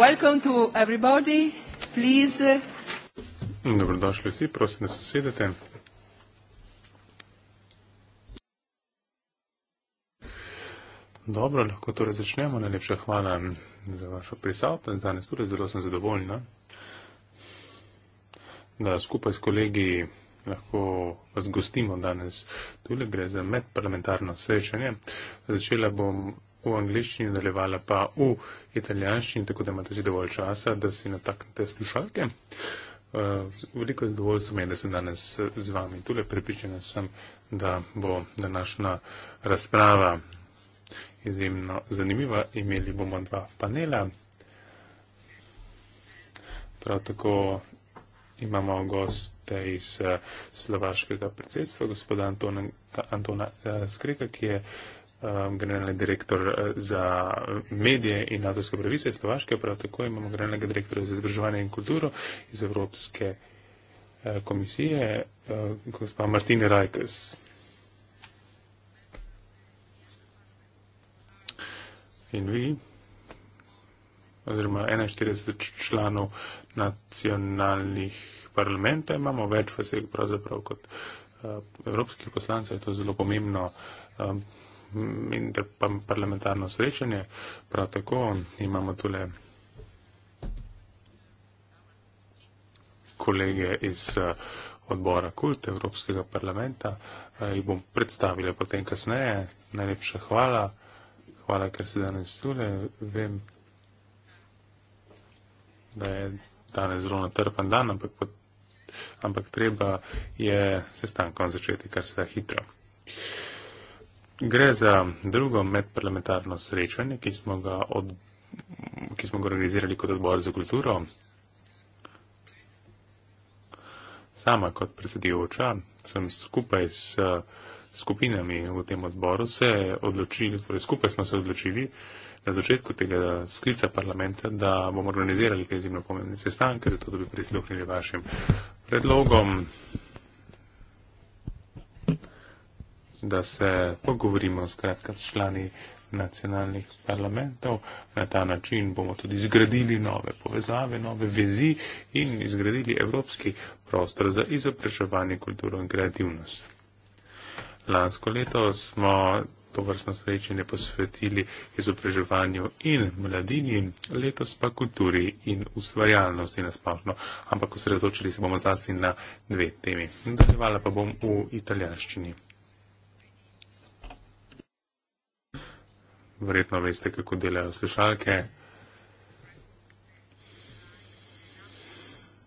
Welcome to everybody. Please. Uh, Dobrodošli vsi, prosim, da se sedete. Dobro, lahko torej začnemo. Najlepša hvala za vašo prisotnost. Danes tudi torej zelo sem zadovoljna, da skupaj s kolegi lahko vas gostimo danes. Tule gre za medparlamentarno srečanje. Začela bom v angliščini, nadaljevala pa v italijanščini, tako da imate že dovolj časa, da si nataknete slušalke. Eh, veliko zadovoljstvo mi je, da sem danes z vami tule. Pripričana sem, da bo današnja razprava izjemno zanimiva. Imeli bomo dva panela. Prav tako imamo goste iz eh, slovaškega predsedstva, gospoda Antona, Antona eh, Skrika, ki je um, generalni direktor eh, za eh, medije in avtorske pravice iz Slovaške, prav tako imamo generalnega direktorja za izobraževanje in kulturo iz Evropske eh, komisije, gospa Martina Rajkers. In vi, oziroma 41 članov nacionalnih parlamentov, imamo več vas je pravzaprav kot evropskih poslancev, je to zelo pomembno interparlamentarno srečanje, prav tako imamo tule kolege iz eh, odbora KULT Evropskega parlamenta, eh, jih bom predstavila potem kasneje. Najlepša hvala, hvala, ker se danes tule, vem, da je danes zelo natrpan dan, ampak, pot, ampak treba je sestankom začeti kar se da hitro. Gre za drugo medparlamentarno srečanje, ki smo ga, od, ki smo ga organizirali kot odbor za kulturo. Sama kot predsedujoča sem skupaj s skupinami v tem odboru se odločili, torej skupaj smo se odločili na začetku tega sklica parlamenta, da bomo organizirali te izjemno pomembne sestanke, zato da bi prisluhnili vašim predlogom. da se pogovorimo skratka s člani nacionalnih parlamentov. Na ta način bomo tudi zgradili nove povezave, nove vezi in izgradili evropski prostor za izobraževanje, kulturo in kreativnost. Lansko leto smo to vrstno srečanje posvetili izobraževanju in mladini, letos pa kulturi in ustvarjalnosti nasplošno, ampak osredotočili se bomo zlasti na dve temi. Nadaljevala pa bom v italijanščini. verjetno veste, kako delajo slušalke.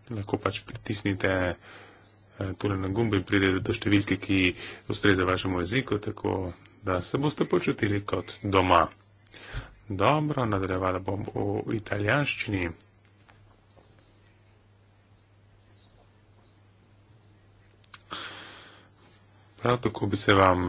Lahko pač pritisnite eh, tule na gumbi in pridete do številke, ki ustreza vašemu jeziku, tako da se boste počutili kot doma. Dobro, nadaljevala bom v italijanščini. Prav tako bi se vam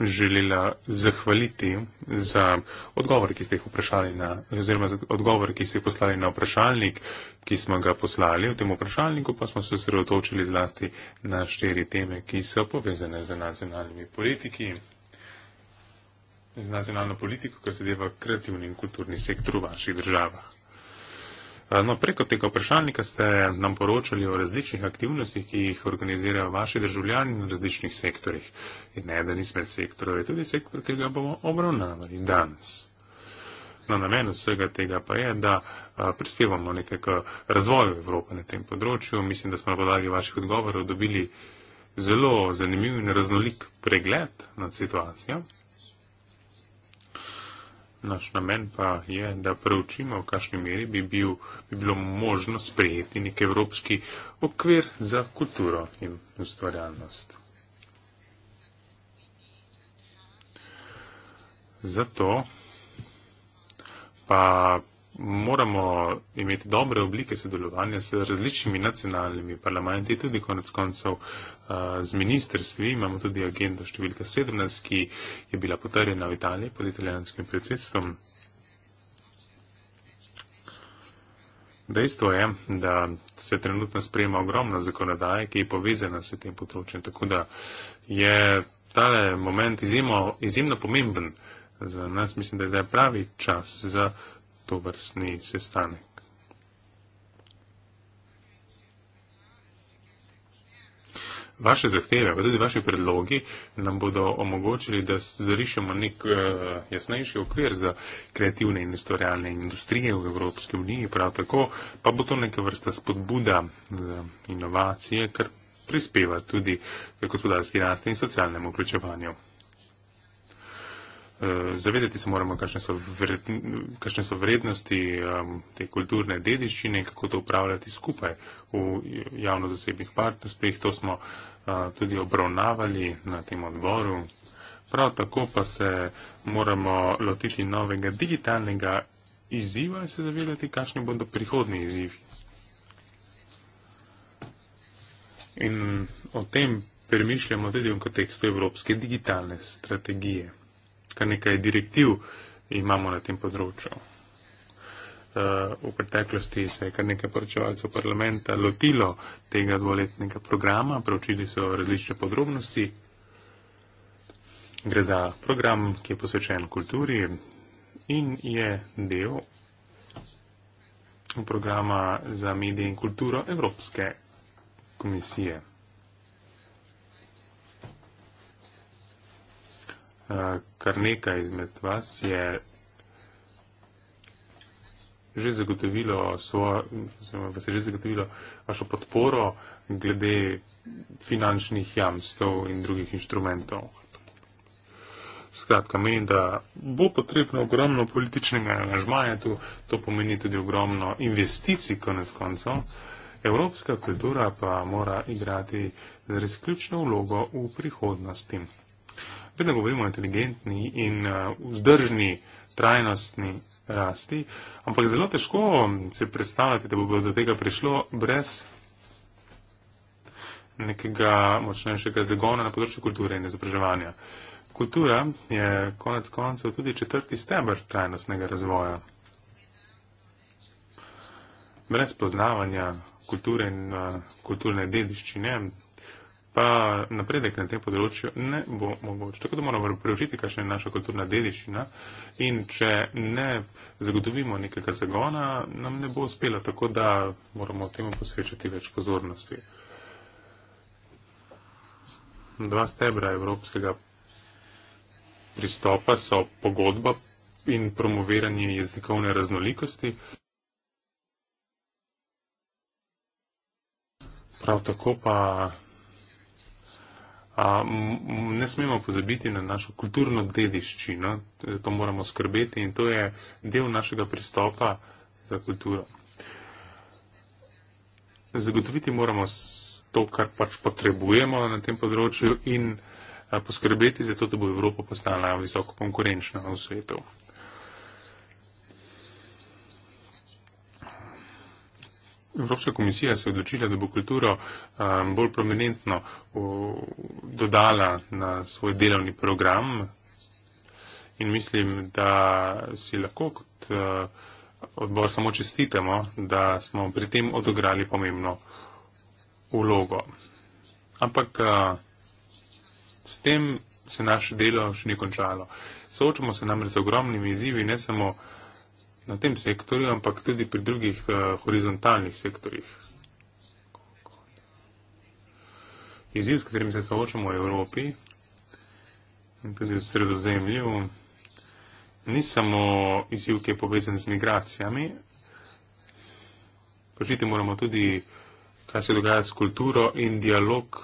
želela zahvaliti za odgovore, ki ste jih vprašali na, oziroma za odgovore, ki ste jih poslali na vprašalnik, ki smo ga poslali. V tem vprašalniku pa smo se sredotočili zlasti na štiri teme, ki so povezane z nacionalnimi politiki, z nacionalno politiko, kar zadeva kreativni in kulturni sektor v vaših državah. No, preko tega vprašalnika ste nam poročali o različnih aktivnostih, ki jih organizirajo vaši državljani na različnih sektorjih. In eden izmed sektorov je tudi sektor, ki ga bomo obravnavali danes. No, namen vsega tega pa je, da a, prispevamo nekaj k razvoju Evrope na tem področju. Mislim, da smo na podlagi vaših odgovorov dobili zelo zanimiv in raznolik pregled nad situacijo. Naš namen pa je, da preučimo, v kakšni meri bi, bil, bi bilo možno sprejeti nek evropski okvir za kulturo in ustvarjalnost. Zato pa moramo imeti dobre oblike sodelovanja s različnimi nacionalnimi parlamenti, tudi konec koncev z ministrstvi, imamo tudi agendo številka 17, ki je bila potrjena v Italiji pod italijanskim predsedstvom. Dejstvo je, da se trenutno sprejema ogromna zakonodaje, ki je povezana s tem področjem, tako da je ta moment izjemo, izjemno pomemben za nas. Mislim, da je zdaj pravi čas za to vrstni sestanek. vaše zahteve, pa tudi vaše predlogi nam bodo omogočili, da zarišemo nek uh, jasnejši okvir za kreativne in ustvarjalne industrije v Evropski uniji, prav tako pa bo to neka vrsta spodbuda za eh, inovacije, kar prispeva tudi k gospodarski rasti in socialnemu vključevanju. Eh, zavedati se moramo, kakšne so vrednosti te kulturne dediščine in kako to upravljati skupaj v javno-zasebnih partnerstvih. To smo tudi obravnavali na tem odboru. Prav tako pa se moramo lotiti novega digitalnega izziva in se zavedati, kakšni bodo prihodni izzivi. In o tem premišljamo tudi v kontekstu evropske digitalne strategije, kar nekaj direktiv imamo na tem področju. Eh, v preteklosti se je kar nekaj poročevalcev parlamenta lotilo tega dvoletnega programa, preučili so različne podrobnosti. Gre za program, ki je posvečen kulturi in je del programa za medije in kulturo Evropske komisije. Eh, kar nekaj izmed vas je že zagotovilo, svojo, vas je že zagotovilo vašo podporo glede finančnih jamstv in drugih inštrumentov. Skratka, menim, da bo potrebno ogromno političnega angažmaja, to, to pomeni tudi ogromno investicij, konec koncev. Evropska kultura pa mora igrati res ključno vlogo v prihodnosti. Vedno govorimo o inteligentni in eh, vzdržni, trajnostni rasti, ampak zelo težko se predstavljati, da bo do tega prišlo brez nekega močnejšega zagona na področju kulture in izobraževanja. Kultura je konec koncev tudi četrti stebr trajnostnega razvoja. Brez poznavanja kulture in uh, kulturne dediščine pa napredek na tem področju ne bo mogoč. Tako da moramo preučiti, kakšna je naša kulturna dediščina in če ne zagotovimo nekega zagona, nam ne bo uspela, tako da moramo temu posvečati več pozornosti. Dva stebra evropskega pristopa so pogodba in promoviranje jezikovne raznolikosti. Prav tako pa Ne smemo pozabiti na našo kulturno dediščino, to moramo skrbeti in to je del našega pristopa za kulturo. Zagotoviti moramo to, kar pač potrebujemo na tem področju in poskrbeti za to, da bo Evropa postala visoko konkurenčna v svetu. Evropska komisija se je odločila, da bo kulturo um, bolj prominentno dodala na svoj delovni program in mislim, da si lahko kot uh, odbor samo čestitamo, da smo pri tem odigrali pomembno ulogo. Ampak uh, s tem se naše delo še ni končalo. Soočamo se namreč z ogromnimi izzivi, ne samo uh, na tem sektorju, ampak tudi pri drugih uh, horizontalnih sektorjih. Izjiv, s katerim se soočamo v Evropi in tudi v sredozemlju, ni samo izjiv, ki je povezan z migracijami. Počiti moramo tudi, kaj se dogaja s kulturo in dialog.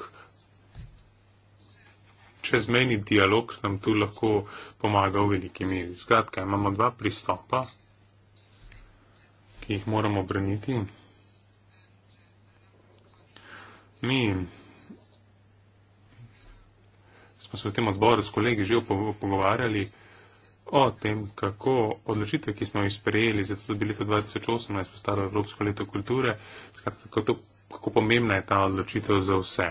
Čezmejni dialog nam tu lahko pomaga v veliki meri. Skratka, imamo dva pristopa ki jih moramo braniti. Mi smo se v tem odboru s kolegi že pogovarjali o tem, kako odločitev, ki smo jih sprejeli, zato tudi leto 2018 postalo Evropsko leto kulture, skratka, kako, to, kako pomembna je ta odločitev za vse.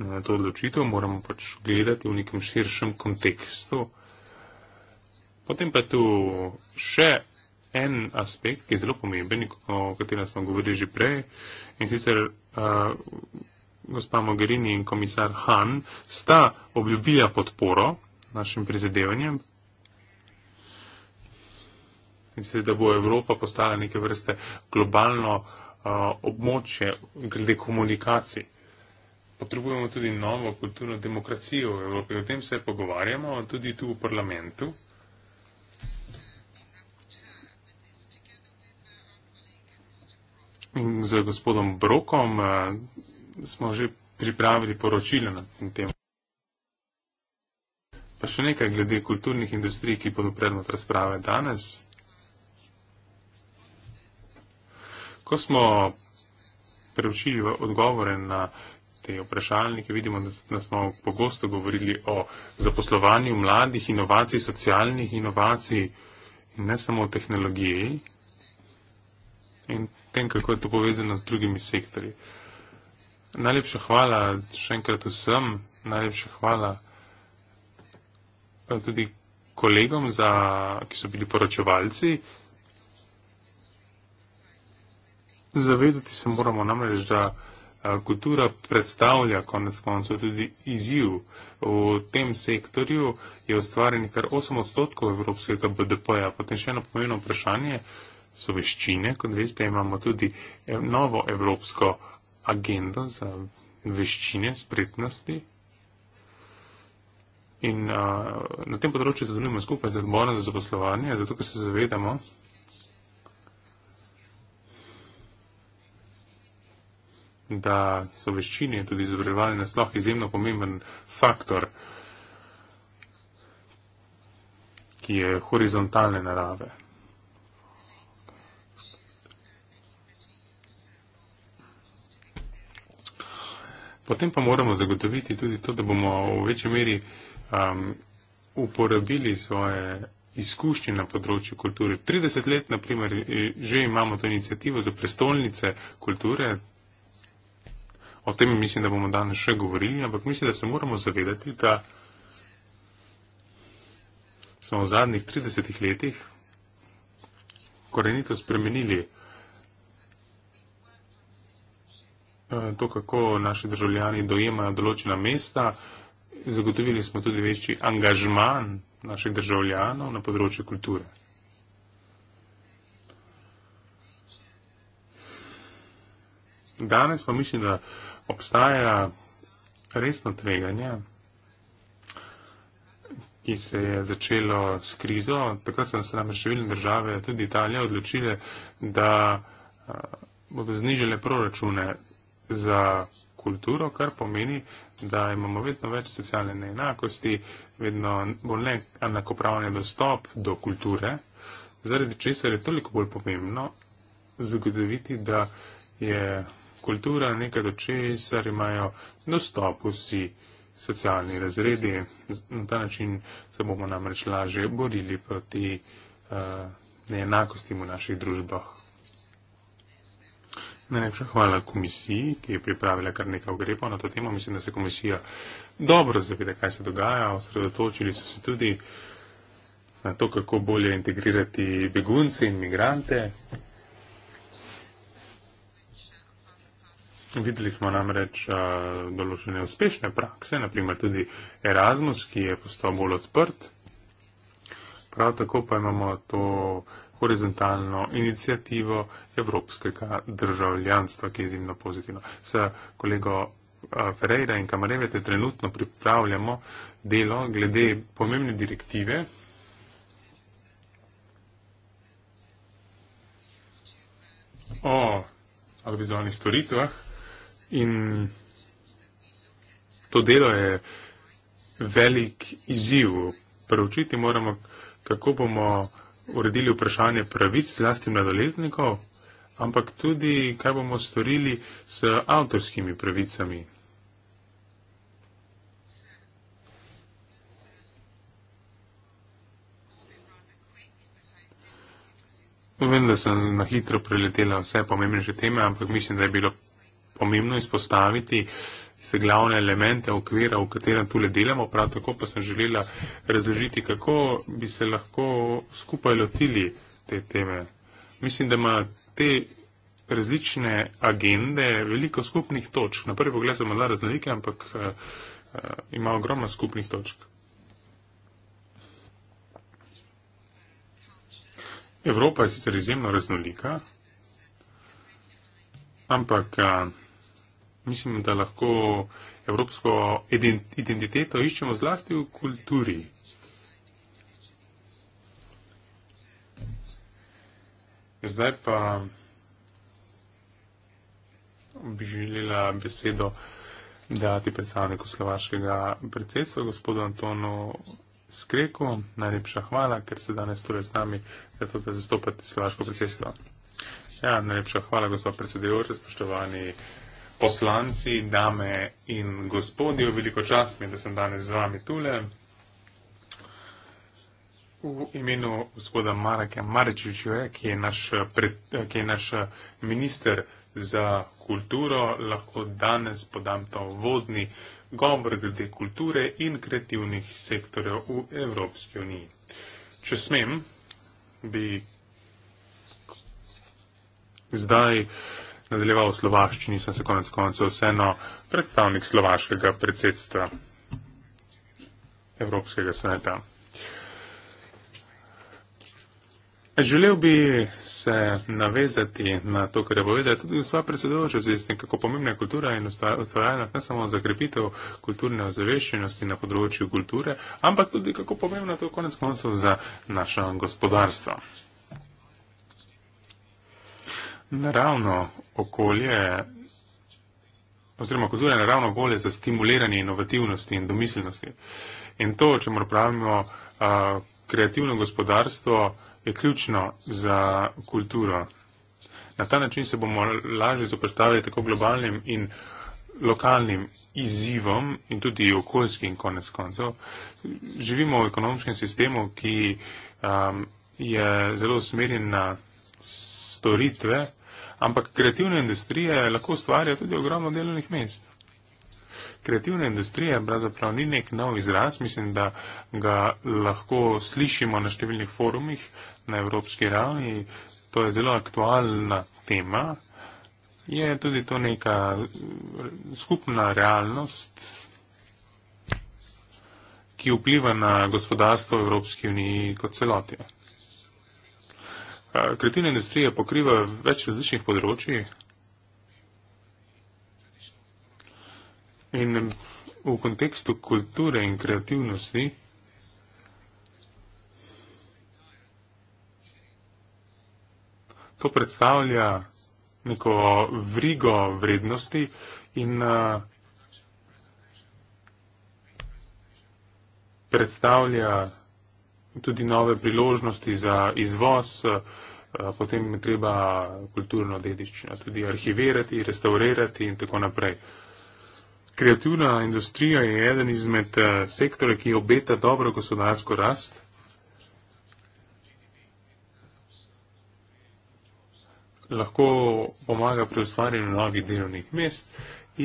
Na to odločitev moramo pač gledati v nekem širšem kontekstu. Potem pa je tu še en aspekt, ki je zelo pomemben, o katerem smo govorili že prej. In sicer uh, gospa Mogherini in komisar Han sta obljubila podporo našim prizadevanjem. In sicer, da bo Evropa postala neke vrste globalno uh, območje glede komunikacij. Potrebujemo tudi novo kulturno demokracijo v Evropi. O tem se pogovarjamo tudi tu v parlamentu. z gospodom Brokom eh, smo že pripravili poročile na tem temo. Pa še nekaj glede kulturnih industrij, ki bodo predmet razprave danes. Ko smo preučili odgovore na te vprašalnike, vidimo, da smo pogosto govorili o zaposlovanju mladih, inovacij, socialnih inovacij in ne samo o tehnologiji. In tem, kako je to povezano z drugimi sektorji. Najlepša hvala še enkrat vsem, najlepša hvala tudi kolegom, za, ki so bili poročevalci. Zavedati se moramo namreč, da eh, kultura predstavlja konec koncev tudi izziv. V tem sektorju je ustvarjenih kar 8 odstotkov evropskega BDP-ja. Potem še eno pomembno vprašanje so veščine. Kot veste, imamo tudi eh, novo evropsko agendo za veščine, spretnosti. In a, eh, na tem področju sodelujemo skupaj z odborom za zaposlovanje, zato ker se zavedamo, da so veščine in tudi izobraževanje nasploh izjemno pomemben faktor, ki je horizontalne narave. Potem pa moramo zagotoviti tudi to, da bomo v večji meri um, uporabili svoje izkušnje na področju kulture. 30 let, naprimer, že imamo to inicijativo za prestolnice kulture. O tem mislim, da bomo danes še govorili, ampak mislim, da se moramo zavedati, da smo v zadnjih 30 letih korenito spremenili Eh, to, kako naši državljani dojemajo določena mesta. Zagotovili smo tudi večji angažman naših državljanov na področju kulture. Danes pa mislim, da obstaja resno tveganje, ki se je začelo s krizo. Takrat so se nam številne države, tudi Italija, odločile, da eh, bodo znižile proračune za kulturo, kar pomeni, da imamo vedno več socialne neenakosti, vedno bolj neenakopravni dostop do kulture, zaradi česar je toliko bolj pomembno zagotoviti, da je kultura nekaj, do česar imajo dostop vsi socialni razredi. Na ta način se bomo namreč laže borili proti uh, neenakostim v naših družbah. Najlepša hvala komisiji, ki je pripravila kar nekaj ukrepov na to temo. Mislim, da se komisija dobro zaveda, kaj se dogaja. Osredotočili so se tudi na to, kako bolje integrirati begunce in migrante. Videli smo namreč a, eh, določene uspešne prakse, naprimer tudi Erasmus, ki je postal bolj odprt. Prav tako pa imamo to horizontalno inicijativo evropskega državljanstva, ki je izjemno pozitivno. S kolego eh, Ferreira in Kamarevete trenutno pripravljamo delo glede pomembne direktive. o audiovizualnih storitvah in to delo je velik izziv. Preučiti moramo, kako bomo uredili vprašanje pravic zlasti mladoletnikov, ampak tudi, kaj bomo storili s avtorskimi pravicami. Vem, da sem na hitro preletela vse pomembnejše teme, ampak mislim, da je bilo pomembno izpostaviti, uh, se glavne elemente okvira, v katerem tule delamo, prav tako pa sem želela razložiti, kako bi se lahko skupaj lotili te teme. Mislim, da ima te različne agende veliko skupnih točk. Na prvi pogled so morda raznolike, ampak uh, uh, ima ogromno skupnih točk. Evropa je sicer izjemno raznolika, ampak uh, Mislim, da lahko evropsko identiteto iščemo zlasti v kulturi. Zdaj pa bi želela besedo dati predstavniku slovaškega predsedstva, gospodu Antonu Skreku. Najlepša hvala, ker ste danes tukaj torej z nami, zato da zastopate slovaško predsedstvo. Ja, najlepša hvala, gospod predsedujoči, spoštovani predsedujoči poslanci, dame in gospodje, veliko čast mi, da sem danes z vami tule. V imenu gospoda Marake Marečičeve, ki, ki je naš minister za kulturo, lahko danes podam ta vodni govor glede kulture in kreativnih sektorjev v Evropski uniji. Če smem, bi zdaj nadaljeval v slovaščini, sem se konec koncev vseeno predstavnik slovaškega predsedstva Evropskega sveta. Želel bi se navezati na to, kar je povedal tudi gospod predsedovoče, z nekako pomembne kulture in ustvarjalnost, ne samo za krepitev kulturne ozaveščenosti na področju kulture, ampak tudi kako pomembno to konec koncev za naše gospodarstvo. Naravno okolje oziroma kultura je naravno okolje za stimuliranje inovativnosti in domiselnosti. In to, če moramo pravimo, kreativno gospodarstvo je ključno za kulturo. Na ta način se bomo lažje zoprstavili tako globalnim in lokalnim izzivom in tudi okoljskim konec koncev. Živimo v ekonomskem sistemu, ki um, je zelo usmerjen na storitve, ampak kreativne industrije lahko ustvarja tudi ogromno delovnih mest. Kreativna industrija pravzaprav ni nek nov izraz, mislim, da ga lahko slišimo na številnih forumih na evropski ravni, to je zelo aktualna tema. Je tudi to neka skupna realnost, ki vpliva na gospodarstvo Evropske unije kot celotje. Kreativna industrija pokriva več različnih področjih. In v kontekstu kulture in kreativnosti to predstavlja neko vrigo vrednosti in predstavlja tudi nove priložnosti za izvoz. Uh, Eh, potem je treba kulturno dediščino tudi arhivirati, restaurirati in tako naprej. Kreativna industrija je eden izmed eh, sektorjev, ki obeta dobro gospodarsko rast. Lahko pomaga pri ustvarjanju novih delovnih mest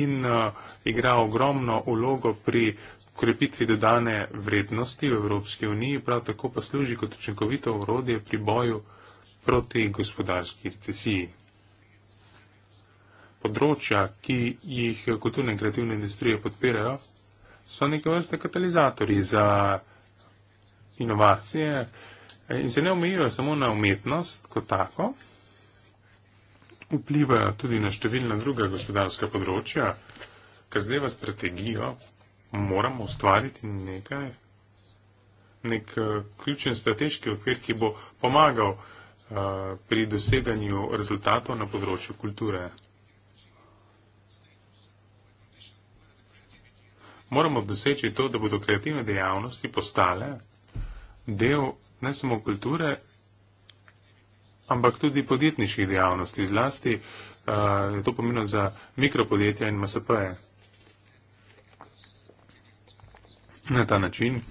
in uh, igra ogromno ulogo pri ukrepitvi dodane vrednosti v Evropski uniji, prav tako pa služi kot učinkovito urodje pri boju proti gospodarski recesiji. Področja, ki jih kulturne in kreativne industrije podpirajo, so neke vrste katalizatori za inovacije in se ne omejijo samo na umetnost kot tako, vplivajo tudi na številna druga gospodarska področja, kar zdajva strategijo, moramo ustvariti nekaj, nek eh, ključen strateški okvir, ki bo pomagal Eh, pri doseganju rezultatov na področju kulture. Moramo doseči to, da bodo kreativne dejavnosti postale del ne samo kulture, ampak tudi podjetniških dejavnosti, zlasti uh, je to pomeno za mikropodjetja in MSP-je. Na ta način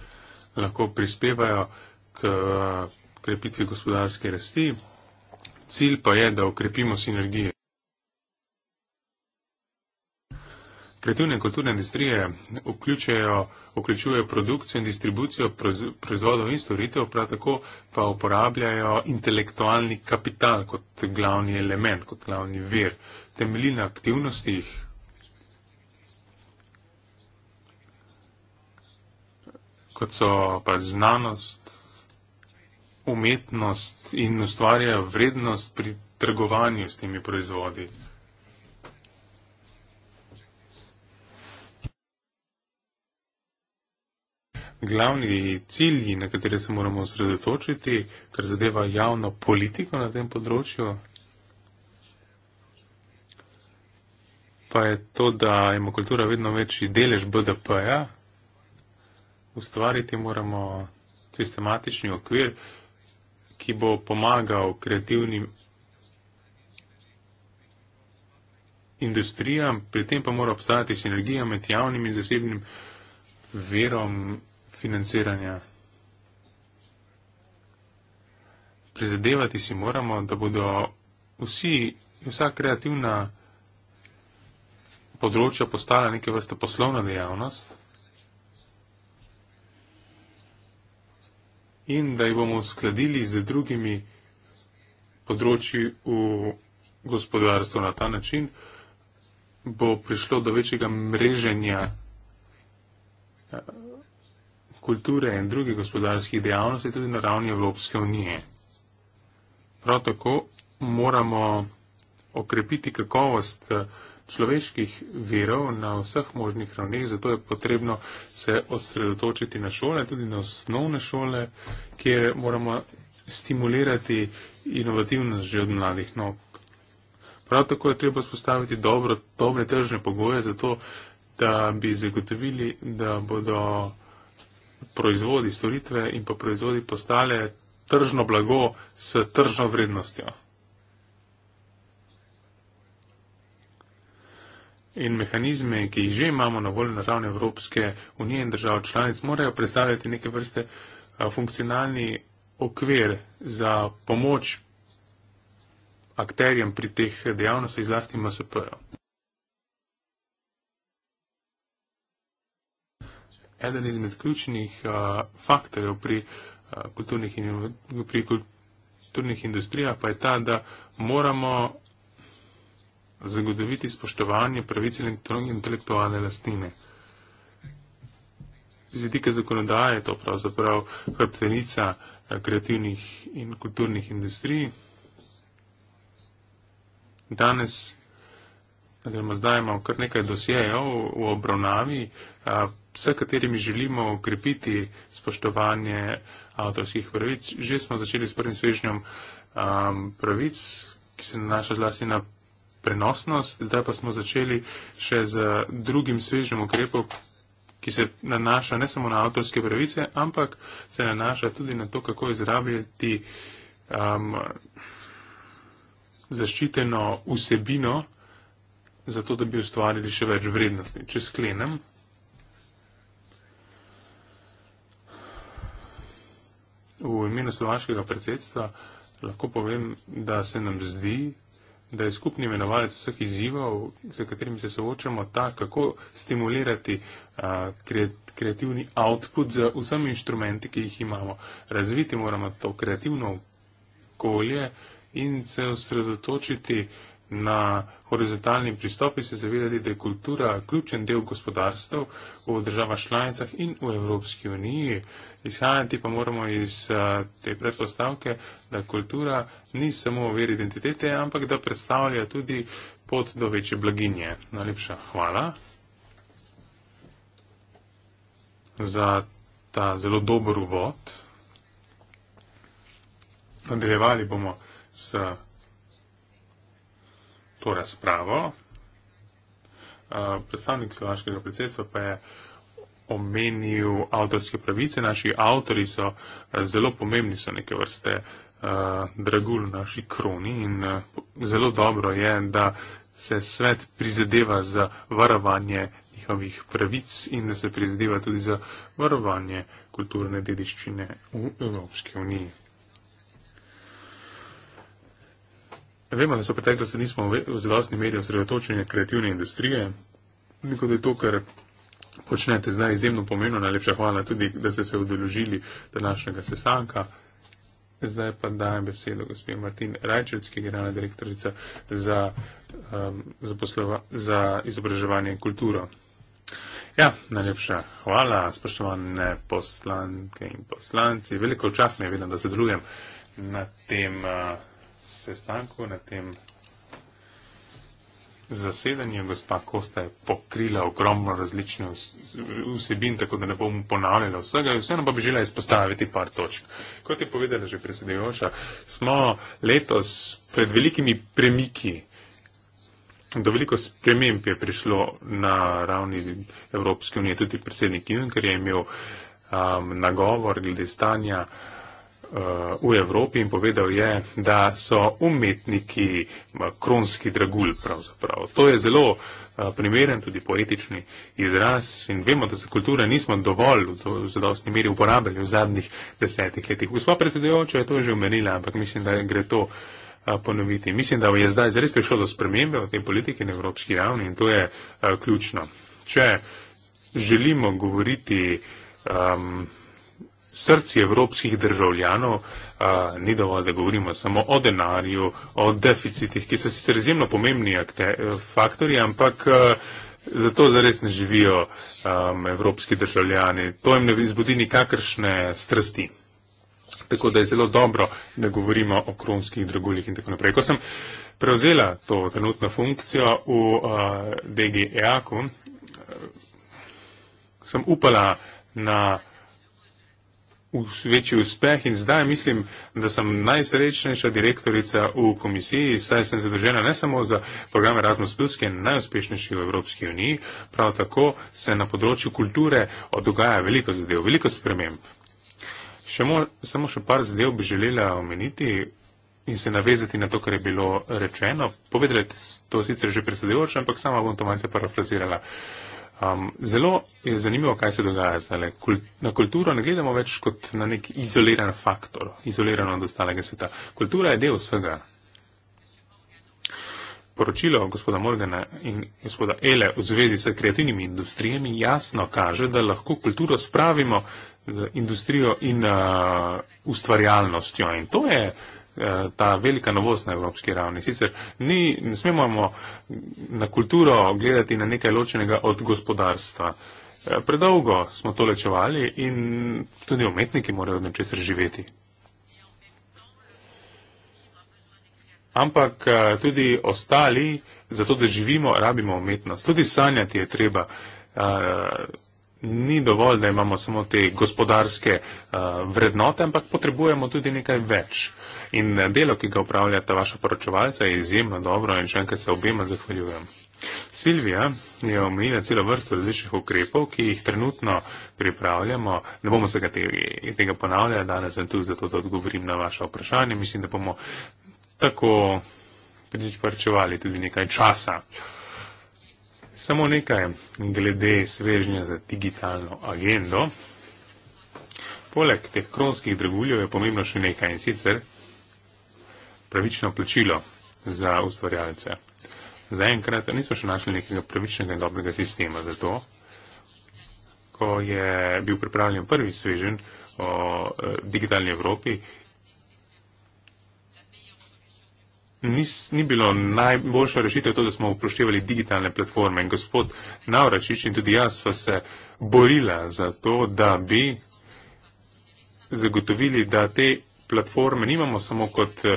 lahko prispevajo k uh, krepitvi gospodarske rasti. Cilj pa je, da ukrepimo sinergije. Kreativne in kulturne industrije vključujejo produkcijo in distribucijo proizvodov in storitev, prav tako pa uporabljajo intelektualni kapital kot glavni element, kot glavni vir. Temelji na aktivnostih. kot so pač znanost, umetnost in ustvarja vrednost pri trgovanju s temi proizvodi. Glavni cilji, na katere se moramo osredotočiti, kar zadeva javno politiko na tem področju, pa je to, da ima kultura vedno večji delež BDP-ja. Ustvariti moramo sistematični okvir, ki bo pomagal kreativnim industrijam, pri tem pa mora obstajati sinergija med javnim in zasebnim verom financiranja. Prizadevati si moramo, da bodo vsi, vsa kreativna področja postala neke vrste poslovna dejavnost. in da jih bomo uskladili z drugimi področji v gospodarstvu. Na ta način bo prišlo do večjega mreženja eh, kulture in drugih gospodarskih dejavnosti tudi na ravni Evropske unije. Prav tako moramo okrepiti kakovost uh, človeških verov na vseh možnih ravneh, zato je potrebno se osredotočiti na šole, tudi na osnovne šole, kjer moramo stimulirati inovativnost že od mladih nog. Prav tako je treba spostaviti dobro, dobre tržne pogoje za to, da bi zagotovili, da bodo proizvodi, storitve in pa proizvodi postale tržno blago s tržno vrednostjo. in mehanizme, ki jih že imamo na voljo na ravni Evropske unije in držav članic, morajo predstavljati neke vrste funkcionalni okvir za pomoč akterjem pri teh dejavnostih, zlasti MSP-jo. Eden izmed ključnih uh, faktorjev pri, uh, kulturnih in, pri kulturnih industrijah pa je ta, da moramo zagotoviti spoštovanje pravic intelektualne lastnine. Z vidika zakonodaje je to pravzaprav hrbtenica eh, kreativnih in kulturnih industrij. Danes, oziroma zdaj imamo kar nekaj dosjejev v obravnavi, s katerimi želimo ukrepiti spoštovanje avtorskih pravic. Že smo začeli s prvim svežnjem pravic, ki se nanaša zlasti na prenosnost. Zdaj pa smo začeli še z drugim svežim ukrepom, ki se nanaša ne samo na avtorske pravice, ampak se nanaša tudi na to, kako izrabljati um, zaščiteno vsebino, zato da bi ustvarili še več vrednosti. Če sklenem. V imenu slovaškega predsedstva lahko povem, da se nam zdi, da je skupni imenovalec vseh izzivov, s katerimi se soočamo, ta, kako stimulirati kreativni output z vsemi inštrumenti, ki jih imamo. Razviti moramo to kreativno okolje in se osredotočiti uh, na horizontalni pristop in se zavedati, da je kultura ključen del gospodarstev v državah članicah in v Evropski uniji. Izhajati pa moramo iz eh, te predpostavke, da kultura ni samo ver identitete, ampak da predstavlja tudi pot do večje blaginje. Najlepša hvala za ta zelo dober uvod. Nadaljevali bomo s to razpravo. Predstavnik slovaškega predsedstva pa je omenil avtorske pravice. Naši avtori so zelo pomembni, so neke vrste dragul v naši kroni in zelo dobro je, da se svet prizadeva za varovanje njihovih pravic in da se prizadeva tudi za varovanje kulturne dediščine v Evropski uniji. Vemo, da se v preteklosti nismo v zelosni meri osredotočili na kreativne industrije, niko da je to, kar počnete zdaj izjemno pomeno, najlepša hvala tudi, da ste se odeložili današnjega sestanka. Zdaj pa dajem besedo gospe Martin Rajčevski, generalna direktorica za, um, za, poslova, za izobraževanje in kulturo. Ja, najlepša hvala, spoštovane poslanke in poslanci. Veliko čas mi je vedno, da se drugem na tem. Uh, sestanku, na tem zasedanju, gospa Kosta je pokrila ogromno različne vsebin, tako da ne bom ponavljala vsega, vseeno pa bi želela izpostaviti par točk. Kot je povedala že predsedujoča, smo letos pred velikimi premiki. Do veliko sprememb je prišlo na ravni Evropske unije, tudi predsednik Juncker je imel um, nagovor glede stanja uh, v Evropi in povedal je, da so umetniki kronski dragul pravzaprav. To je zelo eh, primeren tudi poetični izraz in vemo, da se kulture nismo dovolj v zadostni meri uporabljali v zadnjih desetih letih. Gospod predsedujoča je to že omenila, ampak mislim, da gre to eh, ponoviti. Mislim, da je zdaj zares prišlo do spremembe v tem politiki na evropski ravni in to je eh, ključno. Če želimo govoriti um, srci evropskih državljanov, a, ni dovolj, da govorimo samo o denarju, o deficitih, ki so sicer izjemno pomembni akte, e, faktori, ampak a, e, zato zares ne živijo a, evropski državljani. To jim ne izbudi nikakršne strasti. Tako da je zelo dobro, da govorimo o kronskih dragulih in tako naprej. Ko sem prevzela to trenutno funkcijo v DGEAK-u, sem upala na večji uspeh in zdaj mislim, da sem najsrečnejša direktorica v komisiji, saj sem zadržena ne samo za program Erasmus Plus, ki je najuspešnejši v Evropski uniji, prav tako se na področju kulture dogaja veliko zadev, veliko sprememb. Še mo, samo še par zadev bi želela omeniti in se navezati na to, kar je bilo rečeno. Povedali ste to sicer že predsedujoče, ampak sama bom to malce parafrazirala. Uh, Um, zelo je zanimivo, kaj se dogaja zdaj. Kul na kulturo ne gledamo več kot na nek izoliran faktor, izoliran od ostalega sveta. Kultura je del vsega. Poročilo gospoda Morgana in gospoda Ele v zvezi s kreativnimi industrijami jasno kaže, da lahko kulturo spravimo z industrijo in uh, ustvarjalnostjo. In to je uh, Eh, ta velika novost na evropski ravni. Sicer ni, ne smemo na kulturo gledati na nekaj ločenega od gospodarstva. Eh, predolgo smo to lečevali in tudi umetniki morajo od nečesar živeti. Ampak eh, tudi ostali, zato da živimo, rabimo umetnost. Tudi sanjati je treba. Uh, ni dovolj, da imamo samo te gospodarske uh, vrednote, ampak potrebujemo tudi nekaj več. In eh, delo, ki ga upravljata vaša poročevalca, je izjemno dobro in še enkrat se obema zahvaljujem. Silvija je omenila celo vrsto različnih ukrepov, ki jih trenutno pripravljamo. Ne bomo se tega ponavljali, danes sem tu zato, da odgovorim na vaše vprašanje. Mislim, da bomo tako pričvarčevali tudi nekaj časa. Uh, Samo nekaj glede svežnja za digitalno agendo. Poleg teh kronskih draguljev je pomembno še nekaj in sicer pravično plačilo za ustvarjalce. Zaenkrat nismo še našli nekega pravičnega in dobrega sistema za to. Ko je bil pripravljen prvi svežen o eh, digitalni Evropi, ni, ni bilo najboljša rešitev to, da smo upoštevali digitalne platforme. In gospod Navračič in tudi jaz smo se borila za to, da bi zagotovili, da te platforme nimamo samo kot uh,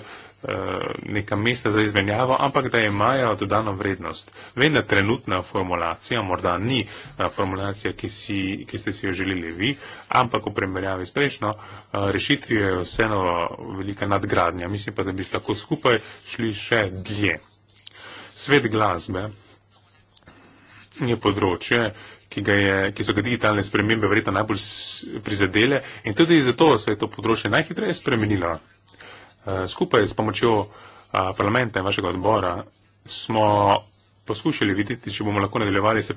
Eh, neka mesta za izmenjavo, ampak da imajo dodano vrednost. Vem, da trenutna formulacija morda ni eh, formulacija, ki, si, ki ste si jo želeli vi, ampak v primerjavi s prejšnjo eh, rešitvijo je vseeno velika nadgradnja. Mislim pa, da bi lahko skupaj šli še dlje. Svet glasbe je področje, ki, je, ki so ga digitalne spremembe verjetno najbolj prizadele in tudi zato se je to področje najhitreje spremenilo. Eh, skupaj s pomočjo eh, parlamenta in vašega odbora smo poskušali videti, če bomo lahko nadaljevali s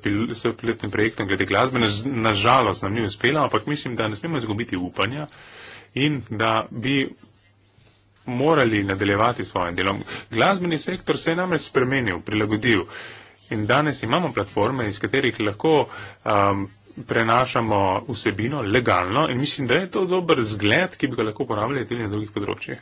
pilotnim projektom glede glasbe. Nažalost nam ni uspelo, ampak mislim, da ne smemo izgubiti upanja in da bi morali nadaljevati s svojim delom. Glasbeni sektor se je namreč spremenil, prilagodil in danes imamo platforme, iz katerih lahko um, prenašamo vsebino legalno in mislim, da je to dober zgled, ki bi ga lahko uporabljali tudi na drugih področjih.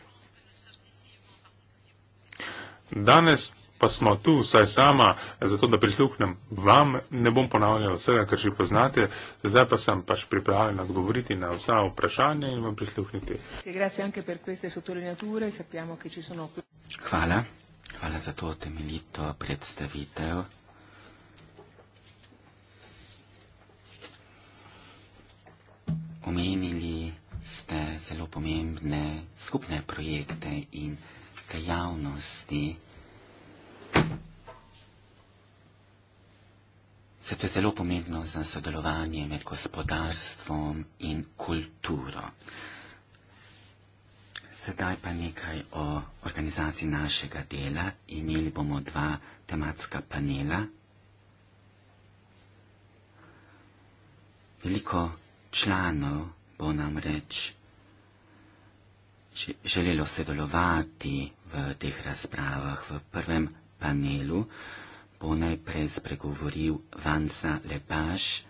Danes pa smo tu vsaj sama, zato da prisluhnem vam, ne bom ponavljal vsega, kar že poznate, zdaj pa sem pač pripravljen odgovoriti na vsa vprašanja in vam prisluhniti. Hvala, hvala za to temeljito predstavitev. Omenili ste zelo pomembne skupne projekte in slovenske javnosti. Zato je zelo pomembno za sodelovanje med gospodarstvom in kulturo. Sedaj pa nekaj o organizaciji našega dela. Imeli bomo dva tematska panela. Veliko članov bo namreč želelo sodelovati v teh razpravah. V prvem panelu bo najprej spregovoril Vansa Lepaš,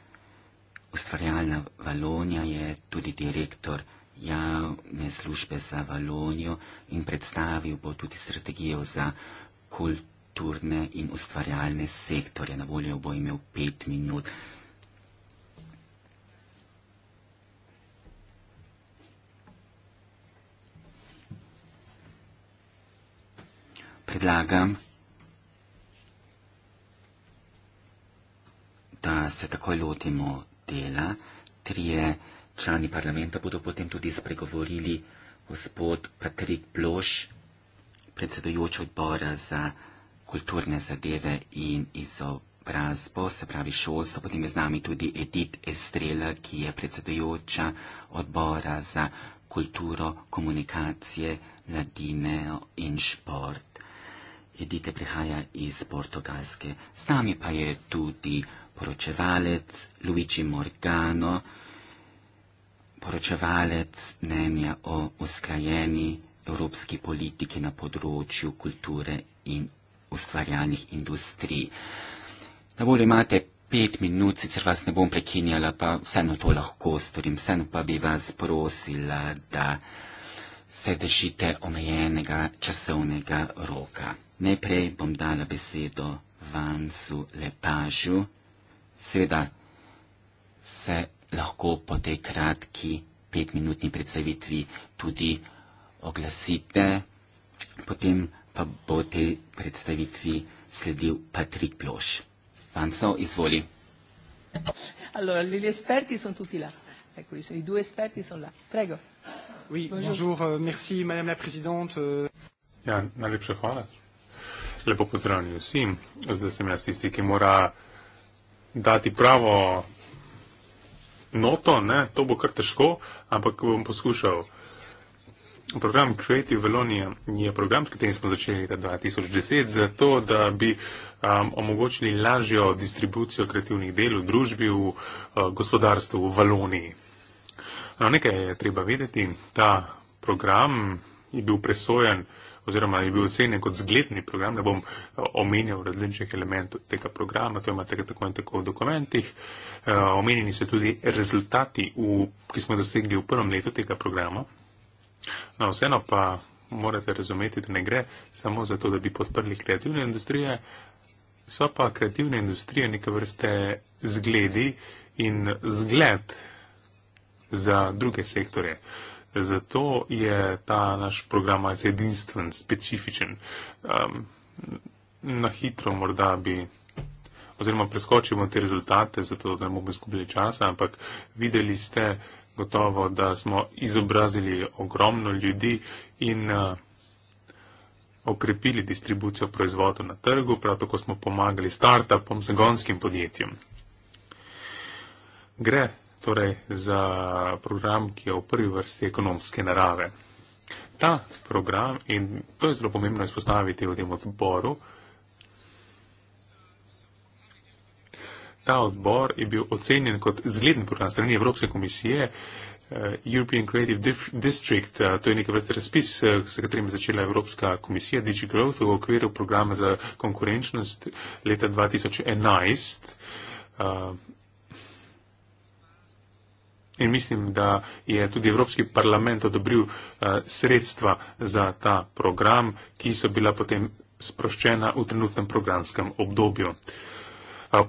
ustvarjalna Valonija je tudi direktor javne službe za Valonijo in predstavil bo tudi strategijo za kulturne in ustvarjalne sektorje. Na voljo bo imel pet minut. predlagam, da se takoj lotimo dela. Trije člani parlamenta bodo potem tudi spregovorili gospod Patrik Bloš, predsedujoč odbora za kulturne zadeve in izobrazbo, se pravi šolstvo. Potem je z nami tudi Edith Estrela, ki je predsedujoča odbora za kulturo, komunikacije, mladine in šport. Edite prihaja iz Portugalske, z nami pa je tudi poročevalec Luigi Morgano, poročevalec mnenja o usklajeni evropski politiki na področju kulture in ustvarjalnih industrij. Na voljo imate pet minut, sicer vas ne bom prekinjala, pa vseeno to lahko storim, vseeno pa bi vas prosila, da se držite omejenega časovnega roka. Najprej bom dala besedo Vansu Lepažu. Seveda se lahko po tej kratki petminutni predstavitvi tudi oglasite, potem pa bo tej predstavitvi sledil Patrik Ploš. Vanso, izvoli. Allora, gli esperti sono tutti là. Ecco, i due esperti sono là. Prego. Oui, bonjour, bonjour. Uh, merci madame la présidente. Uh... Ja, najlepša hvala. Lepo pozdravljeni vsi. Zdaj sem jaz tisti, ki mora dati pravo noto. Ne? To bo kar težko, ampak bom poskušal. Program Creative Velonia je program, s katerim smo začeli leta 2010, zato da bi um, omogočili lažjo distribucijo kreativnih del v družbi, v uh, gospodarstvu, v Valoniji. No, nekaj je treba vedeti. Ta program je bil presojen uh, oziroma je bil ocenjen kot zgledni program, ne bom eh, omenjal različnih elementov tega programa, to imate tako in tako v dokumentih. Eh, omenjeni so tudi rezultati, v, ki smo dosegli v prvem letu tega programa. No, vseeno pa morate razumeti, da ne gre samo za to, da bi podprli kreativne industrije, so pa kreativne industrije neke vrste zgledi in zgled za druge sektore. Uh, Zato je ta naš program malce edinstven, specifičen. Um, na hitro morda bi, oziroma preskočimo te rezultate, zato da ne bomo izgubili časa, ampak videli ste gotovo, da smo izobrazili ogromno ljudi in uh, okrepili distribucijo proizvodov na trgu, prav tako smo pomagali start-upom, zagonskim podjetjem. Gre torej za program, ki je v prvi vrsti ekonomske narave. Ta program, in to je zelo pomembno izpostaviti v tem odboru, ta odbor je bil ocenjen kot zgleden program strani Evropske komisije, eh, European Creative District, eh, to je nekaj vrste razpis, eh, s katerim je začela Evropska komisija DigiGrowth v okviru programa za konkurenčnost leta 2011. In mislim, da je tudi Evropski parlament odobril eh, sredstva za ta program, ki so bila potem sproščena v trenutnem programskem obdobju.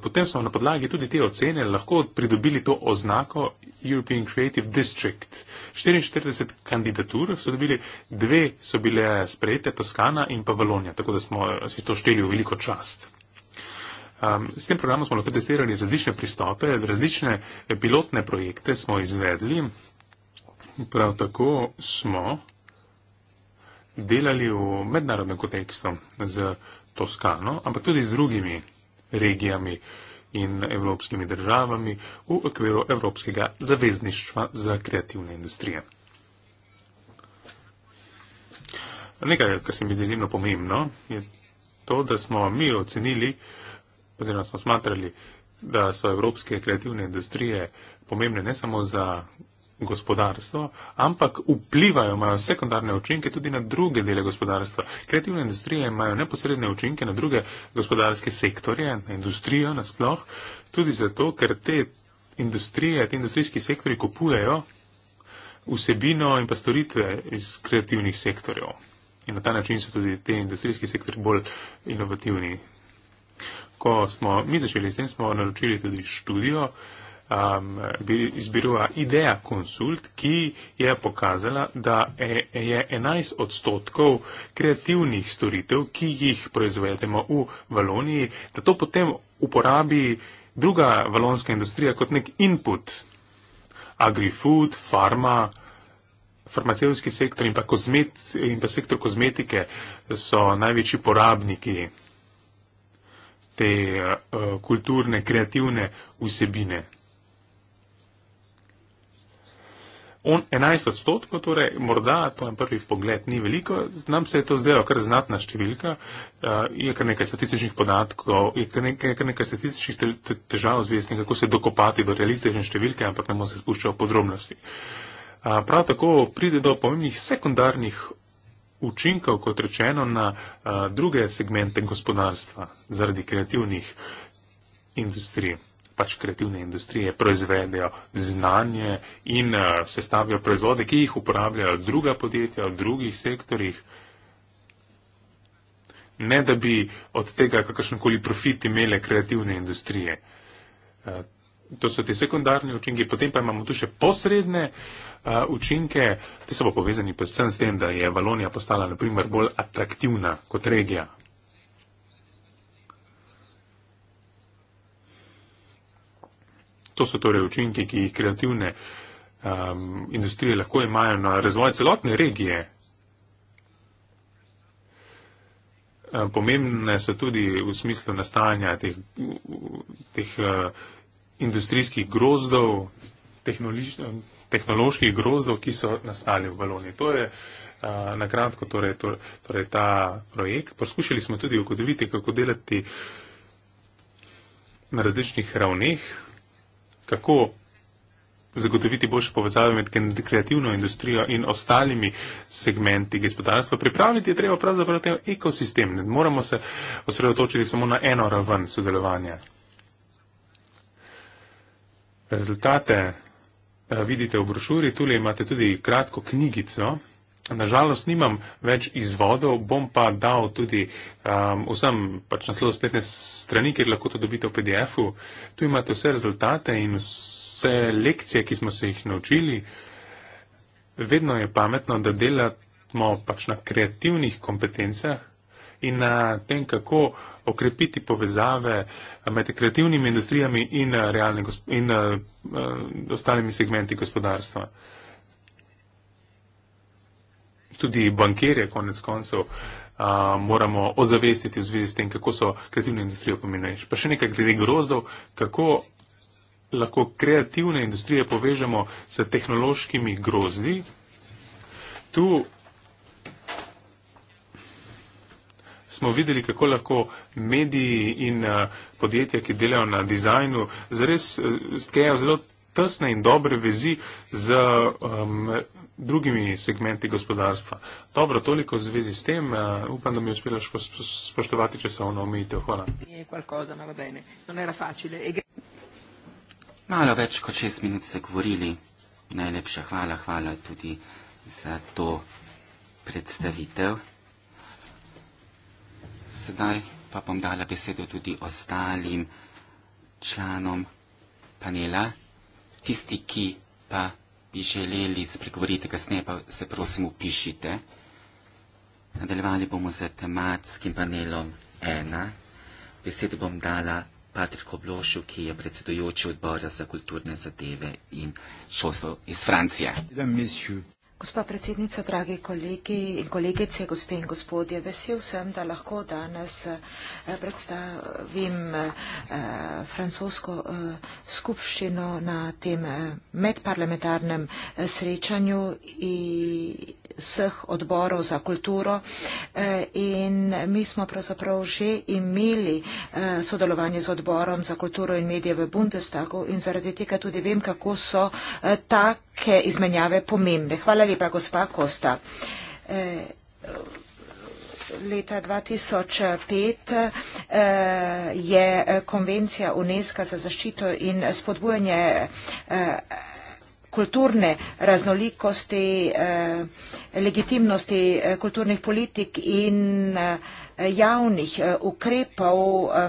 Potem smo na podlagi tudi te ocene lahko pridobili to oznako European Creative District. 44 kandidatur so dobili, dve so bile sprejete, Toskana in pa Valonija, tako da smo si to šteli v veliko čast. Um, s tem programom smo lahko testirali različne pristope, različne pilotne projekte smo izvedli. Prav tako smo delali v mednarodnem kontekstu z Toskano, ampak tudi z drugimi regijami in evropskimi državami v okviru Evropskega zavezništva za kreativne industrije. Nekaj, kar se mi zdi izjemno pomembno, je to, da smo mi ocenili, oziroma smo smatrali, da so evropske kreativne industrije pomembne ne samo za gospodarstvo, ampak vplivajo, imajo sekundarne učinke tudi na druge dele gospodarstva. Kreativne industrije imajo neposredne učinke na druge gospodarske sektorje, na industrijo nasploh, tudi zato, ker te industrije, te industrijski sektori kupujejo vsebino in pa storitve iz kreativnih sektorjev. In na ta način so tudi te industrijski sektori bolj inovativni, ko smo mi začeli s tem, smo naročili tudi študijo um, izbiroja Idea Consult, ki je pokazala, da e, je 11 odstotkov kreativnih storitev, ki jih proizvedemo v Valoniji, da to potem uporabi druga valonska industrija kot nek input. Agri-food, farma, farmacevski sektor in pa, kozmet, in pa sektor kozmetike so največji porabniki te eh, kulturne, kreativne vsebine. On 11 odstotkov, torej morda po en prvi pogled ni veliko, nam se je to zdelo kar znatna številka, eh, je kar nekaj statističnih podatkov, je kar nekaj, kar nekaj statističnih težav zvezni, kako se dokopati do realistične številke, ampak ne bomo se spuščali v podrobnosti. Eh, prav tako pride do pomembnih sekundarnih učinkov, kot rečeno, na a, druge segmente gospodarstva zaradi kreativnih industrij. Pač kreativne industrije proizvedejo znanje in a, sestavijo proizvode, ki jih uporabljajo druga podjetja v drugih sektorjih. Ne da bi od tega kakršnokoli profit imele kreativne industrije. To so ti sekundarni učinki, potem pa imamo tu še posredne uh, uh, učinke. Ti so pa povezani predvsem s tem, da je Valonija postala naprimer bolj atraktivna kot regija. To so torej učinke, ki jih kreativne um, industrije lahko imajo na razvoj celotne regije. Um, pomembne so tudi v smislu nastajanja teh, teh uh, industrijskih grozdov, tehnoloških grozdov, ki so nastali v baloni. To je a, na kratko torej, torej ta projekt. Poskušali smo tudi ugotoviti, kako delati na različnih ravneh, kako zagotoviti boljše povezave med kreativno industrijo in ostalimi segmenti gospodarstva. Pripraviti je treba pravzaprav ta ekosistem. Ne moramo se osredotočiti samo na eno raven sodelovanja. Rezultate Eh, vidite v brošuri, tu imate tudi kratko knjigico. Nažalost nimam več izvodov, bom pa dal tudi um, vsem pač naslov spletne strani, kjer lahko to dobite v PDF-u. Tu imate vse rezultate in vse lekcije, ki smo se jih naučili. Vedno je pametno, da delamo pač na kreativnih kompetencah, in na tem, kako okrepiti povezave med kreativnimi industrijami in, eh, realne, in uh, ostalimi segmenti gospodarstva. Tudi bankirje, konec koncev, uh, moramo ozavestiti v zvezi s tem, kako so kreativne industrije pomenejše. Pa še nekaj glede grozdov, kako lahko kreativne industrije povežemo s tehnološkimi grozdi. Tu smo videli, kako lahko mediji in eh, podjetja, ki delajo na dizajnu, zares skejajo eh, zelo tesne in dobre vezi z um, drugimi segmenti gospodarstva. Dobro, toliko v zvezi s tem. Uh, upam, da mi uspelo spoštovati časovno omejitev. Hvala. E Malo več kot šest minut ste govorili. Najlepša hvala, hvala tudi za to predstavitev. Mm. Sedaj pa bom dala besedo tudi ostalim članom panela, tisti, ki pa bi želeli spregovoriti kasneje, pa se prosim upišite. Nadaljevali bomo z tematskim panelom ena. Besedo bom dala Patriku Blošu, ki je predsedujoči odbora za kulturne zadeve in šolstvo iz Francije. Ja, Gospa predsednica, dragi kolegi in kolegice, gospe in gospodje, vesel sem, da lahko danes eh, predstavim eh, francosko eh, skupščino na tem medparlamentarnem srečanju vseh odborov za kulturo in mi smo pravzaprav že imeli sodelovanje z odborom za kulturo in medije v Bundestagu in zaradi tega tudi vem, kako so take izmenjave pomembne. Hvala lepa, gospa Kosta. E, leta 2005 e, je konvencija UNESCO za zaščito in spodbujanje e, kulturne raznolikosti, e, legitimnosti e, kulturnih politik in e, javnih e, ukrepov e,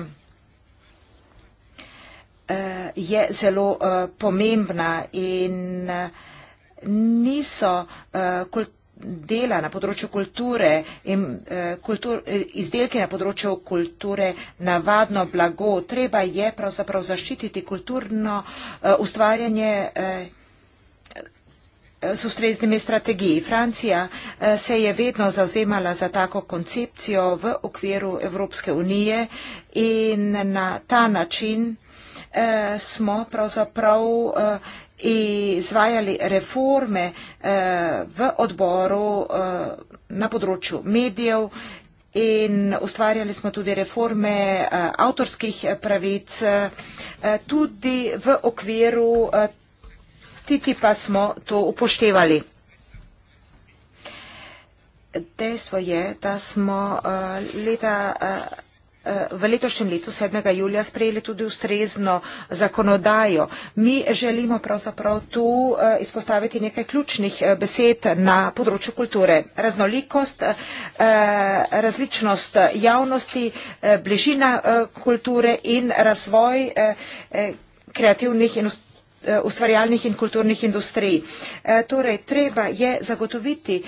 e je zelo e, pomembna in e, niso eh, dela na področju kulture in eh, kultur, eh, izdelke na področju kulture navadno blago. Treba je pravzaprav zaščititi kulturno ustvarjanje s ustreznimi strategiji. Francija se je vedno zauzemala za tako koncepcijo v okviru Evropske unije in na ta način smo pravzaprav izvajali reforme eh, v odboru eh, na področju medijev in ustvarjali smo tudi reforme eh, avtorskih pravic. Tudi v okviru TTIP-a smo to upoštevali. Dejstvo je, da smo leta v letošnjem letu 7. julija sprejeli tudi ustrezno zakonodajo. Mi želimo pravzaprav tu eh, izpostaviti nekaj ključnih eh, besed na področju kulture. Raznolikost, eh, različnost javnosti, bližina kulture in razvoj kreativnih in ustvarjalnih in kulturnih industrij. Torej, treba je zagotoviti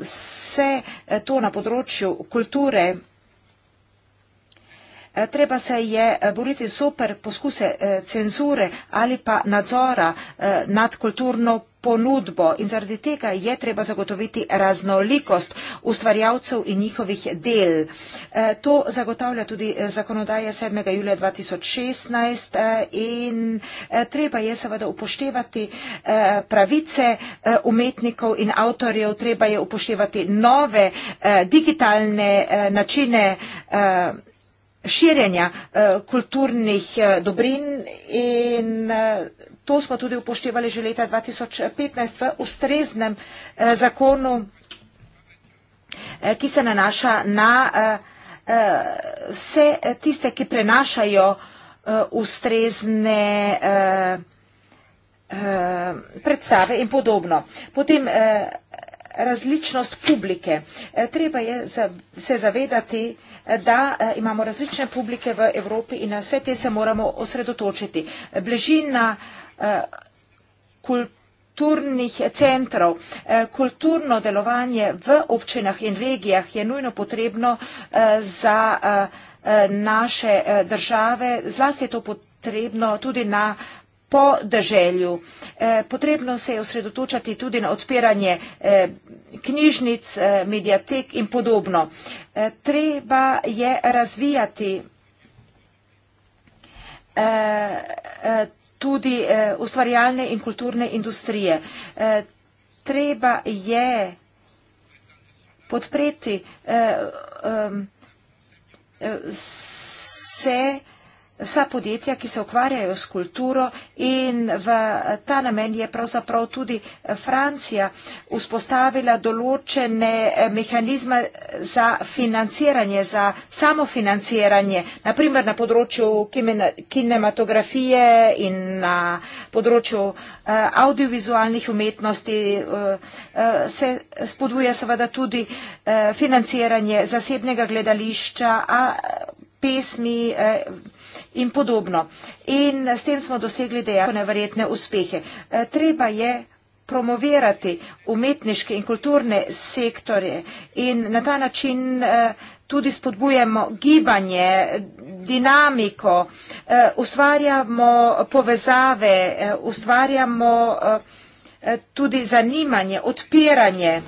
vse to na področju kulture Treba se je eh, boriti super poskuse eh, cenzure ali pa nadzora eh, nad kulturno ponudbo in zaradi tega je treba zagotoviti raznolikost ustvarjalcev in njihovih del. To zagotavlja tudi zakonodaja 7. julija 2016 in treba je seveda upoštevati pravice umetnikov in avtorjev, treba je upoštevati nove digitalne načine širjenja eh, kulturnih eh, dobrin in eh, to smo tudi upoštevali že leta 2015 v ustreznem zakonu, ki se nanaša na vse tiste, ki prenašajo ustrezne predstave in podobno. Potem različnost publike. Treba je se zavedati, da da eh, imamo različne publike v Evropi in na vse te se moramo osredotočiti. Bližina eh, kulturnih centrov, eh, kulturno delovanje v občinah in regijah je nujno potrebno za naše države, zlasti je to potrebno tudi na po drželju. E, potrebno se je osredotočati tudi na odpiranje e, knjižnic, e, medijatek in podobno. Treba je razvijati tudi ustvarjalne in kulturne industrije. Treba je podpreti vse vse vsa podjetja, ki se ukvarjajo s kulturo in v ta namen je pravzaprav tudi Francija vzpostavila določene eh, mehanizme za financiranje, za samofinanciranje, naprimer na področju kinematografije in na področju eh, audiovizualnih umetnosti eh, se spodbuja seveda tudi financiranje zasebnega gledališča, a pesmi, in podobno. In s tem smo dosegli dejansko neverjetne uspehe. E, treba je promovirati umetniške in kulturne sektorje in na ta način e, tudi spodbujemo gibanje, dinamiko, e, ustvarjamo povezave, ustvarjamo tudi zanimanje, odpiranje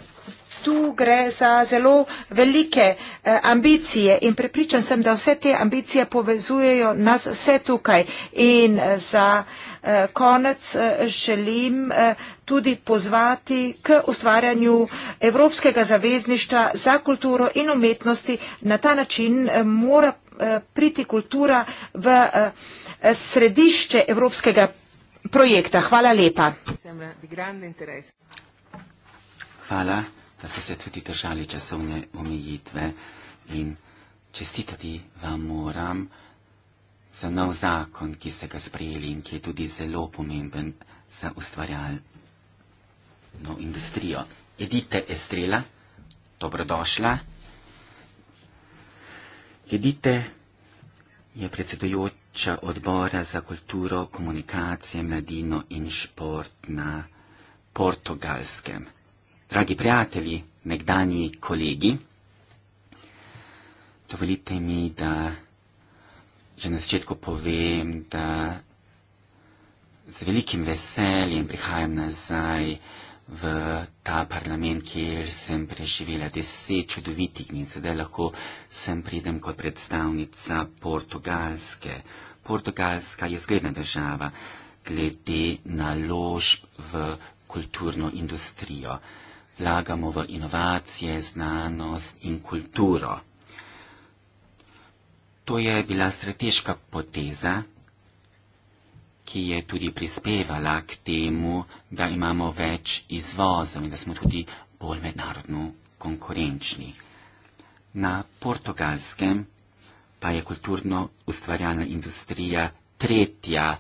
tu gre za zelo velike eh, ambicije in prepričan sem, da vse te ambicije povezujejo nas vse tukaj. In eh, za eh, konec eh, želim eh, tudi pozvati k ustvarjanju Evropskega zavezništva za kulturo in umetnosti. Na ta način eh, mora eh, priti kultura v eh, središče Evropskega projekta. Hvala lepa. Hvala da so se tudi držali časovne omejitve in čestitati vam moram za nov zakon, ki ste ga sprejeli in ki je tudi zelo pomemben za ustvarjalno industrijo. Edite Estrela, dobrodošla. Edite je predsedujoča odbora za kulturo, komunikacije, mladino in šport na portugalskem dragi prijatelji, nekdani kolegi, dovolite mi, da že na začetku povem, da z velikim veseljem prihajam nazaj v ta parlament, kjer sem preživela deset čudovitih dni. Sedaj lahko sem pridem kot predstavnica Portugalske. Portugalska je zgledna država glede naložb v kulturno industrijo lagamo v inovacije, znanost in kulturo. To je bila strateška poteza, ki je tudi prispevala k temu, da imamo več izvozov in da smo tudi bolj mednarodno konkurenčni. Na portugalskem pa je kulturno ustvarjalna industrija tretja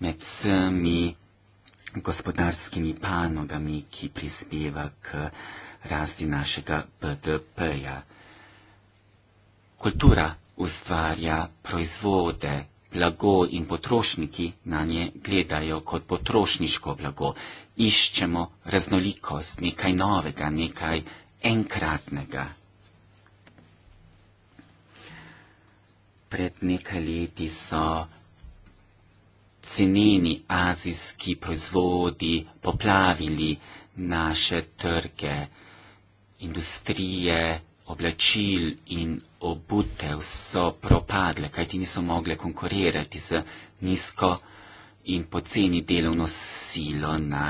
med vsemi gospodarskimi panogami, ki prispeva k rasti našega BDP-ja. Kultura ustvarja proizvode, blago in potrošniki na nje gledajo kot potrošniško blago. Iščemo raznolikost, nekaj novega, nekaj enkratnega. Pred nekaj leti so ceneni azijski proizvodi poplavili naše trge, industrije, oblačil in obutev so propadle, kajti niso mogle konkurirati z nizko in poceni delovno silo na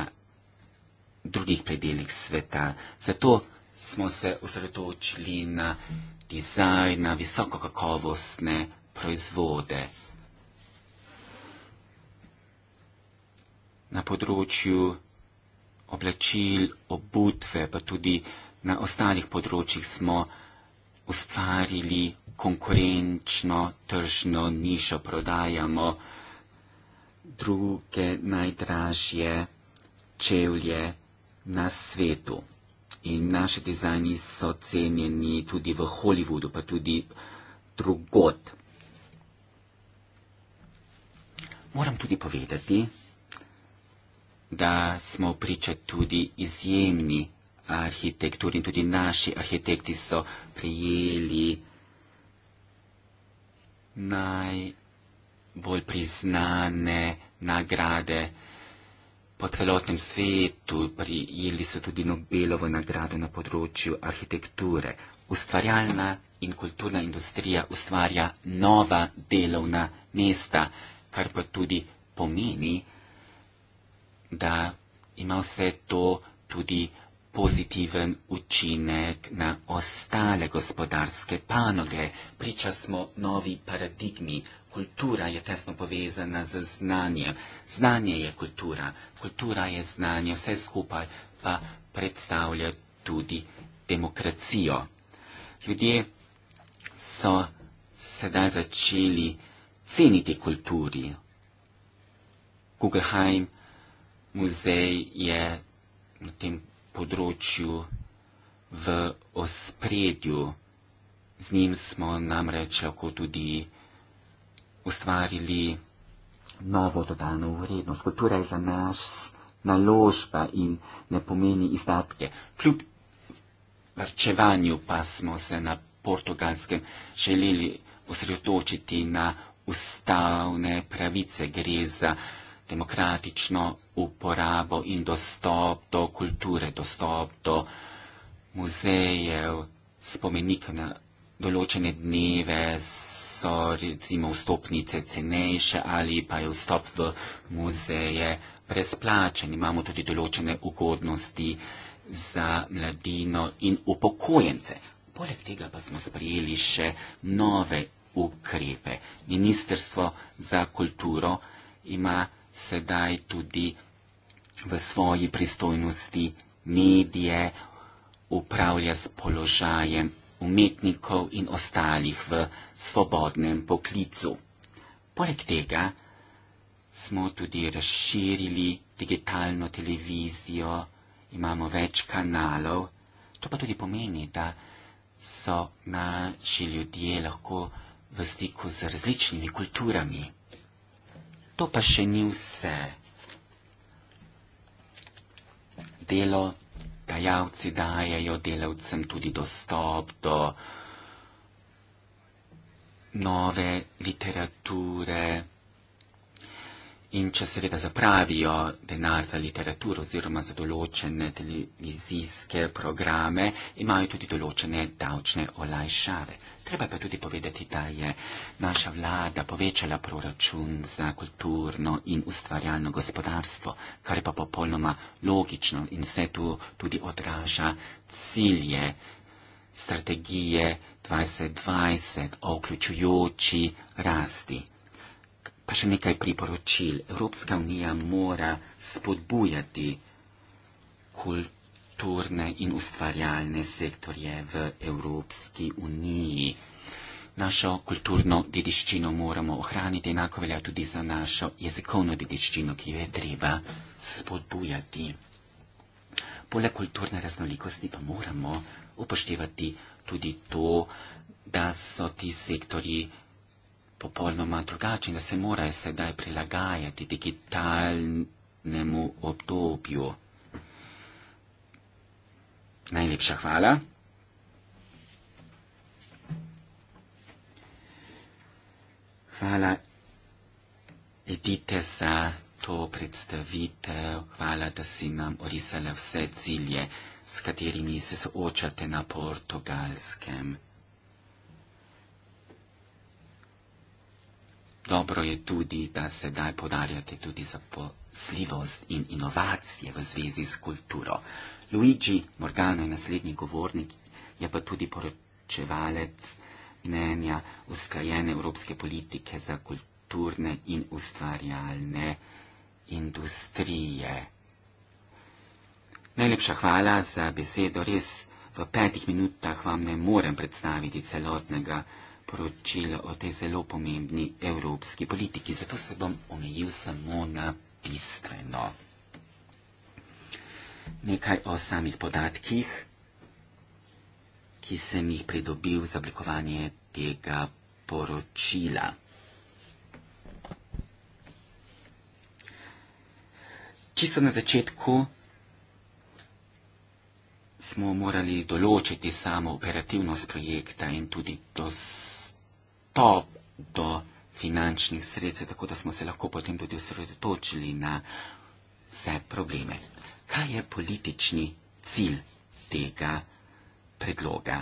drugih predeljih sveta. Zato smo se osredotočili na dizajn, na visokokakovostne proizvode. na področju oblačil, obutve, pa tudi na ostalih področjih smo ustvarili konkurenčno tržno nišo, prodajamo druge najdražje čevlje na svetu. In naše dizajni so cenjeni tudi v Hollywoodu, pa tudi drugod. Moram tudi povedati, da smo priča tudi izjemni arhitekturi in tudi naši arhitekti so prijeli najbolj priznane nagrade po celotnem svetu, prijeli so tudi Nobelovo nagrado na področju arhitekture. Ustvarjalna in kulturna industrija ustvarja nova delovna mesta, kar pa tudi pomeni, da ima vse to tudi pozitiven učinek na ostale gospodarske panoge. Priča smo novi paradigmi. Kultura je tesno povezana z znanjem. Znanje je kultura. Kultura je znanje. Vse skupaj pa predstavlja tudi demokracijo. Ljudje so sedaj začeli ceniti kulturi. Guggenheim muzej je na tem področju v ospredju. Z njim smo namreč lahko tudi ustvarili novo dodano vrednost. Kultura je za nas naložba in ne pomeni izdatke. Kljub varčevanju pa smo se na portugalskem želeli osredotočiti na ustavne pravice. Gre za demokratično uporabo in dostop do kulture, dostop do muzejev, spomenika na določene dneve, so recimo vstopnice cenejše ali pa je vstop v muzeje brezplačen. Imamo tudi določene ugodnosti za mladino in upokojence. Poleg tega pa smo sprejeli še nove ukrepe. Ministrstvo za kulturo ima sedaj tudi v svoji pristojnosti medije, upravlja s položajem umetnikov in ostalih v svobodnem poklicu. Poleg tega smo tudi razširili digitalno televizijo, imamo več kanalov, to pa tudi pomeni, da so naši ljudje lahko v stiku z različnimi kulturami. To pa še ni vse. Delo dajavci dajajo delavcem tudi dostop do nove literature. In če seveda zapravijo denar za literaturo oziroma za določene televizijske programe, imajo tudi določene davčne olajšave. Treba pa tudi povedati, da je naša vlada povečala proračun za kulturno in ustvarjalno gospodarstvo, kar je pa popolnoma logično in se tu tudi odraža cilje strategije 2020 o vključujoči rasti. Pa še nekaj priporočil. Evropska unija mora spodbujati kulturo kulturne in ustvarjalne sektorje v Evropski uniji. Našo kulturno dediščino moramo ohraniti, enako velja tudi za našo jezikovno dediščino, ki jo je treba spodbujati. Poleg kulturne raznolikosti pa moramo upoštevati tudi to, da so ti sektori popolnoma drugačni, da se morajo sedaj prilagajati digitalnemu obdobju. Najlepša hvala. Hvala Edite za to predstavitev, hvala, da si nam orisala vse cilje, s katerimi se soočate na portugalskem. Dobro je tudi, da sedaj podarjate tudi zaposljivost in inovacije v zvezi s kulturo. Luigi Morgano je naslednji govornik, je pa tudi poročevalec mnenja usklajene evropske politike za kulturne in ustvarjalne industrije. Najlepša hvala za besedo. Res v petih minutah vam ne morem predstaviti celotnega poročila o tej zelo pomembni evropski politiki, zato se bom omejil samo na bistveno nekaj o samih podatkih, ki sem jih pridobil za oblikovanje tega poročila. Čisto na začetku smo morali določiti samo operativnost projekta in tudi dostop do finančnih sredstev, tako da smo se lahko potem tudi osredotočili na vse probleme kaj je politični cilj tega predloga.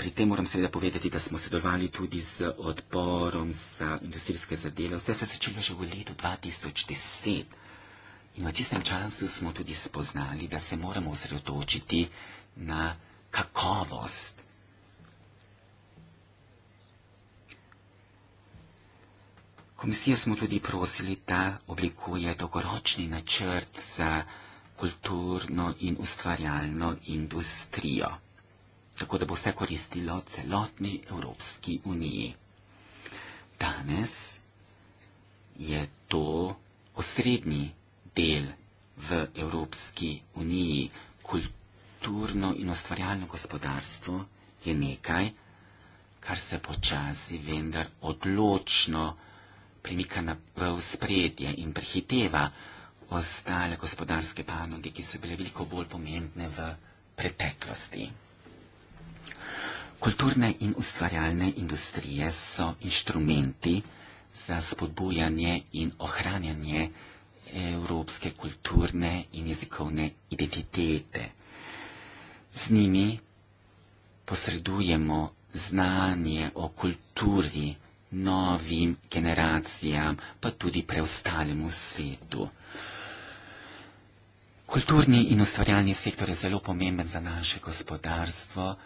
Pri tem moram seveda povedati, da smo sodelovali tudi z odborom za industrijske zadeve. Vse se je začelo že v letu 2010 in v tistem času smo tudi spoznali, da se moramo osredotočiti na kakovost Komisijo smo tudi prosili, da oblikuje dolgoročni načrt za kulturno in ustvarjalno industrijo, tako da bo vse koristilo celotni Evropski uniji. Danes je to osrednji del v Evropski uniji. Kulturno in ustvarjalno gospodarstvo je nekaj, kar se počasi vendar odločno premika v spredje in prehiteva ostale gospodarske panoge, ki so bile veliko bolj pomembne v preteklosti. Kulturne in ustvarjalne industrije so inštrumenti za spodbujanje in ohranjanje evropske kulturne in jezikovne identitete. Z njimi posredujemo znanje o kulturi, novim generacijam, pa tudi preostalemu svetu. Kulturni in ustvarjalni sektor je zelo pomemben za naše gospodarstvo,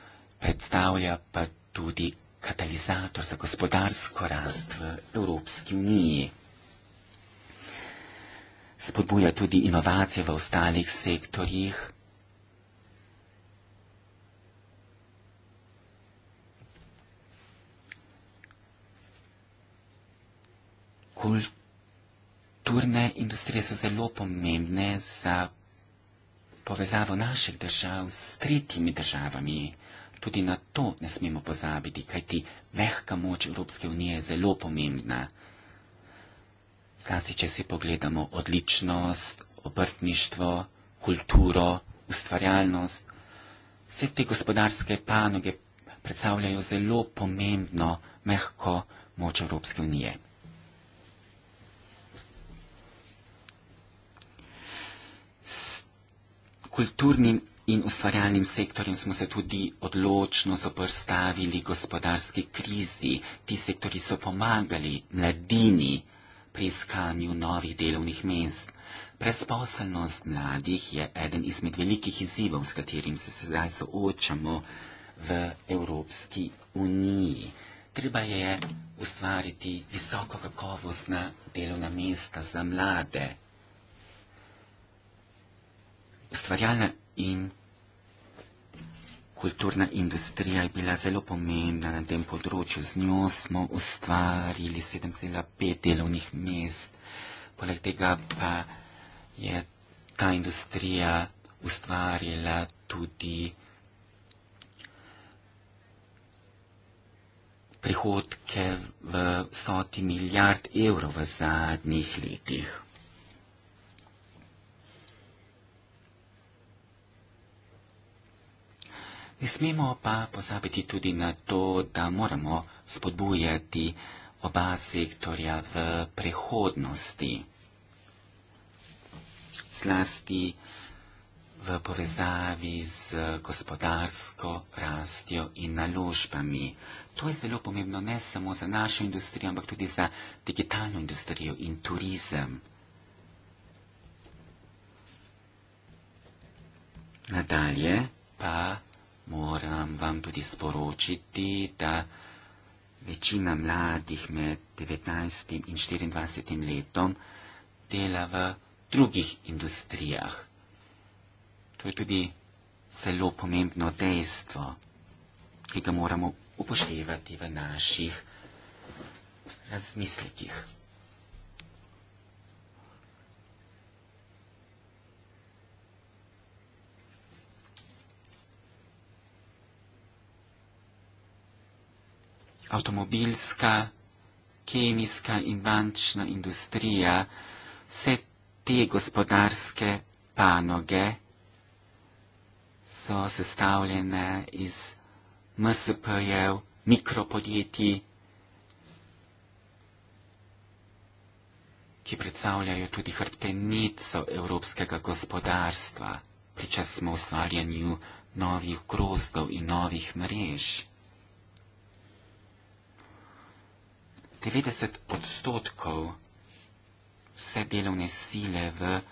predstavlja pa tudi katalizator za gospodarsko rast v Evropski uniji. Spodbuja tudi inovacije v ostalih sektorjih, kulturne industrije so zelo pomembne za povezavo naših držav s tretjimi državami. Tudi na to ne smemo pozabiti, kajti mehka moč Evropske unije je zelo pomembna. Zlasti, če si pogledamo odličnost, obrtništvo, kulturo, ustvarjalnost, vse te gospodarske panoge predstavljajo zelo pomembno mehko moč Evropske unije. s kulturnim in ustvarjalnim sektorjem smo se tudi odločno zoprstavili gospodarski krizi. Ti sektori so pomagali mladini pri iskanju novih delovnih mest. Presposobnost mladih je eden izmed velikih izzivov, s katerim se sedaj soočamo v Evropski uniji. Treba je ustvariti visoko kakovostna delovna mesta za mlade, ustvarjalna in kulturna industrija je bila zelo pomembna na tem področju. Z njo smo ustvarili 7,5 delovnih mest. Poleg tega pa je ta industrija ustvarjala tudi prihodke v soti milijard evrov v zadnjih letih. Ne smemo pa pozabiti tudi na to, da moramo spodbujati oba sektorja v prihodnosti, zlasti v povezavi z gospodarsko rastjo in naložbami. To je zelo pomembno ne samo za našo industrijo, ampak tudi za digitalno industrijo in turizem. Nadalje pa moram vam tudi sporočiti, da večina mladih med 19 in 24 letom dela v drugih industrijah. To je tudi zelo pomembno dejstvo, ki ga moramo upoštevati v naših razmislekih. avtomobilska, kemijska in bančna industrija, vse te gospodarske panoge so sestavljene iz MSP-jev, mikropodjetij, ki predstavljajo tudi hrbtenico evropskega gospodarstva. Priča smo ustvarjanju novih grozdov in novih mrež. 90 odstotkov vse delovne sile v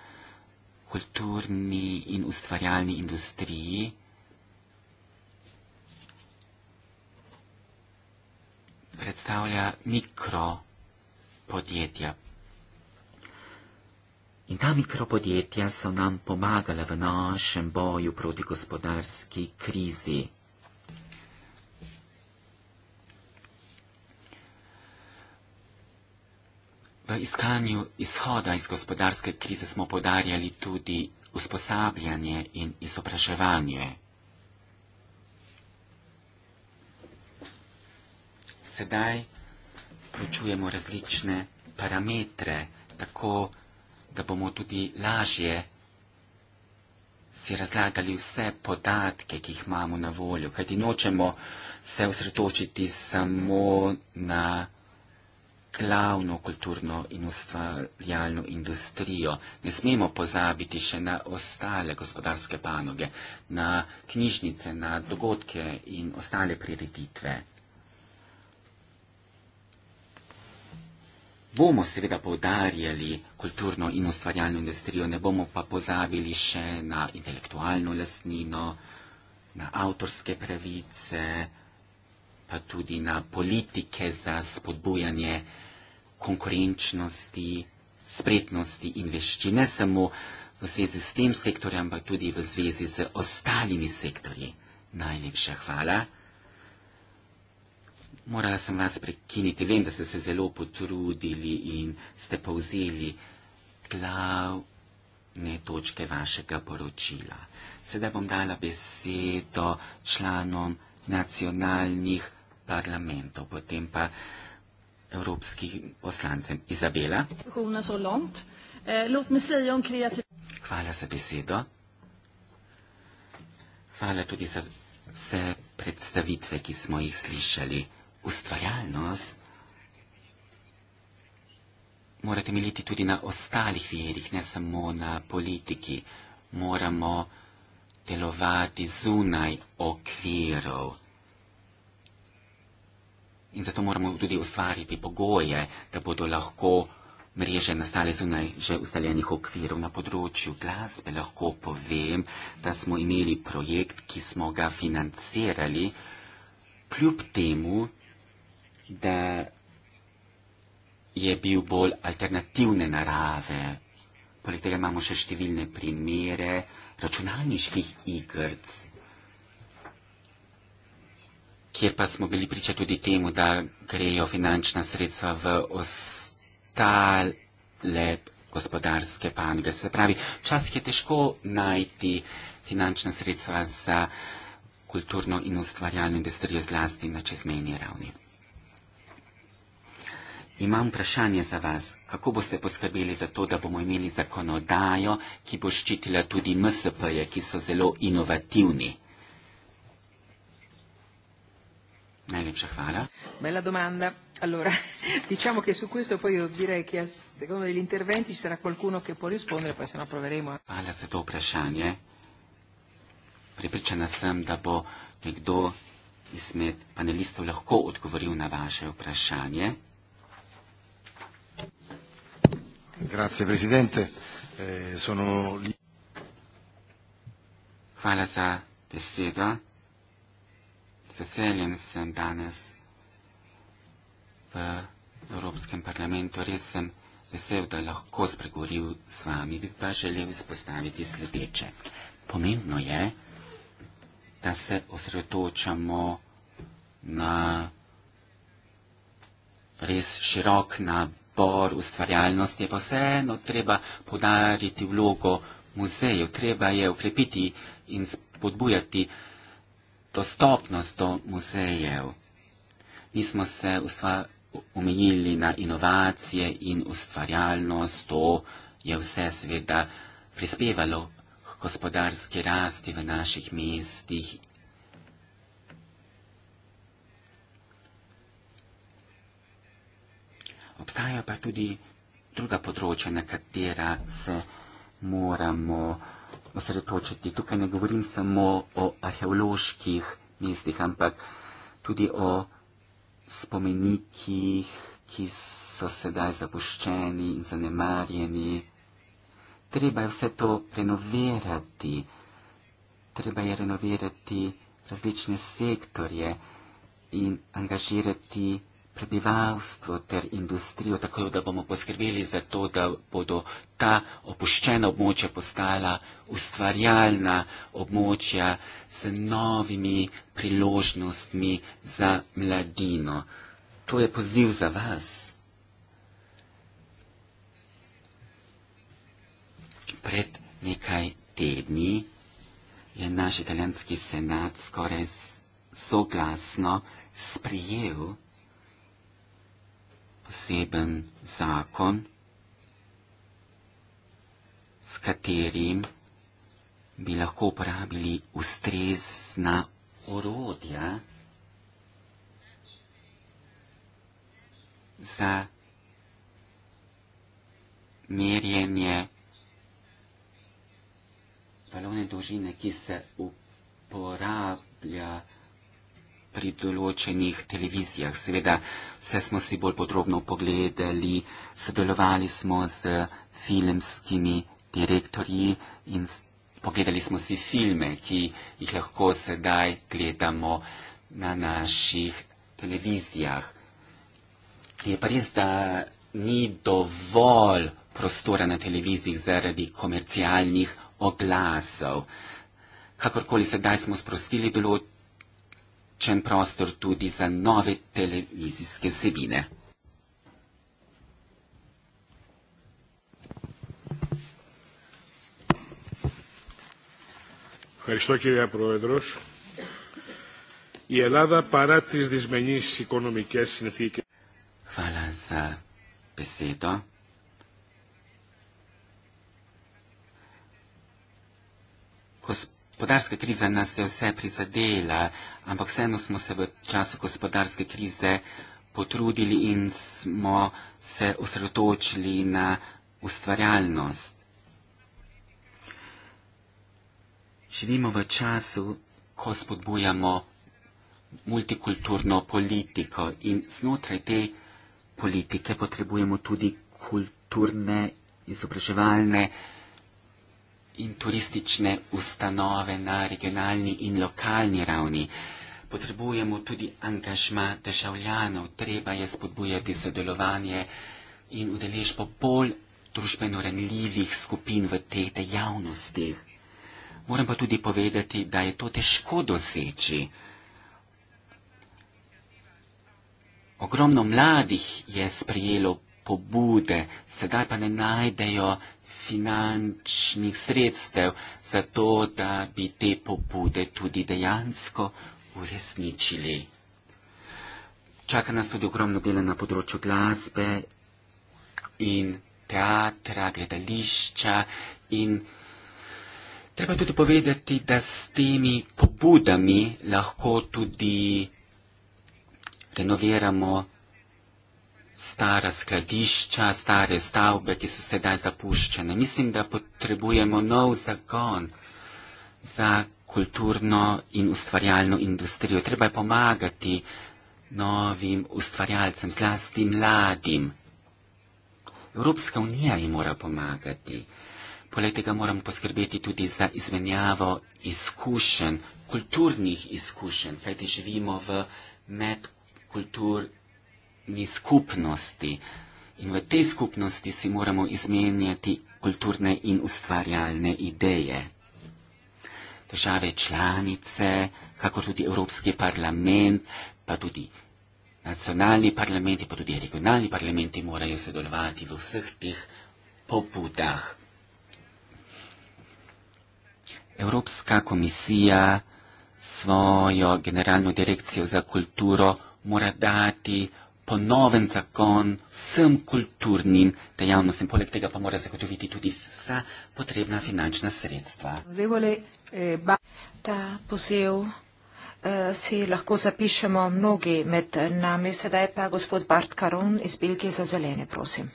kulturni in ustvarjalni industriji predstavlja mikropodjetja. In ta mikropodjetja so nam pomagala v našem boju proti gospodarski krizi. V iskanju izhoda iz gospodarske krize smo podarjali tudi usposabljanje in izobraževanje. Sedaj vključujemo različne parametre, tako da bomo tudi lažje si razlagali vse podatke, ki jih imamo na voljo, kajti nočemo se osredotočiti samo na glavno kulturno in ustvarjalno industrijo. Ne smemo pozabiti še na ostale gospodarske panoge, na knjižnice, na dogodke in ostale prireditve. Bomo seveda povdarjali kulturno in ustvarjalno industrijo, ne bomo pa pozabili še na intelektualno lasnino, na avtorske pravice, pa tudi na politike za spodbujanje konkurenčnosti, spretnosti in vešči, ne samo v zvezi s tem sektorjem, ampak tudi v zvezi z ostalimi sektorji. Najlepša hvala. Morala sem vas prekiniti, vem, da ste se zelo potrudili in ste povzeli glavne točke vašega poročila. Sedaj bom dala besedo članom nacionalnih parlamentov, potem pa evropskim poslancem. Izabela. Er eh, Hvala za besedo. Hvala tudi za vse predstavitve, ki smo jih slišali. Ustvarjalnost mora temeljiti tudi na ostalih verjih, ne samo na politiki. Moramo delovati zunaj okvirov in zato moramo tudi ustvariti pogoje, da bodo lahko mreže nastale zunaj že ustaljenih okvirov na področju glasbe. Lahko povem, da smo imeli projekt, ki smo ga financirali, kljub temu, da je bil bolj alternativne narave. Poleg tega imamo še številne primere računalniških igrc, kjer pa smo bili priča tudi temu, da grejo finančna sredstva v ostale gospodarske panoge. Se pravi, včasih je težko najti finančna sredstva za kulturno in ustvarjalno industrijo zlasti na čezmejni ravni. Imam vprašanje za vas, kako boste poskrbeli za to, da bomo imeli zakonodajo, ki bo ščitila tudi MSP-je, ki so zelo inovativni. Najlepša hvala. Bella domanda. Allora, diciamo che su questo poi io direi che a seconda degli interventi ci sarà qualcuno che può rispondere, poi se no proveremo. Hvala za to vprašanje. Pripričana sem, da bo nekdo izmed panelistov lahko odgovoril na vaše vprašanje. Grazie, presidente. Eh, sono... Hvala za besedo veseljem sem danes v Evropskem parlamentu. Res sem vesel, da lahko spregovoril s vami. Bi pa želel izpostaviti sledeče. Pomembno je, da se osredotočamo na res širok nabor ustvarjalnosti, pa vseeno treba podariti vlogo muzejev, treba je ukrepiti in spodbujati uh, dostopnost do muzejev. Mi smo se omejili na inovacije in ustvarjalnost, to je vse seveda prispevalo k gospodarski rasti v naših mestih. Obstajajo pa tudi druga področja, na katera se moramo uh, osredotočiti. Tukaj ne govorim samo o arheoloških mestih, ampak tudi o spomenikih, ki so sedaj zapuščeni in zanemarjeni. Treba je vse to prenovirati, treba je renovirati različne sektorje in angažirati prebivalstvo ter industrijo, tako da bomo poskrbeli za to, da bodo ta opuščena območja postala ustvarjalna območja z novimi priložnostmi za mladino. To je poziv za vas. Pred nekaj tedni je naš italijanski senat skoraj soglasno sprijel poseben zakon, s katerim bi lahko uporabili ustrezna orodja za merjenje valovne dolžine, ki se uporablja pri določenih televizijah. Seveda vse smo si bolj podrobno pogledali, sodelovali smo z filmskimi direktorji in pogledali smo si filme, ki jih lahko sedaj gledamo na naših televizijah. Je pa res, da ni dovolj prostora na televizijih zaradi komercialnih oglasov. Kakorkoli sedaj smo sprostili določenih odličen prostor tudi za nove televizijske sebine. Ευχαριστώ κυρία Πρόεδρος. Η Ελλάδα παρά τις δυσμενείς οικονομικές συνθήκες. Φάλα ζα πεσέτο. Κοσπέρα. Gospodarska kriza nas je vse prizadela, ampak vseeno smo se v času gospodarske krize potrudili in smo se osredotočili na ustvarjalnost. Živimo v času, ko spodbujamo multikulturno politiko in znotraj te politike potrebujemo tudi kulturne, izobraževalne, in turistične ustanove na regionalni in lokalni ravni. Potrebujemo tudi angažma državljanov, treba je spodbujati sodelovanje in udeležbo bolj družbeno renljivih skupin v teh dejavnostih. Moram pa tudi povedati, da je to težko doseči. Ogromno mladih je sprejelo pobude, sedaj pa ne najdejo finančnih sredstev za to, da bi te pobude tudi dejansko uresničili. Čaka nas tudi ogromno dela na področju glasbe in teatra, gledališča in treba tudi povedati, da s temi pobudami lahko tudi renoviramo stara skladišča, stare stavbe, ki so sedaj zapuščene. Mislim, da potrebujemo nov zakon za kulturno in ustvarjalno industrijo. Treba je pomagati novim ustvarjalcem, zlasti mladim. Evropska unija jim mora pomagati. Poleg tega moramo poskrbeti tudi za izmenjavo izkušenj, kulturnih izkušenj, kajti živimo v medkulturnih mi skupnosti in v tej skupnosti si moramo izmenjati kulturne in ustvarjalne ideje. Države članice, kako tudi Evropski parlament, pa tudi nacionalni parlamenti, pa tudi regionalni parlamenti morajo sodelovati v vseh teh pobudah. Evropska komisija svojo generalno direkcijo za kulturo mora dati ponoven zakon vsem kulturnim dejavnostim, poleg tega pa mora zagotoviti tudi vsa potrebna finančna sredstva. Eh, Ta posev eh, si lahko zapišemo mnogi med nami, sedaj pa gospod Bart Karun iz Belgije za zelene, prosim.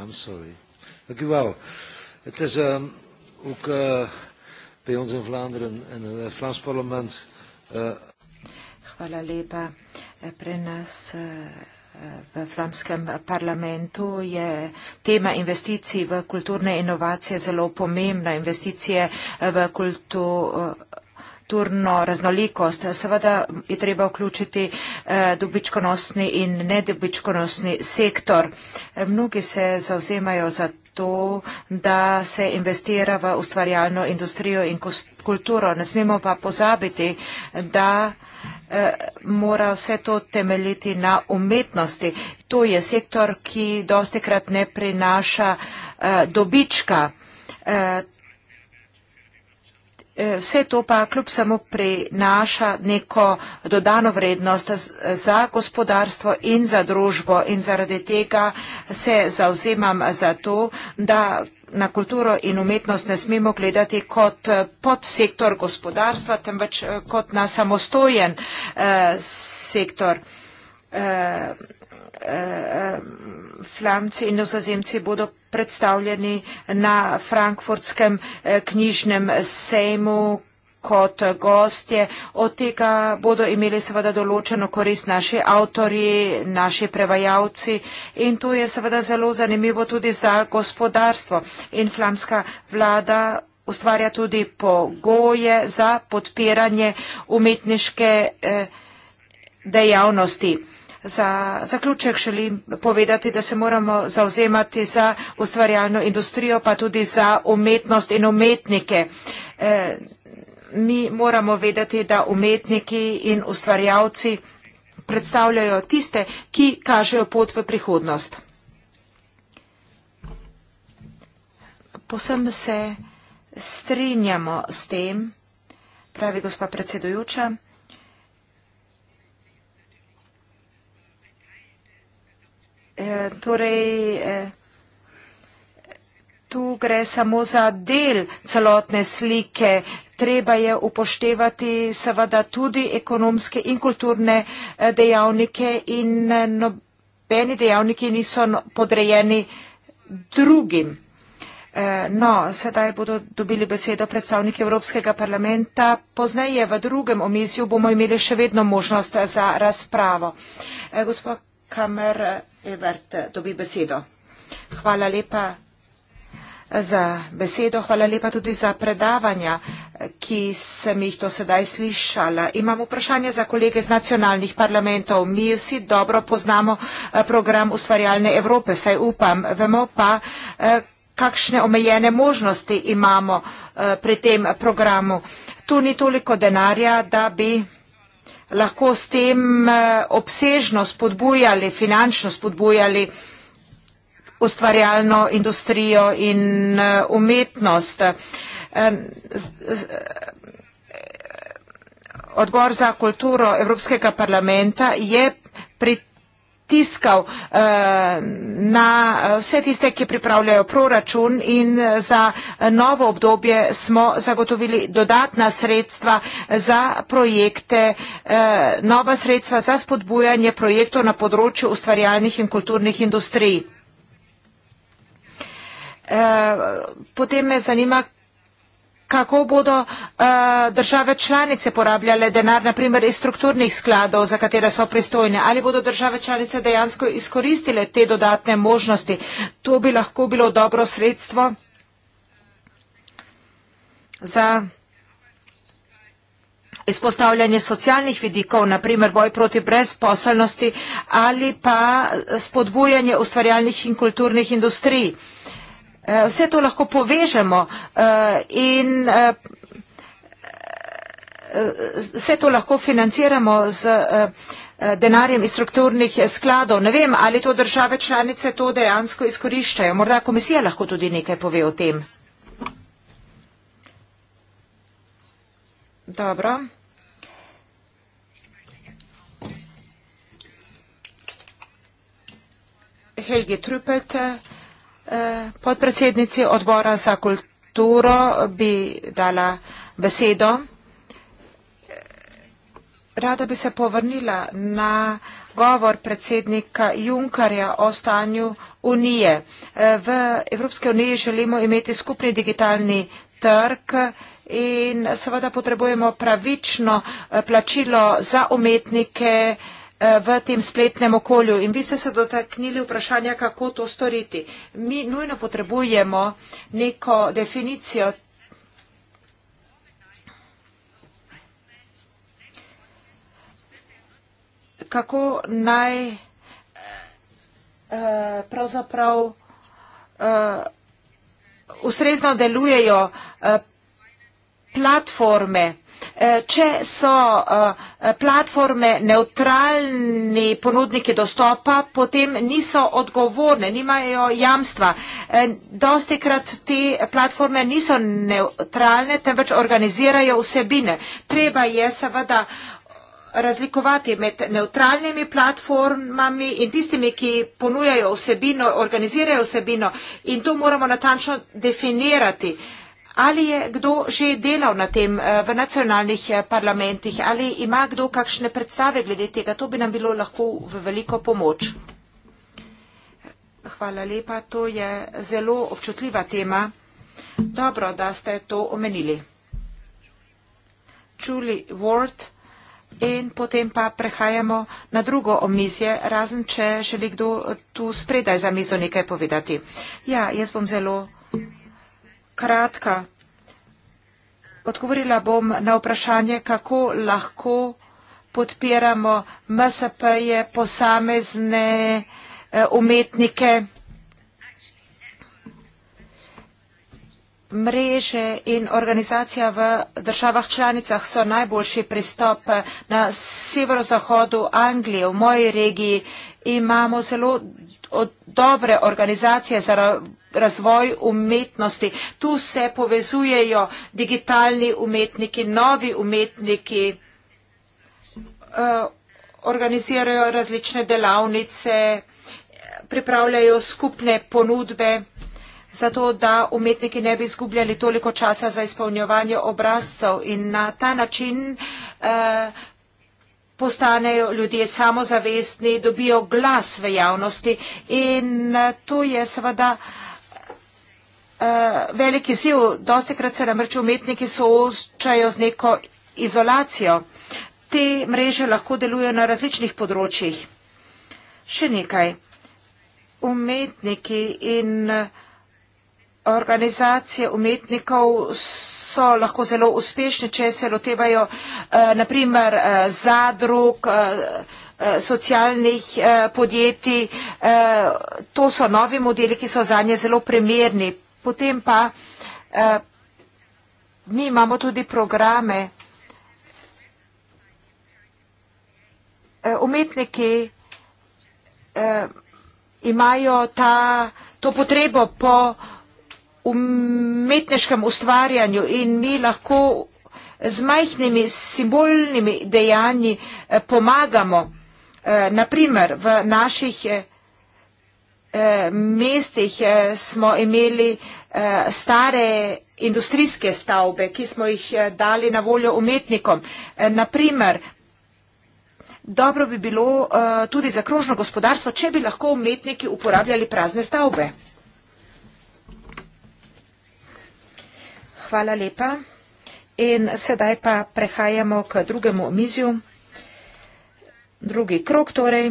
I'm sorry. Dank u wel. Het is um, ook uh, bij ons in Vlaanderen in het uh, Vlaams parlement. Uh, uh, V flamskem parlamentu je tema investicij v kulturne inovacije zelo pomembna. Investicije uh, v kulturo kulturno raznolikost. Seveda je treba vključiti eh, dobičkonosni in nedobičkonosni sektor. Eh, mnogi se zauzemajo za to, da se investira v ustvarjalno industrijo in kulturo. Ne smemo pa pozabiti, da eh, mora vse to temeljiti na umetnosti. To je sektor, ki dostikrat ne prinaša dobička. Eh, vse to pa kljub samo prinaša neko dodano vrednost za gospodarstvo in za družbo in zaradi tega se zauzemam za to, da na kulturo in umetnost ne smemo gledati kot eh, podsektor gospodarstva, temveč eh, kot na samostojen eh, sektor. Eh, Flamci in nosozemci bodo predstavljeni na frankfurtskem eh, knjižnem sejmu kot gostje. Od tega bodo imeli seveda določeno korist naši avtori, naši prevajalci in to je seveda zelo zanimivo tudi za gospodarstvo. In flamska vlada ustvarja tudi pogoje za podpiranje umetniške eh, dejavnosti. Za zaključek želim povedati, da se moramo zauzemati za ustvarjalno industrijo, pa tudi za umetnost in umetnike. Eh, mi moramo vedeti, da umetniki in ustvarjalci predstavljajo tiste, ki kažejo pot v prihodnost. Posem se strinjamo s tem, pravi gospa predsedujuča, Eh, torej, eh, tu gre samo za del celotne slike. Treba je upoštevati seveda tudi ekonomske in kulturne eh, dejavnike in nobeni dejavniki niso no, podrejeni drugim. No, sedaj bodo dobili besedo predstavniki Evropskega parlamenta. Pozneje v drugem omizju bomo imeli še vedno možnost za razpravo. Gospod Kamer Evert dobi besedo. Hvala lepa za besedo, hvala lepa tudi za predavanja, ki sem jih to sedaj slišala. Imam vprašanje za kolege z nacionalnih parlamentov. Mi vsi dobro poznamo eh, program ustvarjalne Evrope, saj upam. Vemo pa, eh, kakšne omejene možnosti imamo eh, pri tem programu. Tu ni toliko denarja, da bi lahko s tem eh, obsežno spodbujali, finančno spodbujali ustvarjalno industrijo in eh, umetnost. Odbor za kulturo Evropskega parlamenta je pri tem, pritiskal eh, na eh, vse tiste, ki pripravljajo proračun in eh, za novo obdobje smo zagotovili dodatna sredstva za projekte, nova sredstva za spodbujanje projektov na področju ustvarjalnih in kulturnih industrij. Potem me zanima, kako bodo uh, države članice porabljale denar, naprimer iz strukturnih skladov, za katere so pristojne, ali bodo države članice dejansko izkoristile te dodatne možnosti. To bi lahko bilo dobro sredstvo za izpostavljanje socialnih vidikov, naprimer boj proti brezposelnosti ali pa spodbujanje ustvarjalnih in kulturnih industrij. Uh, Eh, vse to lahko povežemo eh, in eh, vse to lahko financiramo z denarjem iz strukturnih skladov. Ne vem, ali to države članice to dejansko izkoriščajo. Morda komisija lahko tudi nekaj pove o tem. Dobro. Helge Trupet, Eh, podpredsednici odbora za kulturo bi dala besedo. Eh, rada bi se povrnila na govor predsednika Junkarja o stanju Unije. Eh, v Evropske unije želimo imeti skupni digitalni trg in seveda potrebujemo pravično plačilo za umetnike, v tem spletnem okolju. In vi ste se dotaknili vprašanja, kako to storiti. Mi nujno potrebujemo neko definicijo. kako naj eh, pravzaprav eh, ustrezno delujejo eh, platforme, Eh, če so eh, platforme neutralni ponudniki dostopa, potem niso odgovorne, nimajo jamstva. Eh, Dosti krat te platforme niso neutralne, temveč organizirajo vsebine. Treba je seveda razlikovati med neutralnimi platformami in tistimi, ki ponujajo vsebino, organizirajo vsebino in to moramo natančno definirati. Ali je kdo že delal na tem eh, v nacionalnih eh, parlamentih? Ali ima kdo kakšne predstave glede tega? To bi nam bilo lahko v veliko pomoč. Hvala lepa. To je zelo občutljiva tema. Dobro, da ste to omenili. Čuli Word in potem pa prehajamo na drugo omizje, razen če želi kdo tu spredaj za mizo nekaj povedati. Ja, jaz bom zelo kratka. Odgovorila bom na vprašanje, kako lahko podpiramo MSP-je, posamezne eh, umetnike. mreže in organizacija v državah članicah so najboljši pristop na severozahodu Anglije. V moji regiji imamo zelo dobre organizacije za razvoj umetnosti. Tu se povezujejo digitalni umetniki, novi umetniki, e, organizirajo različne delavnice, pripravljajo skupne ponudbe zato da umetniki ne bi izgubljali toliko časa za izpolnjevanje obrazcev in na ta način eh, postanejo ljudje samozavestni, dobijo glas v javnosti in eh, to je seveda eh, veliki ziv. Dosti krat se namreč umetniki soočajo z neko izolacijo. Te mreže lahko delujejo na različnih področjih. Še nekaj. Umetniki in umetniki organizacije umetnikov so lahko zelo uspešne, če se lotevajo eh, naprimer eh, zadrug, eh, socialnih podjetij. To so novi modeli, ki so za nje zelo primerni. Potem pa mi imamo tudi programe. Umetniki imajo ta, to potrebo po umetniškem ustvarjanju in mi lahko z majhnimi simbolnimi dejanji eh, pomagamo, eh, naprimer v naših eh, mestih smo imeli stare industrijske stavbe, ki smo jih dali na voljo umetnikom. Naprimer, dobro bi bilo tudi za krožno gospodarstvo, če bi lahko umetniki uporabljali prazne stavbe. hvala lepa. In sedaj pa prehajamo k drugemu omizju. Drugi krok torej.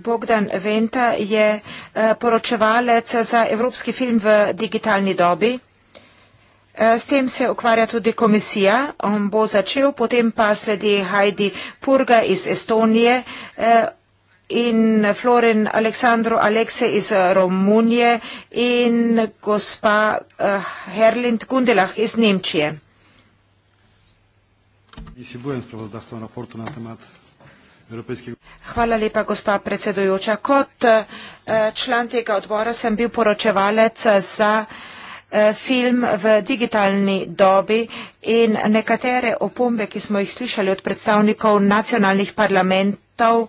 Bogdan Venta je eh, poročevalec za evropski film v digitalni dobi. Eh, s tem se ukvarja tudi komisija. On bo začel, potem pa sledi Heidi Purga iz Estonije eh, in Florin Aleksandro Alekse iz Romunije in gospa eh, Herlind Gundelach iz Nemčije. Hvala lepa, gospa predsedujoča. Kot član tega odbora sem bil poročevalec za Eh, film v digitalni dobi in nekatere opombe, ki smo jih slišali od predstavnikov nacionalnih parlamentov,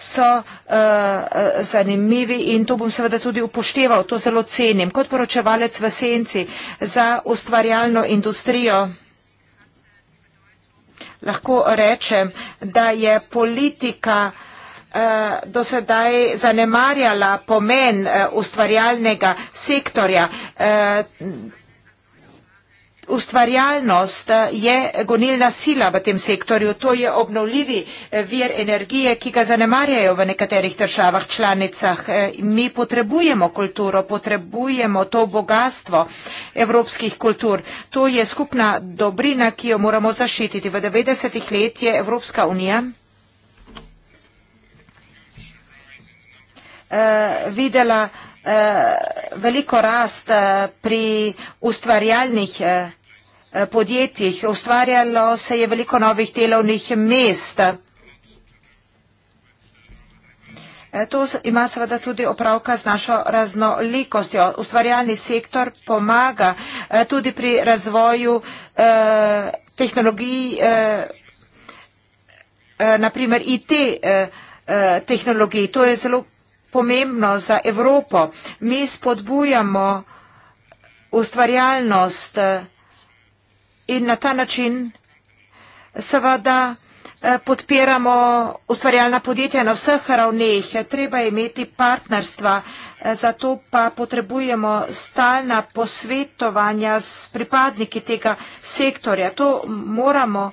so eh, zanimivi in to bom seveda tudi upošteval, to zelo cenim. Kot poročevalec v senci za ustvarjalno industrijo lahko rečem, da je politika vsega, Eh, do sedaj zanemarjala pomen eh, ustvarjalnega sektorja. Eh, ustvarjalnost je gonilna sila v tem sektorju, to je obnovljivi vir energije, ki ga zanemarjajo v nekaterih državah članicah. Mi potrebujemo kulturo, potrebujemo to bogatstvo evropskih kultur. To je skupna dobrina, ki jo moramo zaščititi. V 90-ih letih je Evropska unija Eh, videla eh, veliko rast eh, pri ustvarjalnih podjetjih. Ustvarjalo se je veliko novih delovnih mest. To ima seveda tudi opravka z našo raznolikostjo. Ustvarjalni sektor pomaga tudi pri razvoju eh, tehnologij, eh, naprimer IT eh, tehnologij. To je zelo pomembno za Evropo. Mi spodbujamo ustvarjalnost eh, in na ta način seveda eh, podpiramo ustvarjalna podjetja na vseh ravneh. Treba imeti partnerstva, eh, zato pa potrebujemo stalna posvetovanja s pripadniki tega sektorja. To moramo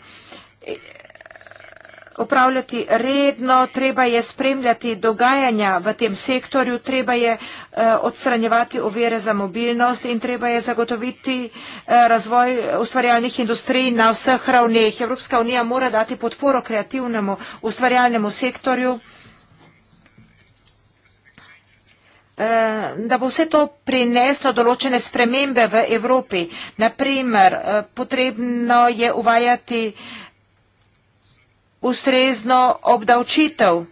opravljati redno, treba je spremljati dogajanja v tem sektorju, treba je eh, odstranjevati ovire za mobilnost in treba je zagotoviti eh, razvoj ustvarjalnih industrij na vseh ravneh. Evropska unija mora dati podporo kreativnemu ustvarjalnemu sektorju, eh, da bo vse to prineslo določene spremembe v Evropi. Naprimer, potrebno je uvajati vsega, ustrezno obdavčitev.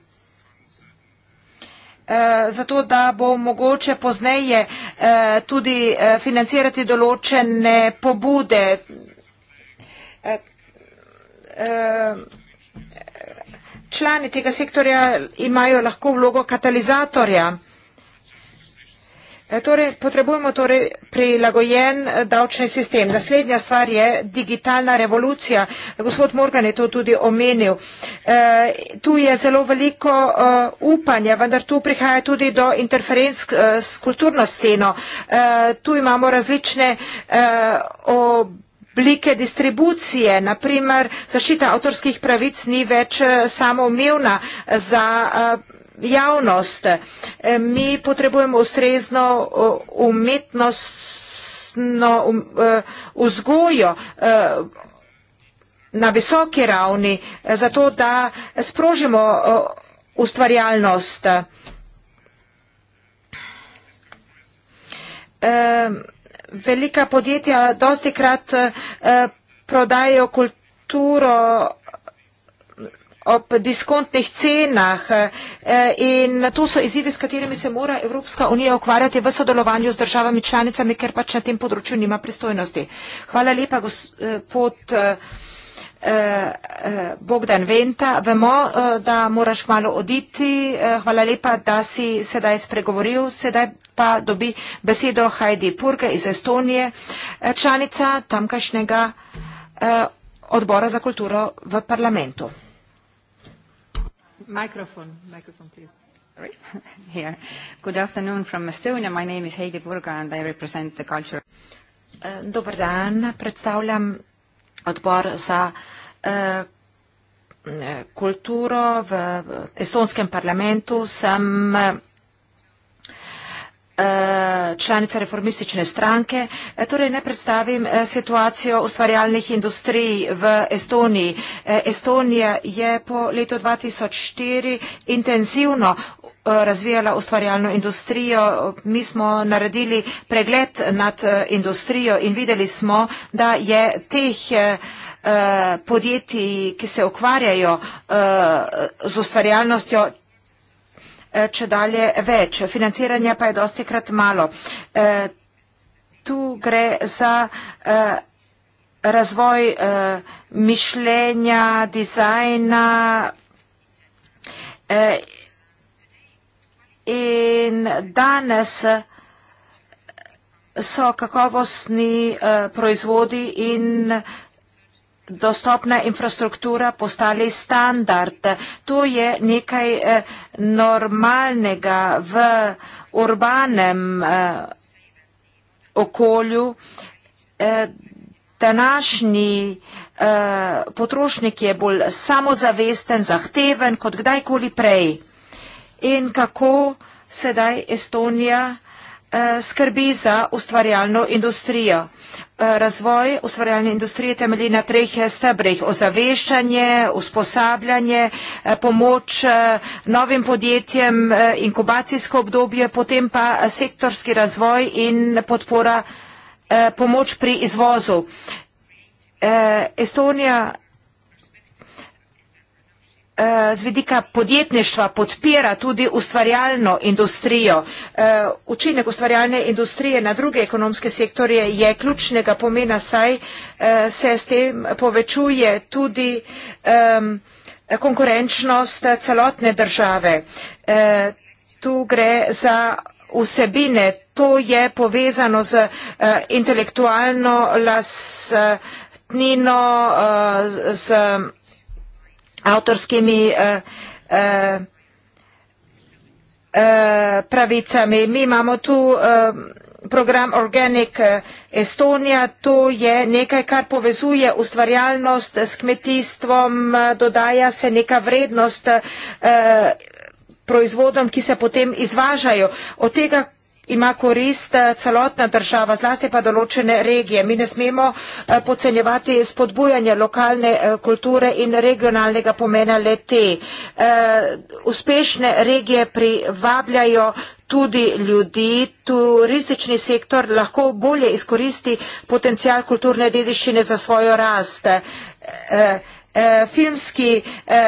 Eh, zato, da bo mogoče pozneje eh, tudi eh, financirati določene pobude. Člani tega sektorja imajo lahko vlogo katalizatorja. E, torej, potrebujemo torej prilagojen e, davčni sistem. Naslednja stvar je digitalna revolucija. Gospod Morgan je to tudi omenil. E, tu je zelo veliko e, upanja, vendar tu prihaja tudi do interferenc e, s kulturno sceno. E, tu imamo različne e, oblike distribucije, naprimer zašita avtorskih pravic ni več e, samoumevna za. E, javnost. E, mi potrebujemo ustrezno e, umetnostno um, e, vzgojo na visoki ravni, zato da sprožimo ustvarjalnost. Velika podjetja dosti krat prodajo kulturo ob diskontnih cenah eh, in to so izzivi, s katerimi se mora Evropska unija ukvarjati v sodelovanju z državami članicami, ker pač na tem področju nima pristojnosti. Hvala lepa, gospod eh, eh, Bogdan Venta. Vemo, da moraš malo oditi. Hvala lepa, da si sedaj spregovoril. Sedaj pa dobi besedo Heidi Purge iz Estonije, članica tamkajšnjega odbora za kulturo v parlamentu. Microphone, microphone, please. Sorry. Here. Good afternoon from Estonia. My name is Heidi Burga and I represent the culture. Eh, dober dan, predstavljam odbor za uh, kulturo v estonskem parlamentu. Sem uh, Eh, članica reformistične stranke. Eh, torej ne predstavim eh, situacijo ustvarjalnih industrij v Estoniji. Estonija je po letu 2004 intenzivno razvijala ustvarjalno industrijo. Mi smo naredili pregled nad industrijo in videli smo, da je teh podjetij, ki se ukvarjajo z ustvarjalnostjo, Eh, če dalje več. Financiranja pa je dosti krat malo. Eh, tu gre za eh, razvoj mišljenja, dizajna in danes so kakovostni proizvodi in proizvodi dostopna infrastruktura postali standard. To je nekaj eh, normalnega v urbanem eh, okolju. Eh, današnji potrošnik je bolj samozavesten, zahteven kot kdajkoli prej. In kako sedaj Estonija vsega? Eh, skrbi za ustvarjalno industrijo. Eh, razvoj ustvarjalne industrije temelji na treh eh, stebrih. Ozaveščanje, usposabljanje, pomoč novim podjetjem, inkubacijsko obdobje, potem pa sektorski razvoj in podpora pomoč pri izvozu. Estonija Eh, z vidika podjetništva podpira tudi ustvarjalno industrijo. Eh, učinek ustvarjalne industrije na druge ekonomske sektorje je ključnega pomena, saj eh, se s tem povečuje tudi konkurenčnost celotne države. Tu gre za vsebine, to je povezano z intelektualno lastnino, z intelektualno autorskimi eh, eh, eh, pravicami. Mi imamo tu program Organic Estonia, to je nekaj, kar povezuje ustvarjalnost s kmetijstvom, dodaja se neka vrednost proizvodom, ki se potem izvažajo. Od tega ima korist eh, celotna država, zlasti pa določene regije. Mi ne smemo eh, podcenjevati spodbujanje lokalne eh, kulture in regionalnega pomena le te. Uspešne regije privabljajo tudi ljudi, turistični sektor lahko bolje izkoristi potencijal kulturne dediščine za svojo rast. Filmski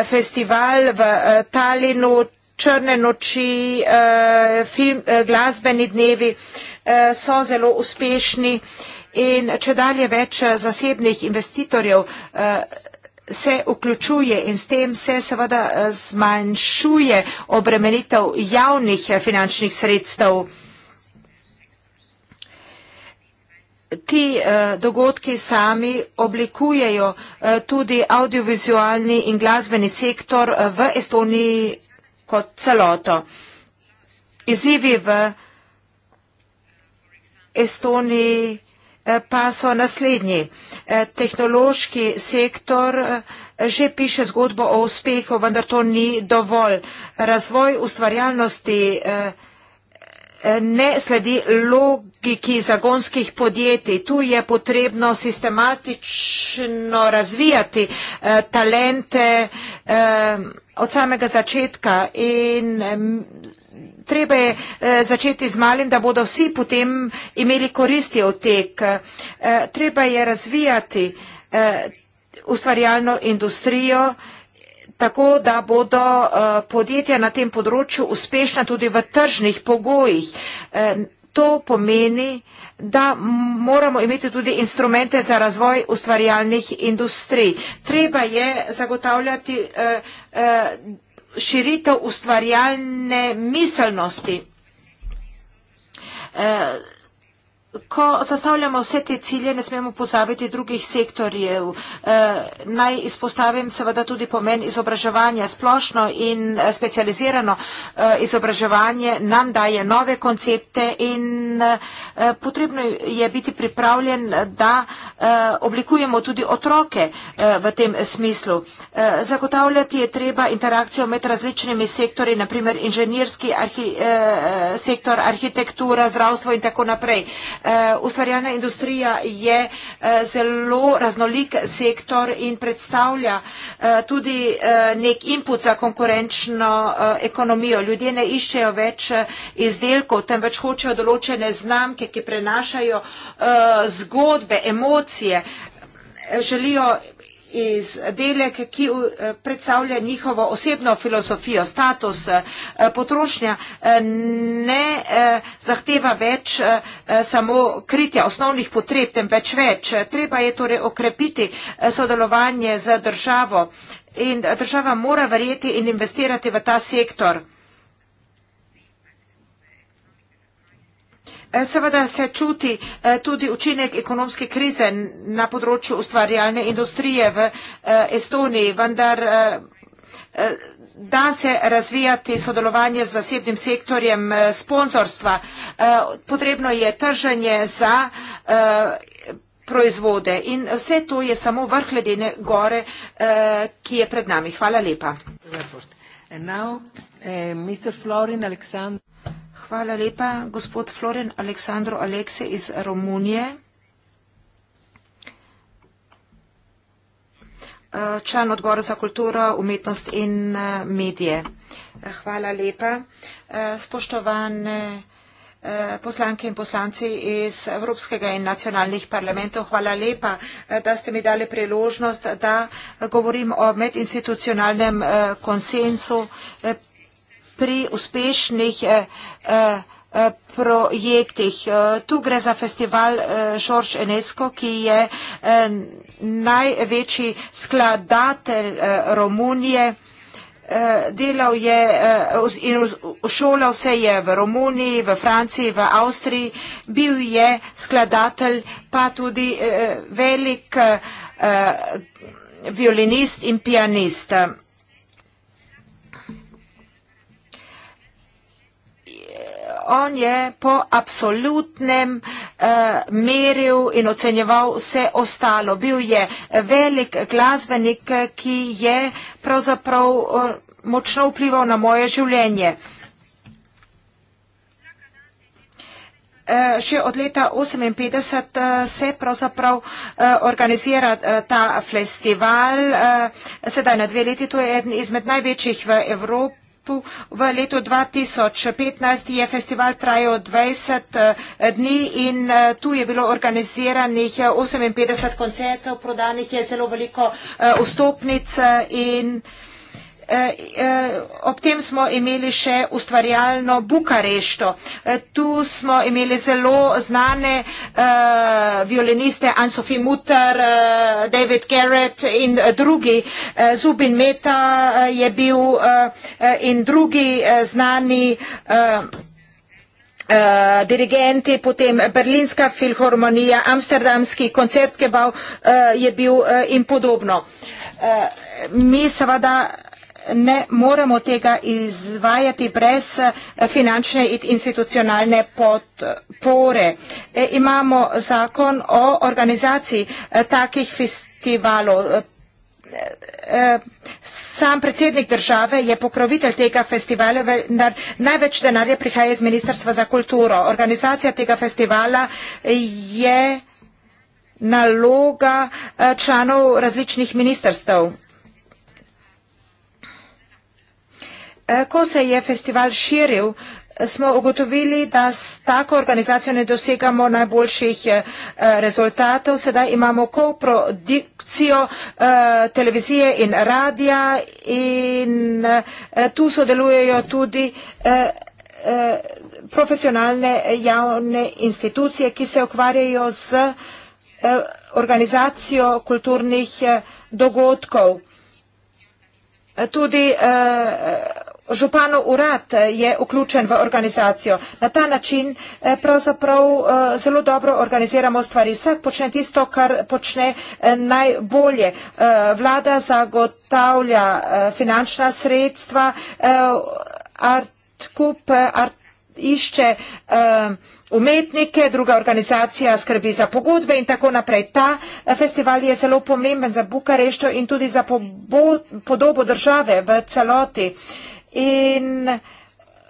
festival v Talinu črne noči, eh, film, eh, glasbeni dnevi eh, so zelo uspešni in če dalje več zasebnih investitorjev se vključuje in s tem se seveda zmanjšuje obremenitev javnih finančnih sredstev. Ti dogodki sami oblikujejo tudi audiovizualni in glasbeni sektor v Estoniji kot celoto. Izzivi v Estoniji eh, pa so naslednji. Eh, tehnološki sektor eh, že piše zgodbo o uspehu, vendar to ni dovolj. Razvoj ustvarjalnosti ne sledi logiki zagonskih podjetij. Tu je potrebno sistematično razvijati eh, talente eh, od samega začetka in treba je eh, začeti z malim, da bodo vsi potem imeli koristi od tek. Treba je razvijati ustvarjalno industrijo, tako da bodo eh, podjetja na tem področju uspešna tudi v tržnih pogojih. Eh, to pomeni, da moramo imeti tudi instrumente za razvoj ustvarjalnih industrij. Treba je zagotavljati eh, širitev ustvarjalne miselnosti. Ko zastavljamo vse te cilje, ne smemo pozabiti drugih sektorjev. E, naj izpostavim seveda tudi pomen izobraževanja. Splošno in e, specializirano e, izobraževanje nam daje nove koncepte in e, potrebno je biti pripravljen, da e, oblikujemo tudi otroke e, v tem smislu. E, zagotavljati je treba interakcijo med različnimi sektori, naprimer inženirski arhi, e, sektor, arhitektura, zdravstvo in tako naprej. Eh, ustvarjalna industrija je eh, zelo raznolik sektor in predstavlja eh, tudi nek input za konkurenčno ekonomijo. Ljudje ne iščejo več izdelkov, temveč hočejo določene znamke, ki prenašajo zgodbe, emocije, želijo izdelek, ki eh, predstavlja njihovo osebno filozofijo, status eh, potrošnja, eh, ne zahteva več samo kritja osnovnih potreb, temveč več. Treba je torej okrepiti sodelovanje z državo in država mora verjeti in investirati v ta sektor. Eh, seveda se čuti eh, tudi učinek ekonomske krize na področju ustvarjalne industrije v eh, Estoniji, vendar da se razvijati sodelovanje z zasebnim sektorjem sponzorstva. Potrebno je trženje za proizvode in vse to je samo vrh ledene gore, ki je pred nami. Hvala lepa. And now, uh, Mr. Florin Alexander. Hvala lepa. Gospod Floren Aleksandro Alekse iz Romunije. Eh, član odbora za kulturo, umetnost in eh, medije. Eh, hvala lepa. Spoštovane poslanke in poslanci iz Evropskega in nacionalnih parlamentov, hvala lepa, da ste mi dali priložnost, da govorim o medinstitucionalnem konsensu pri uspešnih eh, eh, eh, projektih. Tu gre za festival Žorž Enesko, ki je največji skladatelj Romunije. Delal je in šolal se je v Romuniji, v Franciji, v Avstriji. Bil je skladatelj, pa tudi velik violinist in pianist. on je po absolutnem uh, meril in ocenjeval vse ostalo. Bil je velik glasbenik, ki je pravzaprav uh, močno vplival na moje življenje. Eh, še od leta 1958 se pravzaprav organizira ta festival, sedaj na dve leti, to je eden izmed največjih v Evropi tu v letu 2015 je festival trajal 20 eh, dni in eh, tu je bilo organiziranih 58 eh, koncertov, prodanih je zelo veliko vstopnic in vstopnic. Eh, eh, ob tem smo imeli še ustvarjalno Bukarešto. Eh, tu smo imeli zelo znane violiniste Ansofi Mutter, David Garrett in drugi. Zubin Meta je bil in drugi znani dirigenti, potem Berlinska filharmonija, Amsterdamski koncertkebal je bil in podobno. Mi seveda ne moremo tega izvajati brez eh, finančne in institucionalne podpore. E, imamo zakon o organizaciji eh, takih festivalov. Eh, sam predsednik države je pokrovitelj tega festivala, vendar največ denarja prihaja iz Ministrstva za kulturo. Organizacija tega festivala je naloga članov različnih ministrstv Eh, ko se je festival širil, smo ugotovili, da s tako organizacijo ne dosegamo najboljših eh, rezultatov. Sedaj imamo koprodikcijo eh, televizije in radija in tu sodelujejo tudi profesionalne javne institucije, ki se ukvarjajo z organizacijo kulturnih dogodkov. Tudi županov urad eh, je vključen v organizacijo. Na ta način eh, pravzaprav eh, zelo dobro organiziramo stvari. Vsak počne tisto, kar počne najbolje. Vlada zagotavlja finančna sredstva, artkup art išče umetnike, druga organizacija skrbi za pogodbe in tako naprej. Ta festival je zelo pomemben za Bukareščo in tudi za podobo države v celoti. Uh, in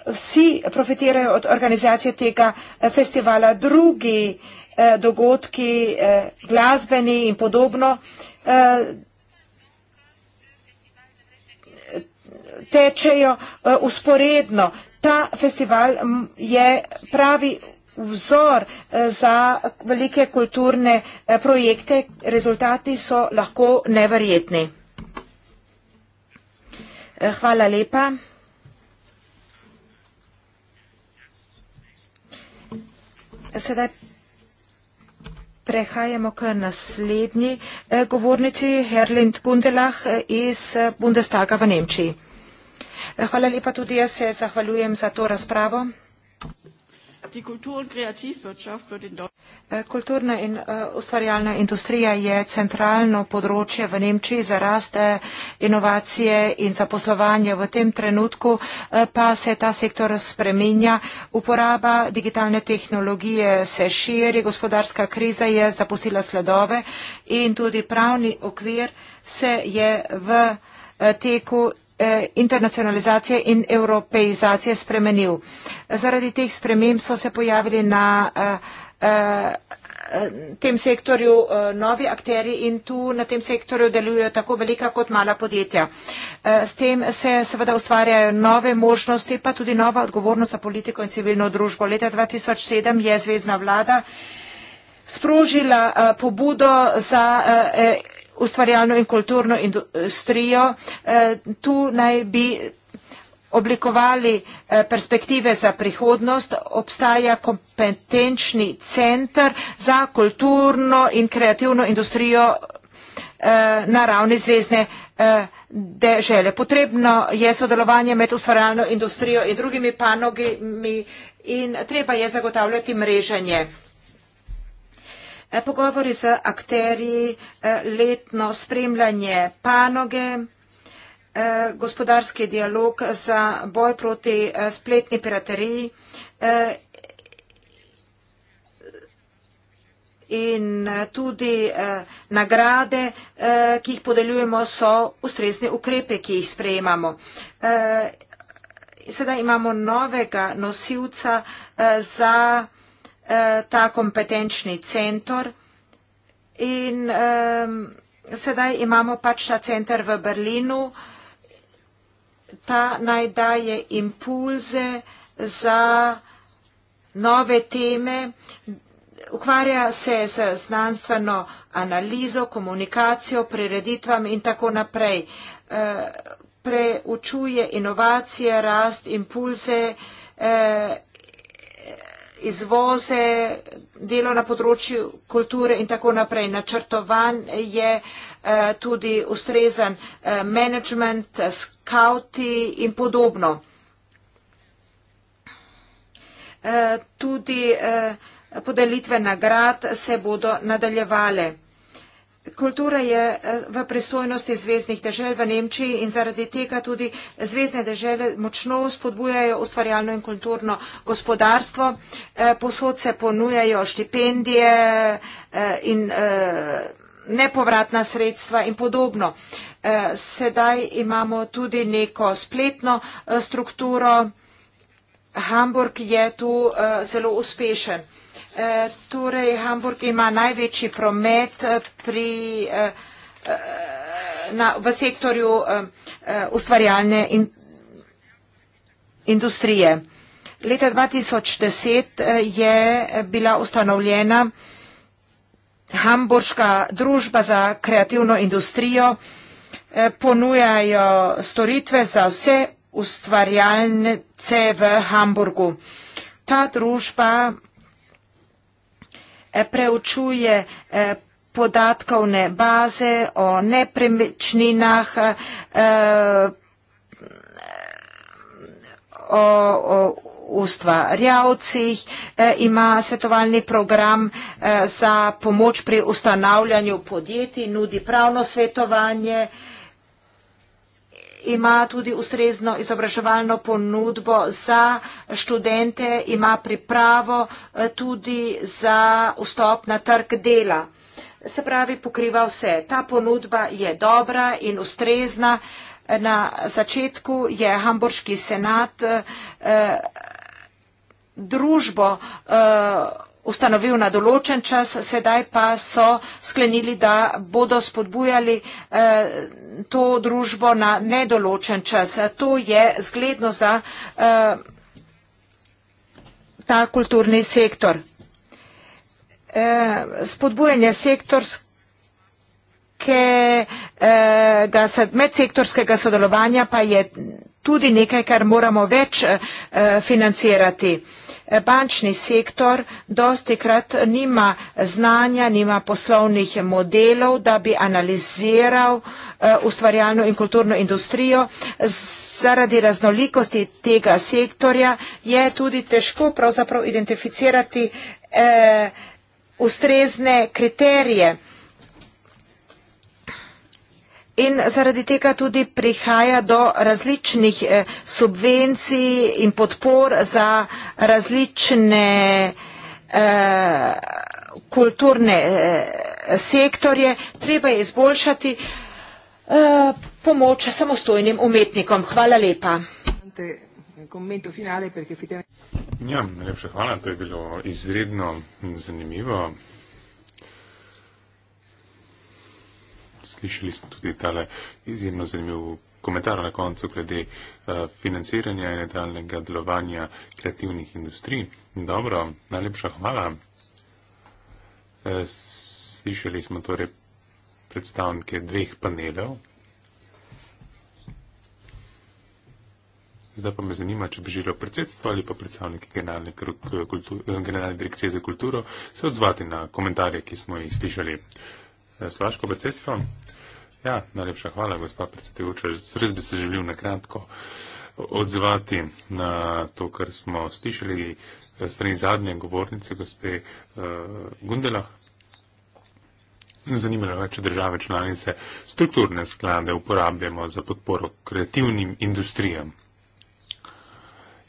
vsi profitirajo od organizacije tega eh, festivala. Drugi eh, dogodki, eh, glasbeni in podobno, tečejo usporedno. Ta festival je pravi vzor za velike kulturne projekte. Rezultati so lahko neverjetni. Hvala lepa. Sedaj prehajamo k naslednji eh, govornici, Herlind Gundelach eh, iz eh, Bundestaga v Nemčiji. Hvala lepa tudi jaz se zahvaljujem za to razpravo. Die Kultur- und Kreativwirtschaft wird in Deutschland. Eh, kulturna in uh, ustvarjalna industrija je centralno področje v Nemčiji za rast eh, inovacije in zaposlovanje. V tem trenutku pa se ta sektor spreminja, uporaba digitalne tehnologije se širi, gospodarska kriza je zapustila sledove in tudi pravni okvir se je v teku Eh, internacionalizacije in evropeizacije spremenil. Zaradi teh sprememb so se pojavili na eh, eh, tem sektorju novi akteri in tu na tem sektorju delujejo tako velika kot mala podjetja. S tem se seveda ustvarjajo nove možnosti, pa tudi nova odgovornost za politiko in civilno družbo. Leta 2007 je zvezdna vlada sprožila pobudo za ustvarjalno in kulturno industrijo. Eh, tu naj bi oblikovali eh, perspektive za prihodnost, obstaja kompetenčni centr za kulturno in kreativno industrijo eh, na ravni zvezdne dežele. Potrebno je sodelovanje med ustvarjalno industrijo in drugimi panogami in treba je zagotavljati mreženje. Eh, pogovori z akteri, eh, letno spremljanje panoge, eh, gospodarski dialog za boj proti spletni pirateriji in tudi nagrade, ki jih podeljujemo, so ustrezni ukrepe, ki jih sprejemamo. Sedaj imamo novega nosilca za vsega, Eh, ta kompetenčni centr in eh, sedaj imamo pač ta centr v Berlinu. Ta naj daje impulze za nove teme, ukvarja se z znanstveno analizo, komunikacijo, prireditvam in tako naprej. Eh, preučuje inovacije, rast, impulze. Eh, izvoze, delo na področju kulture in tako naprej. Načrtovan je eh, tudi ustrezen eh, management, eh, skauti in podobno. Tudi podelitve nagrad se bodo nadaljevale. Kultura je eh, v pristojnosti zvezdnih dežel v Nemčiji in zaradi tega tudi zvezdne dežele močno spodbujajo ustvarjalno in kulturno gospodarstvo. Eh, Posod se ponujajo štipendije eh, in nepovratna sredstva in podobno. Sedaj imamo tudi neko spletno strukturo. Hamburg je tu zelo uspešen. Eh, torej, Hamburg ima največji promet eh, pri, eh, na, v sektorju ustvarjalne in, industrije. Leta 2010 je bila ustanovljena Hamburška družba za kreativno industrijo. Ponujajo storitve za vse ustvarjalnice v Hamburgu. Ta družba Eh, preučuje eh, podatkovne baze o nepremičninah, eh, o ustvarjavcih, ima svetovalni program za pomoč pri ustanavljanju podjetij, nudi pravno svetovanje, ima tudi ustrezno izobraževalno ponudbo za študente, ima pripravo eh, tudi za vstop na trg dela. Se pravi, pokriva vse. Ta ponudba je dobra in ustrezna. Na začetku je Hamburški senat eh, družbo eh, ustanovil na določen čas, sedaj pa so sklenili, da bodo spodbujali eh, to družbo na nedoločen čas. To je zgledno za eh, ta kulturni sektor. Eh, spodbujanje sektorskega eh, medsektorskega sodelovanja pa je tudi nekaj, kar moramo več eh, financirati. Eh, bančni sektor dosti krat nima znanja, nima poslovnih modelov, da bi analiziral eh, ustvarjalno in kulturno industrijo. Zaradi raznolikosti tega sektorja je tudi težko pravzaprav identificirati ustrezne kriterije in zaradi tega tudi prihaja do različnih eh, subvencij in podpor za različne eh, kulturne eh, sektorje. Treba je izboljšati pomoč samostojnim umetnikom. Hvala lepa. Ja, najlepša hvala, to je bilo izredno zanimivo. slišali smo tudi tale izjemno zanimiv komentar na koncu glede eh, financiranja in nadaljnega delovanja kreativnih industrij. Dobro, najlepša hvala. Eh, slišali smo torej predstavnike dveh panelov. Zdaj pa me zanima, če bi želel predsedstvo ali pa predstavniki generalne, eh, generalne direkcije za kulturo se odzvati na komentarje, ki smo jih slišali s vaško predsedstvom. Ja, najlepša hvala, gospod predsedujoča. Res bi se želil na kratko odzvati na to, kar smo slišali eh, strani zadnje govornice, gospe uh, Gundela. Zanimalo je, če države članice strukturne sklade uporabljamo za podporo kreativnim industrijam.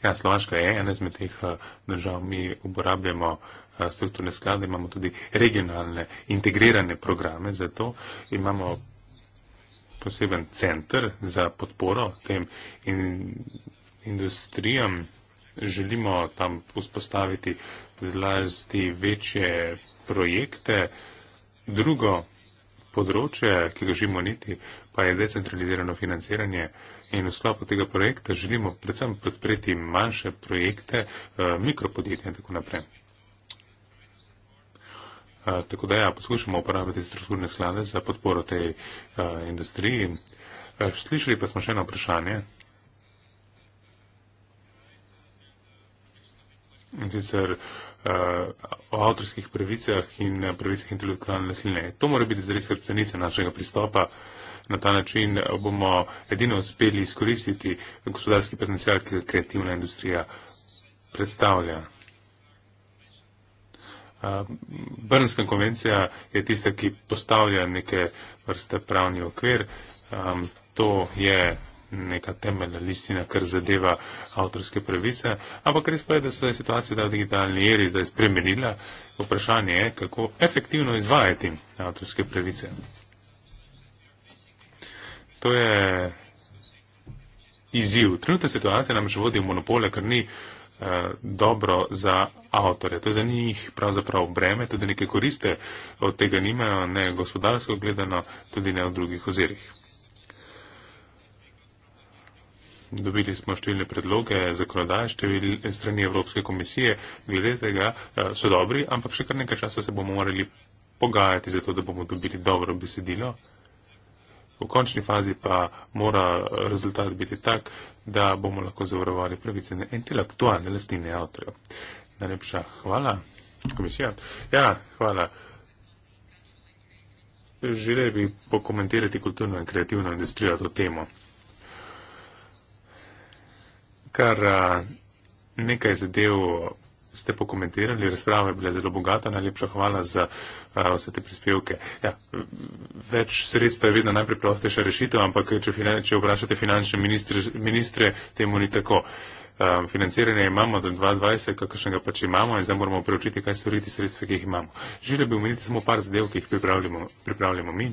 Ja, Slovaška je ena izmed teh eh, držav, mi uporabljamo uh, Eh, strukturne sklade, imamo tudi regionalne integrirane programe za to. Imamo poseben centr za podporo tem in industrijam. Želimo tam vzpostaviti zlasti večje projekte. Drugo področje, ki ga želimo niti, pa je decentralizirano financiranje. In v sklopu tega projekta želimo predvsem podpreti manjše projekte, eh, mikropodjetja in tako naprej tako da ja, poskušamo uporabiti strukturne sklade za podporo tej a, industriji. A, slišali pa smo še eno vprašanje. In sicer uh, o avtorskih pravicah in pravicah intelektualne lasline. To mora biti zares srpenica našega pristopa. Na ta način bomo edino uspeli izkoristiti gospodarski potencial, ki ga kreativna industrija predstavlja. Brnska konvencija je tista, ki postavlja neke vrste pravni okvir. Um, to je neka temeljna listina, kar zadeva avtorske pravice. Ampak res pa je, da se je situacija v digitalni eri zdaj spremenila. Vprašanje je, kako efektivno izvajati avtorske pravice. To je izziv. Trenutna situacija nam že vodi v monopole, ker ni uh, Eh, dobro za avtorje. To je za njih pravzaprav breme, tudi neke koriste od tega nimajo, ne gospodarsko gledano, tudi ne v drugih ozirih. Dobili smo številne predloge zakonodaje, številne strani Evropske komisije, glede tega eh, so dobri, ampak še kar nekaj časa se bomo morali pogajati za to, da bomo dobili dobro besedilo. V končni fazi pa mora rezultat biti tak, da bomo lahko zavarovali pravice na intelektualne lastnine avtorja. Najlepša hvala, komisija. Ja, hvala. Želel bi pokomentirati kulturno in kreativno industrijo to temo. Kar a, nekaj zadev ste pokomentirali, razprava je bila zelo bogata, najlepša hvala za uh, vse te prispevke. Ja, več sredstva je vedno najpreprostejša rešitev, ampak če, finan, če vprašate finančne ministre, ministre, temu ni tako. Um, financiranje imamo do 2020, kakšnega pač imamo in zdaj moramo preučiti, kaj storiti sredstva, ki jih imamo. Želel bi omeniti samo par zadev, ki jih pripravljamo, pripravljamo mi.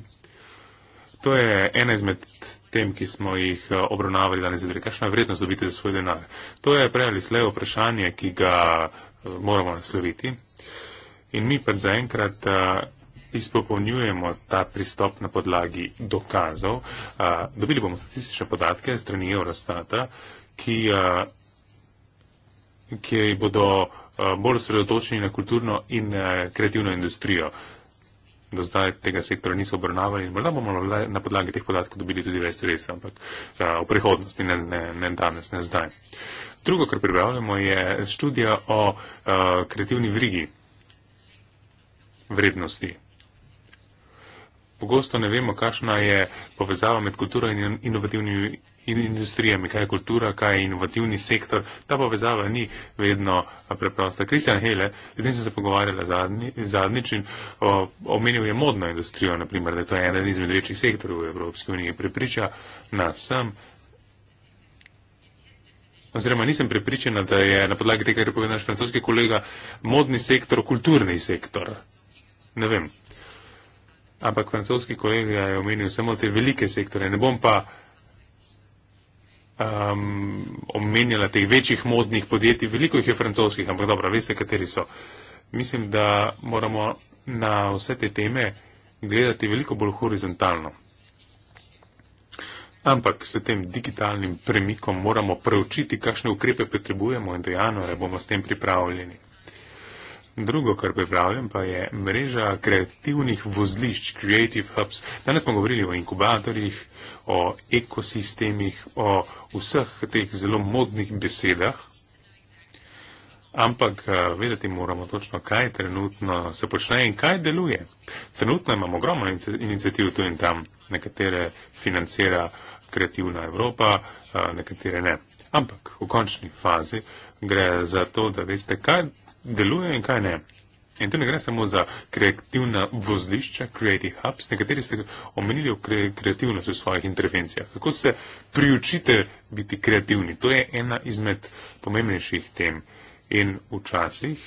To je ena izmed tem, ki smo jih eh, obravnavali danes, kakšna vrednost dobite za svoj denar. To je prej ali slej vprašanje, ki ga Eh, moramo nasloviti. In mi pa zaenkrat eh, izpopolnjujemo ta pristop na podlagi dokazov. Eh, dobili bomo statistične podatke strani Eurostata, ki, ki bodo bolj sredotočeni na kulturno in kreativno industrijo. Do zdaj tega sektora niso obravnavali in morda bomo na podlagi teh podatkov dobili tudi več res, ampak v prihodnosti, ne, ne, ne danes, ne zdaj. Uh, Drugo, kar pripravljamo, je študija o uh, kreativni vrigi vrednosti. Pogosto ne vemo, kakšna je povezava med kulturo in inovativnimi industrijami, kaj je kultura, kaj je inovativni sektor. Ta povezava ni vedno eh, preprosta. Kristjan Hele, z njim sem se pogovarjala zadnji, zadnjič in omenil je modno industrijo, naprimer, da to je to eden izmed večjih sektorov v Evropski uniji. Pripriča nas sem, oziroma nisem prepričana, da je na podlagi tega, kar je povedal naš francoski kolega, modni sektor kulturni sektor. Ne vem. Ampak francoski kolega je omenil samo te velike sektore. Ne bom pa um, omenjala teh večjih modnih podjetij. Veliko jih je francoskih, ampak dobro, veste, kateri so. Mislim, da moramo na vse te teme gledati veliko bolj horizontalno. Ampak s tem digitalnim premikom moramo preučiti, kakšne ukrepe potrebujemo in do januarja bomo s tem pripravljeni. Drugo, kar pripravljam, pa je mreža kreativnih vozlišč, Creative Hubs. Danes smo govorili o inkubatorjih, o ekosistemih, o vseh teh zelo modnih besedah. Ampak eh, vedeti moramo točno, kaj trenutno se počne in kaj deluje. Trenutno imamo ogromno inicijativ tu in tam, nekatere financira kreativna Evropa, eh, nekatere ne. Ampak v končni fazi gre za to, da veste, kaj deluje in kaj ne. In tu ne gre samo za kreativna vozlišča, creative hubs, nekateri ste omenili o kre kreativnosti v svojih intervencijah. Kako se priučite biti kreativni? To je ena izmed pomembnejših tem. In včasih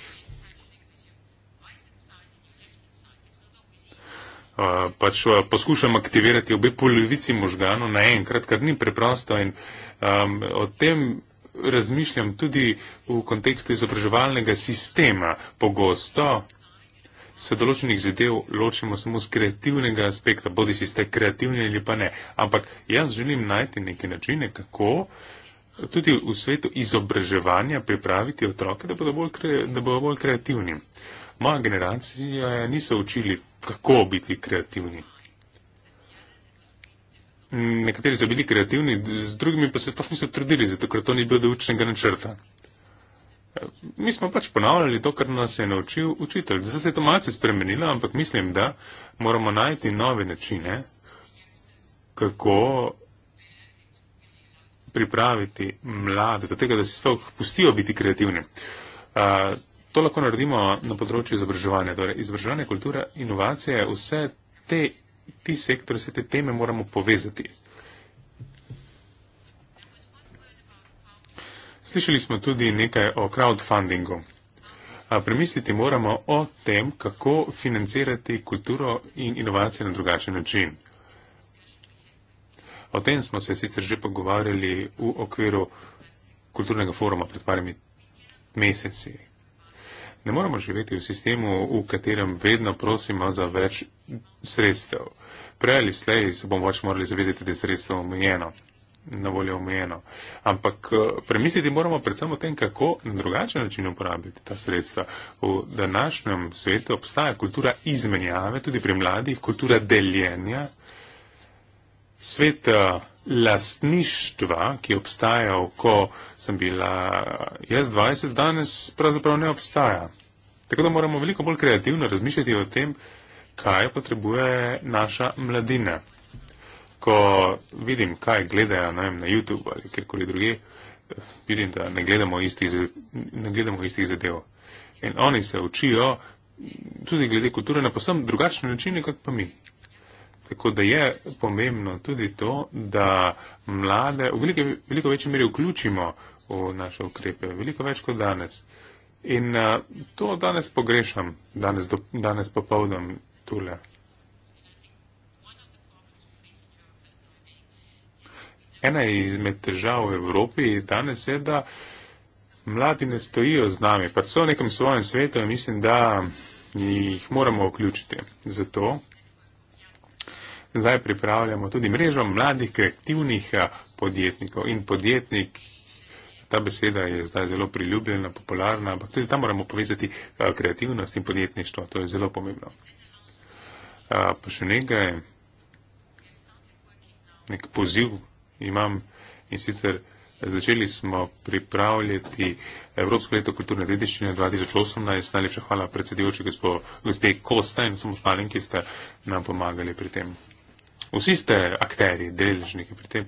pač poskušam aktivirati obe polovici možganov naenkrat, kar ni preprosto in um, o tem razmišljam tudi v kontekstu izobraževalnega sistema. Pogosto se določenih zadev ločimo samo z kreativnega aspekta, bodi si ste kreativni ali pa ne. Ampak jaz želim najti neke načine, kako uh, tudi v svetu izobraževanja pripraviti otroke, da bodo bolj, kre, da bodo bolj kreativni. Moja generacija je niso učili, kako biti kreativni. Nekateri so bili kreativni, z drugimi pa se pač niso trudili, zato ker to ni bilo učnega načrta. Mi smo pač ponavljali to, kar nas je naučil učitelj. Zdaj se je to malce spremenilo, ampak mislim, da moramo najti nove načine, kako pripraviti mlade do tega, da se sploh pustijo biti kreativni. To lahko naredimo na področju izobraževanja, torej izobraževanje, kultura, inovacije, vse te, ti sektori, vse te teme moramo povezati. Slišali smo tudi nekaj o crowdfundingu. Premisliti moramo o tem, kako financirati kulturo in inovacije na drugačen način. O tem smo se sicer že pogovarjali v okviru kulturnega foruma pred parimi meseci. Ne moramo živeti v sistemu, v katerem vedno prosimo za več sredstev. Prej ali slej se bomo pač morali zavedati, da je sredstvo omejeno, na voljo omejeno. Ampak eh, premisliti moramo predvsem o tem, kako na drugačen način uporabiti ta sredstva. V današnjem svetu obstaja kultura izmenjave, tudi pri mladih, kultura deljenja. Svet eh, lastništva, ki obstaja, ko sem bila jaz 20, danes pravzaprav ne obstaja. Tako da moramo veliko bolj kreativno razmišljati o tem, kaj potrebuje naša mladina. Ko vidim, kaj gledajo ne, na YouTube ali kjerkoli druge, vidim, da ne gledamo, isti, ne gledamo istih zadev. In oni se učijo tudi glede kulture na posebno drugačne načine, kot pa mi. Tako da je pomembno tudi to, da mlade v velike, veliko večji meri vključimo v naše ukrepe, veliko več kot danes. In uh, to danes pogrešam, danes, do, danes popovdam tule. Ena izmed težav v Evropi danes je, da mladi ne stojijo z nami, pa so v nekem svojem svetu in mislim, da jih moramo vključiti. Zato zdaj pripravljamo tudi mrežo mladih kreativnih eh, podjetnikov in podjetnik. Ta beseda je zdaj zelo priljubljena, popularna, ampak tudi tam moramo povezati eh, kreativnost in podjetništvo. To je zelo pomembno. Eh, pa še nekaj, nek poziv imam in sicer začeli smo pripravljati Evropsko leto kulturne dediščine 2018. Najlepša hvala predsedujoči gospod Kosta in samostalim, ki ste nam pomagali pri tem vsi ste akteri, deležniki pri tem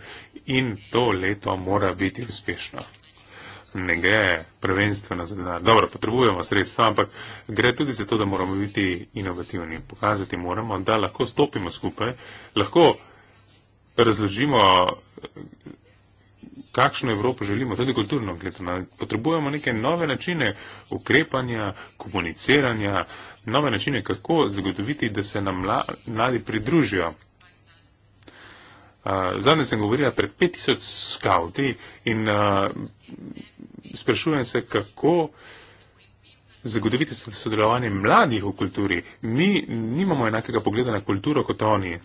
in to leto mora biti uspešno. Ne gre prvenstveno za denar. Dobro, potrebujemo sredstva, ampak gre tudi za to, da moramo biti inovativni. Pokazati moramo, da lahko stopimo skupaj, lahko razložimo, kakšno Evropo želimo, tudi kulturno gledano. Potrebujemo neke nove načine ukrepanja, komuniciranja, nove načine, kako zagotoviti, da se nam mladi pridružijo. Zadnje sem govorila pred 5000 skavti in a, sprašujem se, kako zagotoviti sodelovanje mladih v kulturi. Mi nimamo enakega pogleda na kulturo kot oni.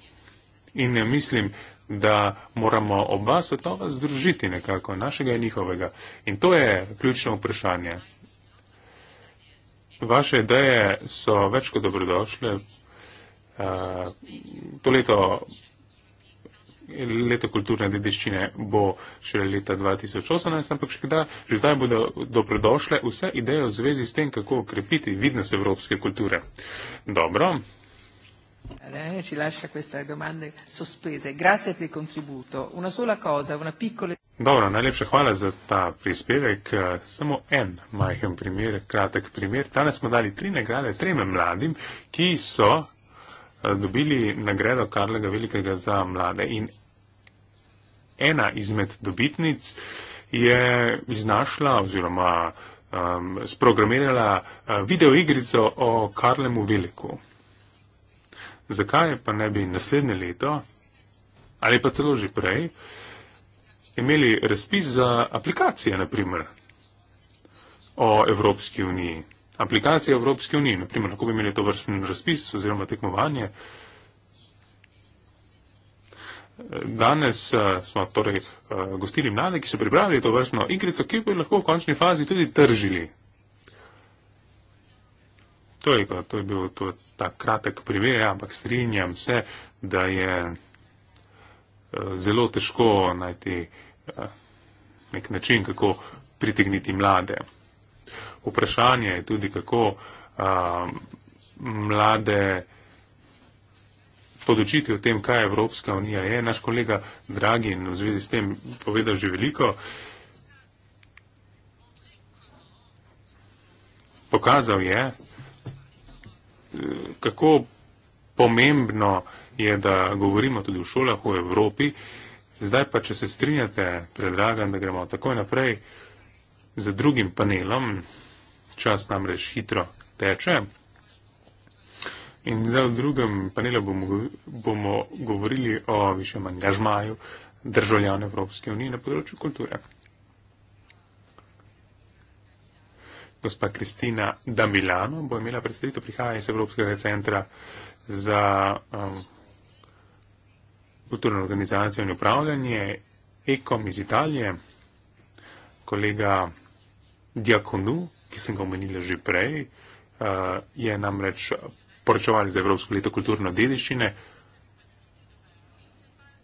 In e, mislim, da moramo oba svetova združiti nekako, našega in njihovega. In to je ključno vprašanje. Vaše ideje so več kot dobrodošle. Uh, to leto leto kulturne dediščine bo še leta 2018, ampak še kdaj, že zdaj bodo dobrodošle vse ideje v zvezi s tem, kako okrepiti vidnost evropske kulture. Dobro. Eh, Dobro, najlepša hvala za ta prispevek. Samo en majhen primer, kratek primer. Danes smo dali tri nagrade treme mladim, ki so eh, dobili nagrado Karlega Velikega za mlade. In ena izmed dobitnic je iznašla oziroma um, sprogramirala uh, videoigrico o Karlemu Veliku. Zakaj pa ne bi naslednje leto ali pa celo že prej imeli razpis za aplikacije, naprimer, o Evropski uniji? Aplikacije Evropske unije, naprimer, lahko bi imeli to vrsten razpis oziroma tekmovanje. Danes uh, smo torej uh, gostili mlade, ki so pripravili to vrstno igrico, ki bi lahko v končni fazi tudi tržili. Torej, to je bil to, ta kratek primer, ja, ampak strinjam se, da je uh, zelo težko najti uh, nek način, kako pritegniti mlade. Vprašanje je tudi, kako uh, mlade podočiti o tem, kaj Evropska unija je. Naš kolega Dragin v zvezi s tem povedal že veliko. Pokazal je, kako pomembno je, da govorimo tudi v šolah v Evropi. Zdaj pa, če se strinjate, predragam, da gremo takoj naprej z drugim panelom. Čas namreč hitro teče. In zdaj v drugem panelu bomo, bomo govorili o višjem angažmaju državljanov Evropske unije na področju kulture. Gospa Kristina Damilano bo imela predstavitev prihaja iz Evropskega centra za um, kulturno organizacijo in upravljanje ECOM iz Italije. Kolega Diakonu, ki sem ga omenila že prej, uh, je namreč poročevali za Evropsko leto kulturno dediščine,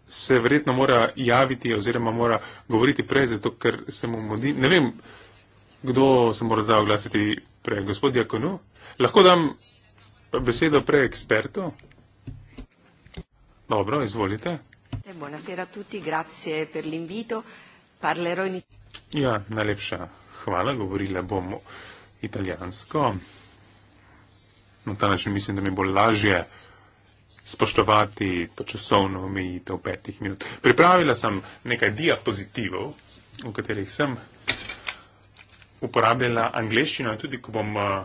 se verjetno mora javiti oziroma mora govoriti prej, zato ker se mu modi. Ne vem, kdo se mora zdaj oglasiti prej. Gospod Jakonu, lahko dam besedo prej ekspertu? Dobro, izvolite. E, ja, najlepša hvala, govorila bom italijansko na ta način mislim, da mi bo lažje spoštovati to časovno omejitev petih minut. Pripravila sem nekaj diapozitivov, v katerih sem uporabljala angliščino in tudi, ko bom eh,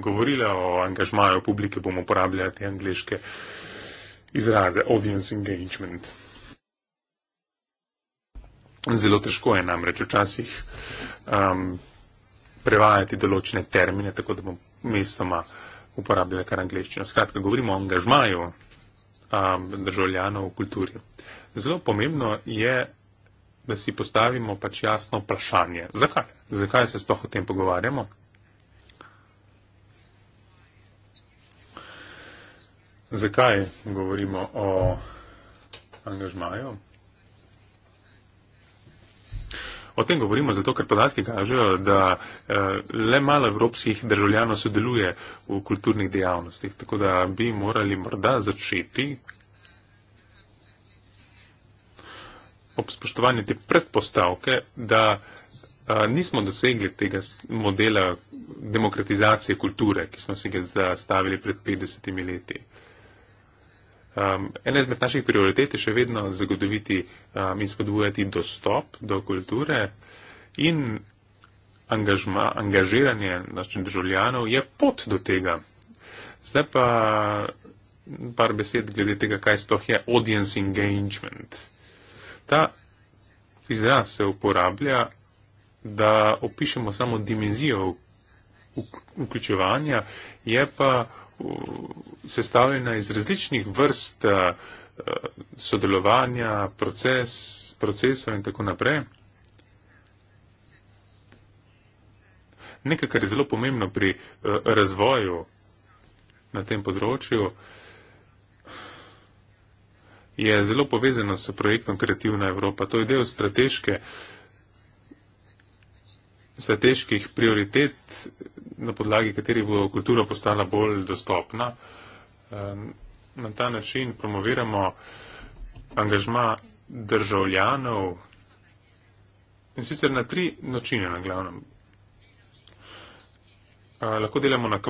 govorila o angažmaju publike, bom uporabljala te angliške izraze audience engagement. Zelo težko je namreč včasih um, prevajati določene termine, tako da bom mestoma uh, uporabljali kar angliščino. Skratka, govorimo o angažmaju um, državljanov v kulturi. Zelo pomembno je, da si postavimo pač jasno vprašanje. Zakaj? Zakaj se sploh o tem pogovarjamo? Zakaj govorimo o angažmaju? O tem govorimo zato, ker podatki kažejo, da eh, le malo evropskih državljanov sodeluje v kulturnih dejavnostih. Tako da bi morali morda začeti ob spoštovanju te predpostavke, da eh, nismo dosegli tega modela demokratizacije kulture, ki smo si ga zastavili pred 50 leti. Um, ena izmed naših prioritet je še vedno zagotoviti um, in spodbujati dostop do kulture in angažma, angažiranje naših državljanov je pot do tega. Zdaj pa par besed glede tega, kaj stoh je audience engagement. Ta izraz se uporablja, da opišemo samo dimenzijo vključevanja, je pa sestavljena iz različnih vrst eh, eh, sodelovanja, proces, procesov in tako naprej. Nekaj, kar je zelo pomembno pri eh, razvoju na tem področju, je zelo povezano s projektom Kreativna Evropa. To je del strateške, strateških prioritet na podlagi katerih bo kultura postala bolj dostopna. Na ta način promoviramo angažma državljanov in sicer na tri načine na glavnem. Lahko delamo na,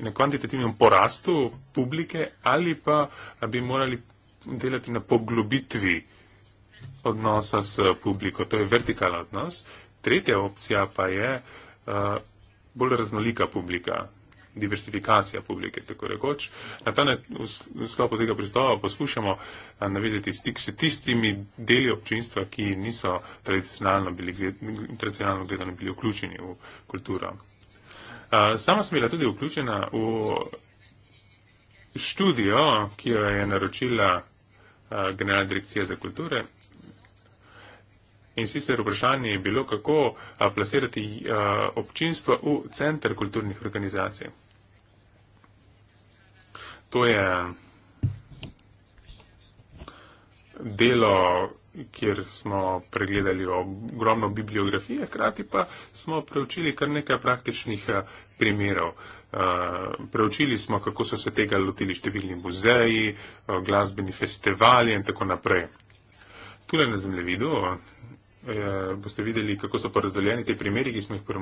na kvantitativnem porastu publike ali pa bi morali delati na poglobitvi odnosa s publiko. To je vertikalen odnos. Tretja opcija pa je bolj raznolika publika, diversifikacija publike, tako rekoč. Na ta način, v sklopu tega pristopa, poskušamo navezati stik s tistimi deli občinstva, ki niso tradicionalno, bili, tradicionalno gledano bili vključeni v kulturo. Sama sem bila tudi vključena v študijo, ki jo je naročila generalna direkcija za kulture In sicer vprašanje je bilo, kako a, plasirati a, občinstvo v center kulturnih organizacij. To je delo, kjer smo pregledali ogromno bibliografije, hkrati pa smo preučili kar nekaj praktičnih primerov. Preučili smo, kako so se tega lotili številni muzeji, glasbeni festivali in tako naprej. Tule na zemljevidu Eh, boste videli, kako so pa razdeljeni te primeri, ki smo jih, pr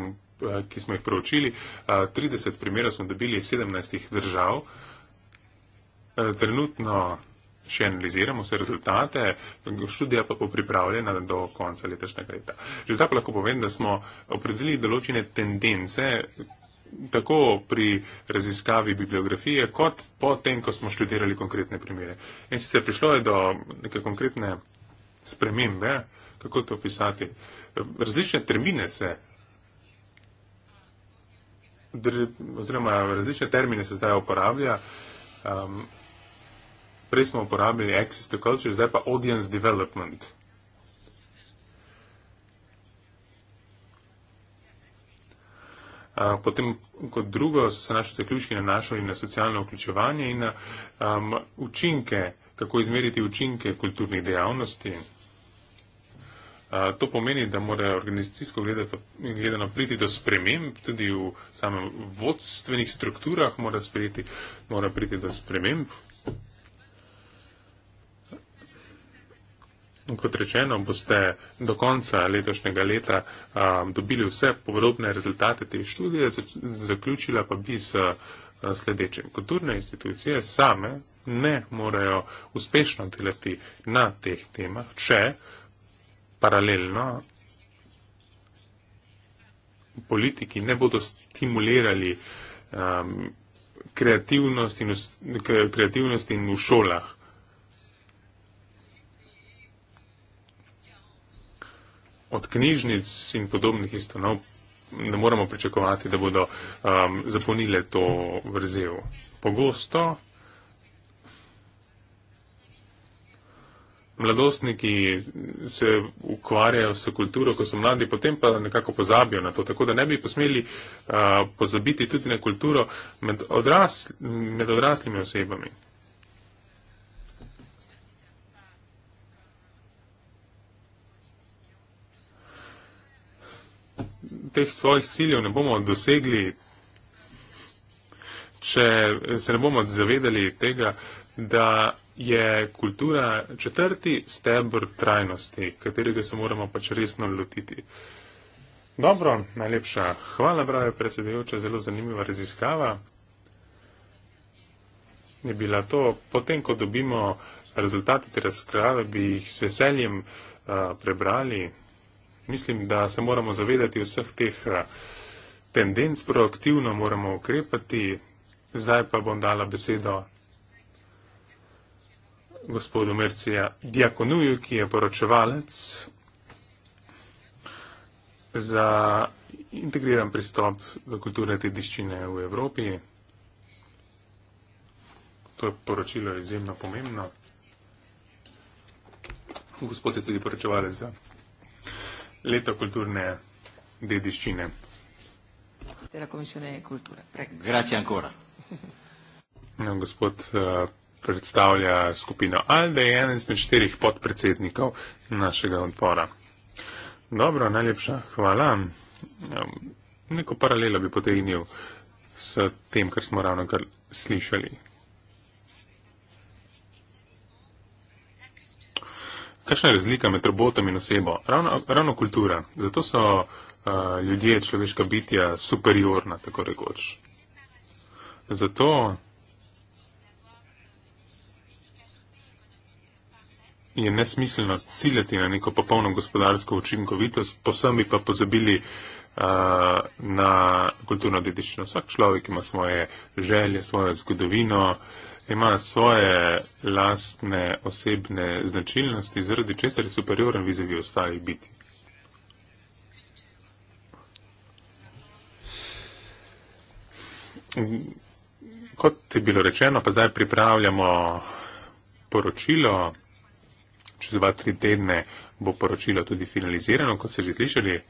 eh, ki smo jih preučili. 30 eh, primerov smo dobili iz 17 držav. Trenutno še analiziramo vse rezultate, študija pa bo pripravljena do konca letošnjega leta. Že zdaj pa lahko povem, da smo opredelili določene tendence tako pri raziskavi bibliografije, kot po tem, ko smo študirali konkretne primere. In sicer prišlo je do neke konkretne spremembe, eh, kako to opisati. Različne termine se, oziroma različne termine se zdaj uporablja. Um, prej smo uporabljali access to culture, zdaj pa audience development. Uh, potem, kot drugo, so se naši zaključki nanašali na socialno vključevanje in na um, učinke, kako izmeriti učinke kulturnih dejavnosti. To pomeni, da mora organizacijsko gledano priti do sprememb, tudi v samem vodstvenih strukturah mora, sprejeti, mora priti do sprememb. Kot rečeno, boste do konca letošnjega leta a, dobili vse podrobne rezultate te študije, zaključila pa bi s sledečem. Kulturne institucije same ne morejo uspešno delati na teh temah, če paralelno. Politiki ne bodo stimulirali um, kreativnost in, kreativnosti in v šolah. Od knjižnic in podobnih istanov ne moramo pričakovati, da bodo um, zapolnile to vrzel. Pogosto mladostniki se ukvarjajo s kulturo, ko so mladi, potem pa nekako pozabijo na to. Tako da ne bi posmeli uh, pozabiti tudi na kulturo med, odrasl med odraslimi osebami. Teh svojih ciljev ne bomo dosegli, če se ne bomo zavedali tega, da je kultura četrti stebr trajnosti, katerega se moramo pač resno lotiti. Dobro, najlepša hvala, brave predsedujoče, zelo zanimiva raziskava. Je bila to, potem ko dobimo rezultate te razkrave, bi jih s veseljem uh, prebrali. Mislim, da se moramo zavedati vseh teh uh, tendenc, proaktivno moramo ukrepati. Zdaj pa bom dala besedo gospodu Mercija Diakonuju, ki je poročevalec za integriran pristop do kulturne tediščine v Evropi. To je poročilo izjemno pomembno. Gospod je tudi poročevalec za leto kulturne dediščine. Grazie ancora. No, gospod uh, predstavlja skupino Alde, eden izmed štirih podpredsednikov našega odpora. Dobro, najlepša hvala. Ehm, neko paralelo bi potegnil s tem, kar smo ravno kar slišali. Kakšna je razlika med robotom in osebo? Ravno, ravno kultura. Zato so uh, ljudje, človeška bitja, superiorna, tako rekoč. Zato je nesmiselno ciljati na neko popolno gospodarsko učinkovitost, posem bi pa pozabili uh, na kulturno dedičnost. Vsak človek ima svoje želje, svojo zgodovino, ima svoje lastne osebne značilnosti, zaradi česar je superioren vizavi ostalih biti. Kot je bilo rečeno, pa zdaj pripravljamo poročilo čez dva, tri tedne bo poročilo tudi finalizirano, kot ste že slišali.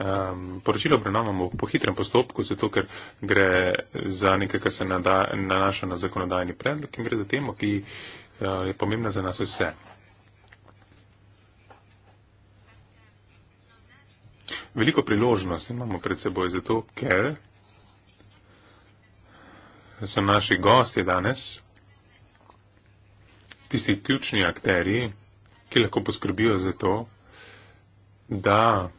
Um, poročilo obravnavamo po hitrem postopku, zato ker gre za nekaj, kar se nada, nanaša na zakonodajni predlog in gre za temo, ki uh, je pomembna za nas vse. Veliko priložnosti imamo pred seboj, zato ker so naši gosti danes tisti ključni akteri, ki lahko poskrbijo za to, da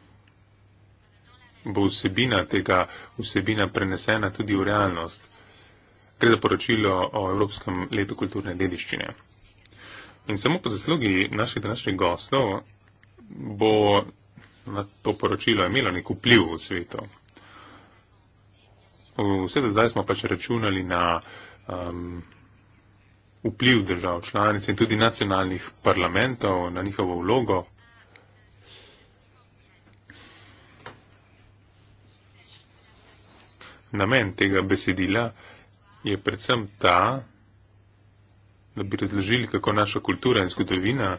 bo vsebina tega vsebina prenesena tudi v realnost. Gre za poročilo o Evropskem letu kulturne dediščine. In samo po zaslugi naših današnjih gostov bo na to poročilo imelo nek vpliv v svetu. Vse do zdaj smo pač računali na um, vpliv držav članic in tudi nacionalnih parlamentov na njihovo vlogo. Namen tega besedila je predvsem ta, da bi razložili, kako naša kultura in zgodovina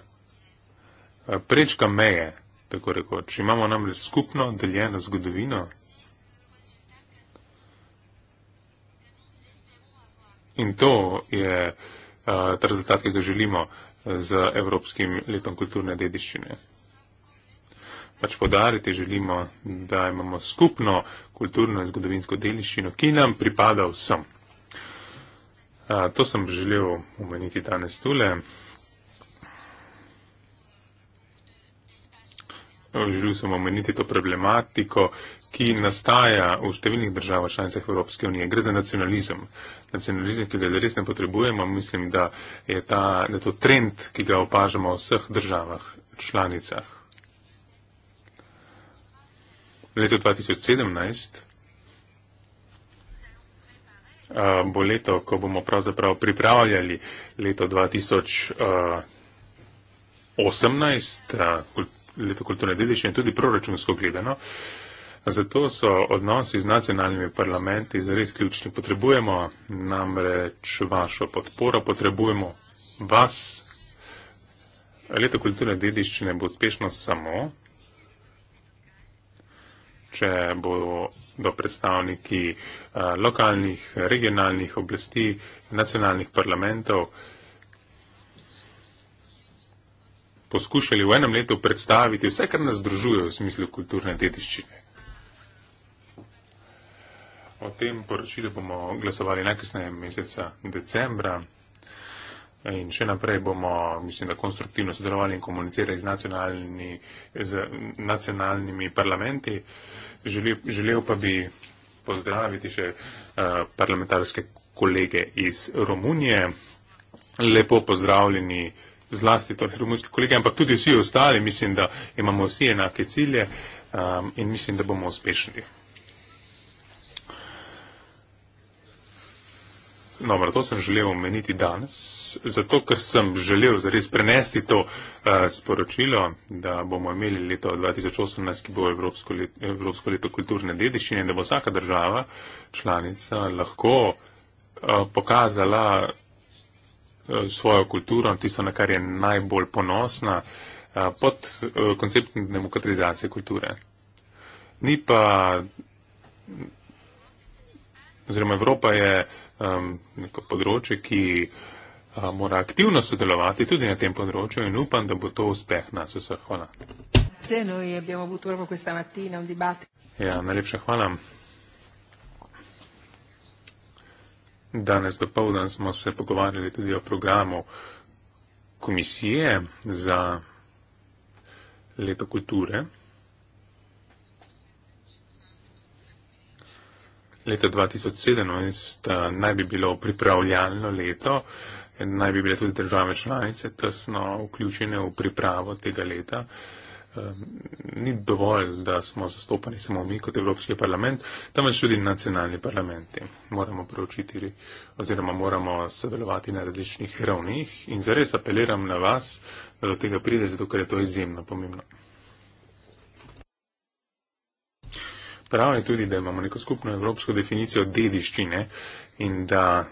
eh, prečka meje, tako rekoč. Imamo namreč skupno deljeno zgodovino in to je Eh, ta rezultat, ki ga želimo eh, z Evropskim letom kulturne dediščine. Pač podariti želimo, da imamo skupno kulturno in zgodovinsko dediščino, ki nam pripada vsem. A, eh, to sem želel omeniti danes tule. Želel sem omeniti to problematiko, ki nastaja v številnih državah članicah Evropske unije. Gre za nacionalizem. Nacionalizem, ki ga zares ne potrebujemo, mislim, da je, ta, da je to trend, ki ga opažamo v vseh državah članicah. Leto 2017 uh, bo leto, ko bomo pravzaprav pripravljali leto 2018, uh, leto kulturne dediščine, tudi proračunsko gledano. Uh, Zato so odnosi z nacionalnimi parlamenti zares ključni. Potrebujemo namreč vašo podporo, potrebujemo vas. Leto kulturne dediščine bo uspešno samo, če bodo predstavniki eh, lokalnih, regionalnih oblasti, nacionalnih parlamentov poskušali v enem letu predstaviti vse, kar nas združuje v smislu kulturne dediščine. O tem poročilu bomo glasovali najkasneje meseca decembra. In še naprej bomo, mislim, da konstruktivno sodelovali in komunicirali z, nacionalni, z nacionalnimi parlamenti. Želel, želel pa bi pozdraviti še uh, parlamentarske kolege iz Romunije. Lepo pozdravljeni zlasti torej romunski kolege, ampak tudi vsi ostali. Mislim, da imamo vsi enake cilje um, in mislim, da bomo uspešni. No, to sem želel omeniti danes, zato ker sem želel zares prenesti to uh, sporočilo, da bomo imeli leto 2018, ki bo Evropsko leto, Evropsko leto kulturne dediščine in da bo vsaka država članica lahko uh, pokazala uh, svojo kulturo, tisto, na kar je najbolj ponosna, uh, pod uh, konceptom demokratizacije kulture. Ni pa. Oziroma Evropa je uh, um, neko področje, ki uh, mora aktivno sodelovati tudi na tem področju in upam, da bo to uspeh nas vseh. Hvala. Ja, najlepša hvala. Danes do povdan smo se pogovarjali tudi o programu komisije za leto kulture. leta 2017 eh, naj bi bilo pripravljalno leto, naj bi bile tudi države članice tesno vključene v pripravo tega leta. Ehm, ni dovolj, da smo zastopani samo mi kot Evropski parlament, temveč tudi nacionalni parlamenti. Moramo preučiti oziroma moramo sodelovati na različnih ravnih in zares apeliram na vas, da do tega pride, zato ker je to izjemno pomembno. prav je tudi, da imamo neko skupno evropsko definicijo dediščine in da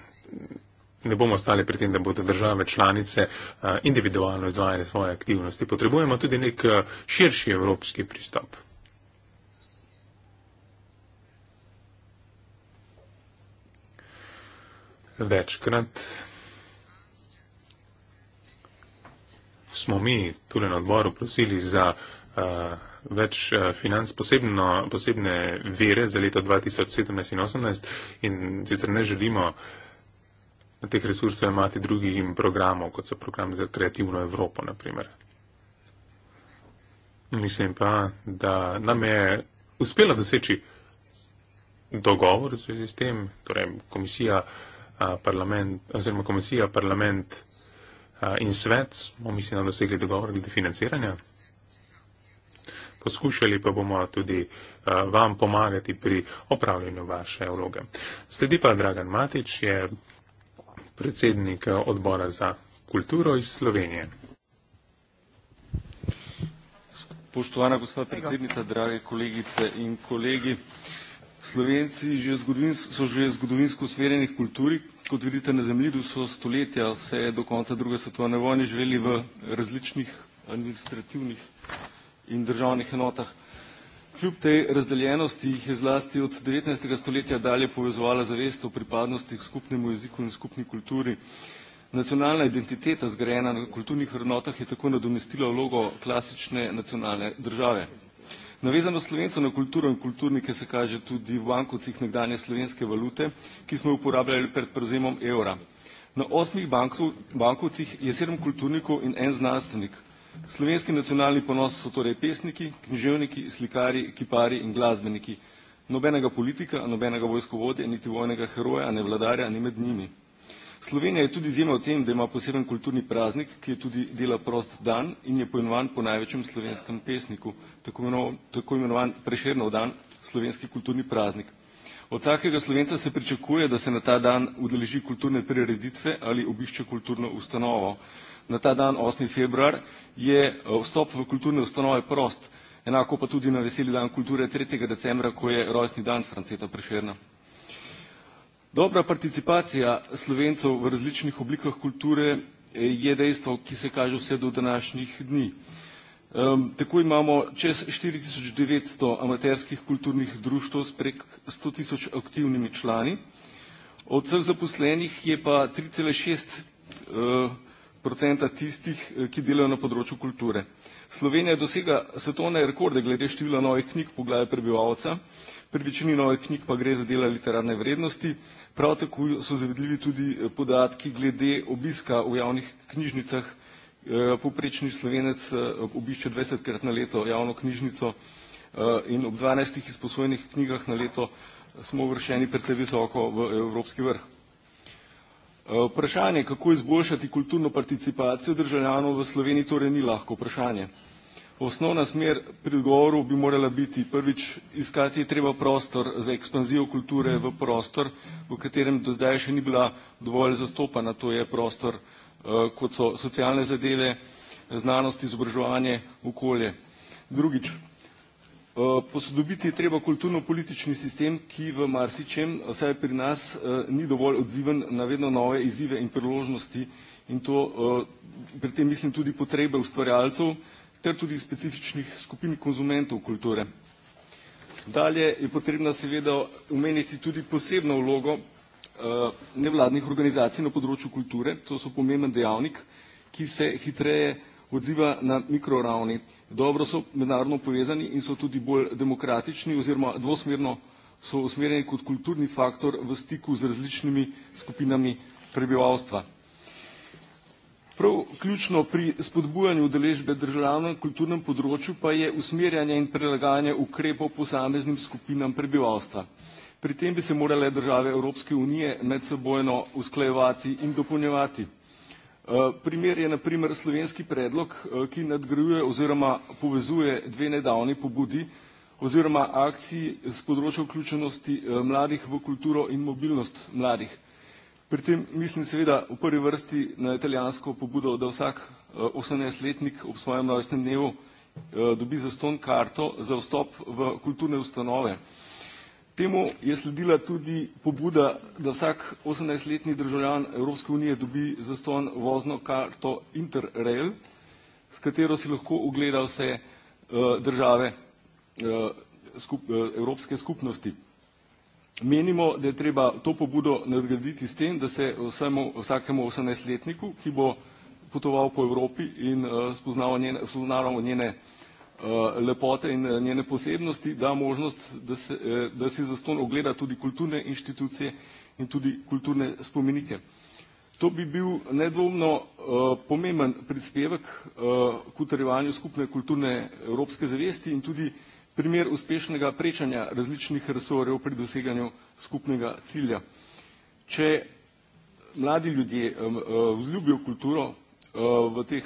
ne bomo ostali pri tem, da bodo države članice eh, individualno izvajale svoje aktivnosti. Potrebujemo tudi nek eh, širši evropski pristop. Večkrat smo mi tudi na odboru prosili za uh, več eh, financ, posebno, posebne vere za leto 2017 in 2018 in sicer ne želimo teh resursov imati drugih programov, kot so program za kreativno Evropo, naprimer. Mislim pa, da nam je uspelo doseči dogovor v zvezi s tem, torej komisija, parlament, oziroma komisija, parlament in svet smo, mislim, dosegli dogovor glede financiranja poskušali pa bomo tudi uh, vam pomagati pri opravljanju vaše vloge. Sledi pa Dragan Matič, je predsednik eh, odbora za kulturo iz Slovenije. Spoštovana gospod predsednica, drage kolegice in kolegi. Slovenci že so že zgodovinsko usmerjeni k kulturi. Kot vidite, na zemlji so stoletja, se je do konca druge svetovne vojne živeli v različnih administrativnih in državnih enotah. Kljub tej razdeljenosti jih je zlasti od 19. stoletja dalje povezovala zavest o pripadnosti k skupnemu jeziku in skupni kulturi. Nacionalna identiteta zgrajena na kulturnih vrednotah je tako nadomestila vlogo klasične nacionalne države. Navezano slovenco na kulturo in kulturnike se kaže tudi v bankovcih nekdanje slovenske valute, ki smo jo uporabljali pred prevzemom evra. Na osmih bankovcih je sedem kulturnikov in en znanstvenik. Slovenski nacionalni ponos so torej pesniki, književniki, slikari, kipari in glasbeniki. Nobenega politika, nobenega vojskovodja, niti vojnega heroja, ne vladarja, ni med njimi. Slovenija je tudi izjema v tem, da ima poseben kulturni praznik, ki je tudi dela prost dan in je poimenovan po največjem slovenskem pesniku, tako imenovan, tako imenovan preširnov dan, slovenski kulturni praznik. Od vsakega slovenca se pričakuje, da se na ta dan udeleži kulturne prireditve ali obišče kulturno ustanovo na ta dan, 8. februar, je eh, vstop v kulturne ustanove prost. Enako pa tudi na veseli dan kulture 3. decembra, ko je rojstni dan Franceta Prešerna. Dobra participacija slovencev v različnih oblikah kulture eh, je dejstvo, ki se kaže vse do današnjih dni. Um, tako imamo čez 4900 amaterskih kulturnih društv s prek 100 tisoč aktivnimi člani. Od vseh zaposlenih je pa 3,6 uh, procenta tistih, eh, ki delajo na področju kulture. Slovenija dosega svetovne rekorde glede števila novih knjig po glavi prebivalca, pri večini novih knjig pa gre za dela literarne vrednosti, prav tako so zavedljivi tudi eh, podatki glede obiska v javnih knjižnicah, eh, poprečni slovenec obišče 20krat na leto javno knjižnico in ob 12 izposojenih knjigah na leto smo vršeni precej visoko v evropski vrh. Eh, vprašanje, kako izboljšati kulturno participacijo državljanov v Sloveniji, torej ni lahko vprašanje. Osnovna smer pri odgovoru bi morala biti prvič, iskati je treba prostor za ekspanzijo kulture v prostor, v katerem do zdaj še ni bila dovolj zastopana, to je prostor, eh, kot so socialne zadeve, znanost, izobraževanje, okolje. Drugič, Eh, posodobiti je treba kulturno-politični sistem, ki v marsičem, eh, vsaj pri nas, eh, ni dovolj odziven na vedno nove izzive in priložnosti in to pri tem mislim tudi potrebe ustvarjalcev ter tudi specifičnih skupin konzumentov kulture. Dalje je potrebno seveda omeniti tudi posebno vlogo nevladnih organizacij na področju kulture, to so pomemben dejavnik, ki se hitreje odziva na mikroravni. Dobro so mednarodno povezani in so tudi bolj demokratični oziroma dvosmerno so usmerjeni kot kulturni faktor v stiku z različnimi skupinami prebivalstva. Prav ključno pri spodbujanju udeležbe državljanov na kulturnem področju pa je usmerjanje in prilagajanje ukrepov posameznim skupinam prebivalstva. Pri tem bi se morale države Evropske unije medsebojno usklajevati in dopolnjevati. Eh, primer je na primer slovenski predlog, eh, ki nadgrajuje oziroma povezuje dve nedavni pobudi oziroma akciji z področja vključenosti eh, mladih v kulturo in mobilnost mladih. Pri tem mislim seveda v prvi vrsti na italijansko pobudo, da vsak 18-letnik ob svojem rojstnem dnevu dobi zaston karto za vstop v kulturne ustanove. Temu je sledila tudi pobuda, da vsak 18-letni državljan Evropske unije dobi zaston vozno karto Interrail, s katero si lahko ogleda vse eh, države eh, eh, Evropske skupnosti. Menimo, da je treba to pobudo nadgraditi s tem, da se vsakemu 18-letniku, ki bo potoval po Evropi in spoznaval njene vsebnosti, Eh, lepote in eh, njene posebnosti, da možnost, da se, eh, da si zaston ogleda tudi kulturne inštitucije in tudi kulturne spomenike. To bi bil nedvomno pomemben prispevek k utrjevanju skupne kulturne evropske zavesti in tudi primer uspešnega prečanja različnih resorjev pri doseganju skupnega cilja. Če mladi ljudje vzljubijo kulturo v teh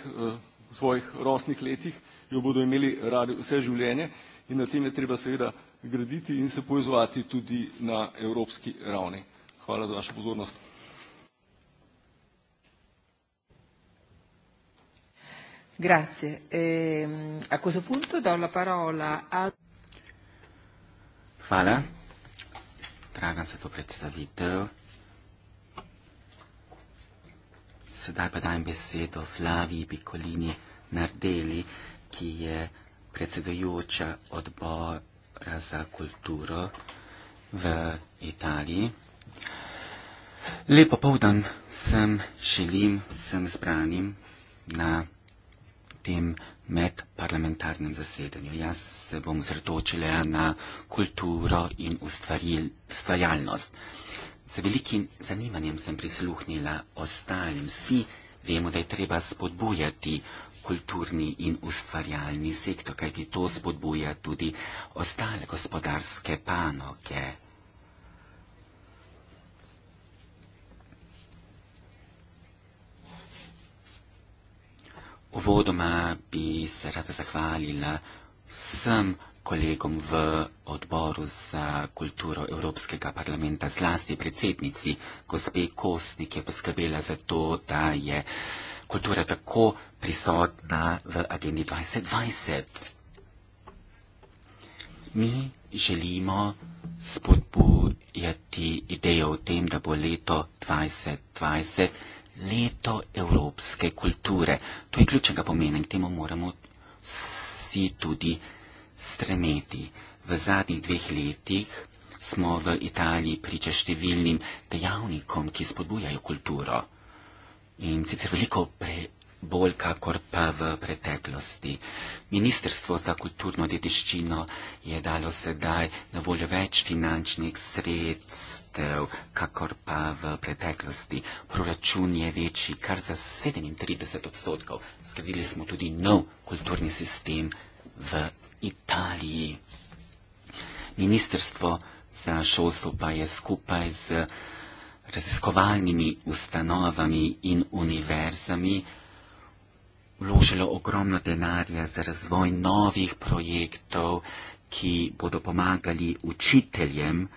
svojih rosnih letih, jo bodo imeli radi vse življenje in na tem je treba seveda graditi in se poizvati tudi na evropski ravni. Hvala za vašo pozornost. Grazie. Ehm, a questo punto do la parola a... Hvala. Draga za to predstavitev. Sedaj pa dajem besedo Flaviji Bikolini Nardeli, ki je predsedujoča odbora za kulturo v Italiji. Lepo povdan sem želim vsem zbranim na tem medparlamentarnem zasedanju. Jaz se bom zredočila na kulturo in ustvarjalnost. Z velikim zanimanjem sem prisluhnila ostalim. Vsi vemo, da je treba spodbujati kulturni in ustvarjalni sektor, kajti to spodbuja tudi ostale gospodarske panoge. Uvodoma bi se rada zahvalila vsem kolegom v odboru za kulturo Evropskega parlamenta, zlasti predsednici gospe Kosti, ki je poskrbela za to, da je uh, kultura tako prisotna v agendi 2020. Mi želimo spodbujati idejo o tem, da bo leto 2020 leto evropske kulture. To je ključnega pomena in k temu moramo vsi tudi stremeti. V zadnjih dveh letih smo v Italiji priča številnim dejavnikom, ki spodbujajo kulturo in sicer veliko pre, bolj, kakor pa v preteklosti. Ministrstvo za kulturno dediščino je dalo sedaj na voljo več finančnih sredstev, kakor pa v preteklosti. Proračun je večji kar za 37 odstotkov. Skrbili smo tudi nov kulturni sistem v Italiji. Ministrstvo za šolstvo pa je skupaj z raziskovalnimi ustanovami in univerzami vložilo ogromno denarja za razvoj novih projektov, ki bodo pomagali učiteljem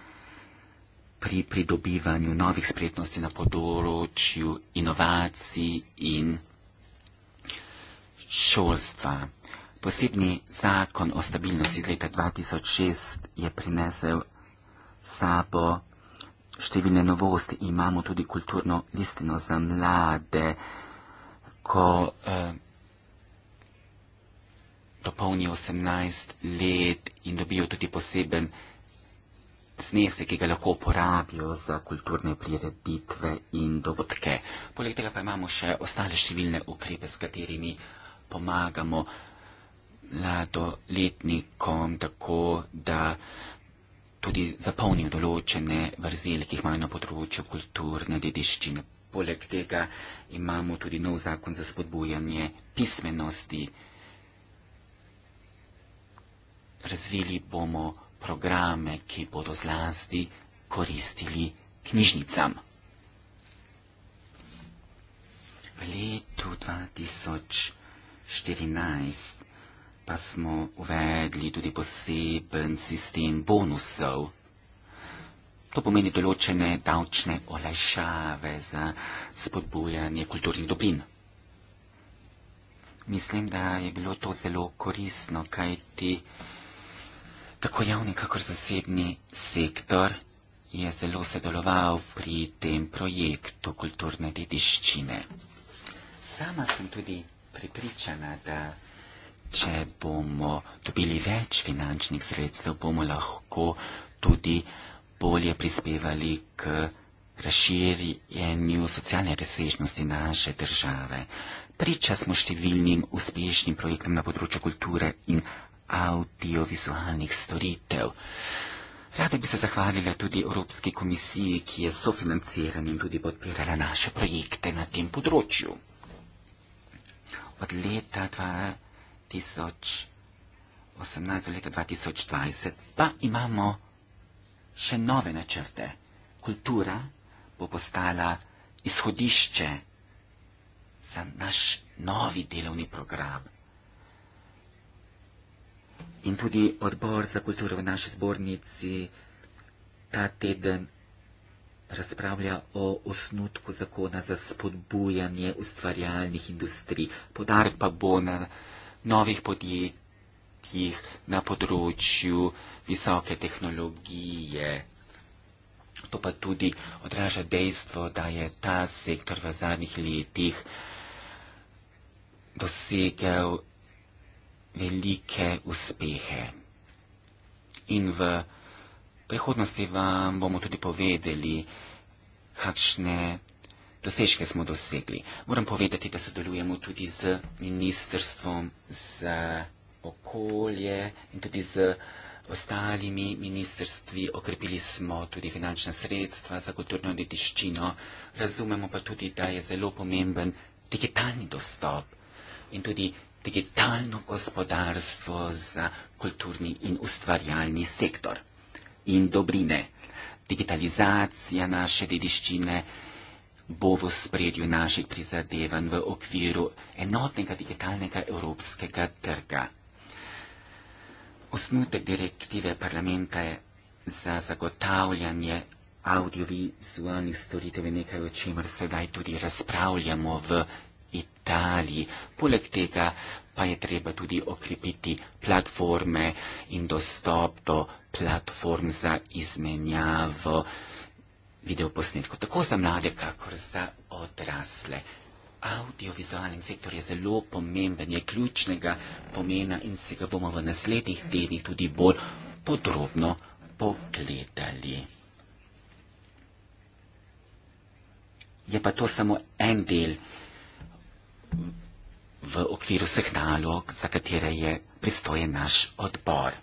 pri pridobivanju novih spretnosti na področju inovacij in šolstva. Posebni zakon o stabilnosti iz leta 2006 je prinesel sabo številne novosti, imamo tudi kulturno listino za mlade, ko eh, dopolnijo 18 let in dobijo tudi poseben znesek, ki ga lahko uporabijo za kulturne prireditve in dogodke. Poleg tega pa imamo še ostale številne ukrepe, s katerimi pomagamo mladoletnikom, tako da tudi zapolnil določene vrzeli, ki jih imajo na področju kulturne dediščine. Poleg tega imamo tudi nov zakon za spodbujanje pismenosti. Razvili bomo programe, ki bodo zlasti koristili knjižnicam. V letu 2014 pa smo uvedli tudi poseben sistem bonusov. To pomeni določene davčne olajšave za spodbujanje kulturnih dobrin. Mislim, da je bilo to zelo koristno, kaj ti tako javni kakor zasebni sektor je zelo sodeloval pri tem projektu kulturne dediščine. Sama sem tudi pripričana, da če bomo dobili več finančnih sredstev, bomo lahko tudi bolje prispevali k razširjenju socialne razsežnosti naše države. Priča smo številnim uspešnim projektom na področju kulture in audiovizualnih storitev. Rada bi se zahvalila tudi Evropski komisiji, ki je sofinancirana in tudi podpirala naše projekte na tem področju. Od leta 2020. 2018 do leta 2020, pa imamo še nove načrte. Kultura bo postala izhodišče za naš novi delovni program. In tudi odbor za kulturo v naši zbornici ta teden razpravlja o osnutku zakona za spodbujanje ustvarjalnih industrij. Podar pa bo na novih podjetjih na področju visoke tehnologije. To pa tudi odraža dejstvo, da je ta sektor v zadnjih letih dosegel velike uspehe. In v prihodnosti vam bomo tudi povedali, kakšne dosežke smo dosegli. Moram povedati, da sodelujemo tudi z ministrstvom za okolje in tudi z ostalimi ministrstvi. Okrepili smo tudi finančna sredstva za kulturno dediščino. Razumemo pa tudi, da je zelo pomemben digitalni dostop in tudi digitalno gospodarstvo za kulturni in ustvarjalni sektor in dobrine. Digitalizacija naše dediščine bo v spredju naših prizadevanj v okviru enotnega digitalnega evropskega trga. Osnutek direktive parlamenta je za zagotavljanje audiovizualnih storitev je nekaj, o čemer sedaj tudi razpravljamo v Italiji. Poleg tega pa je treba tudi okrepiti platforme in dostop do platform za izmenjavo videoposnetku, tako za mlade, kakor za odrasle. Audiovizualni sektor je zelo pomemben, je ključnega pomena in se ga bomo v naslednjih tednih tudi bolj podrobno pogledali. Je pa to samo en del v okviru vseh nalog, za katere je pristojen naš odbor.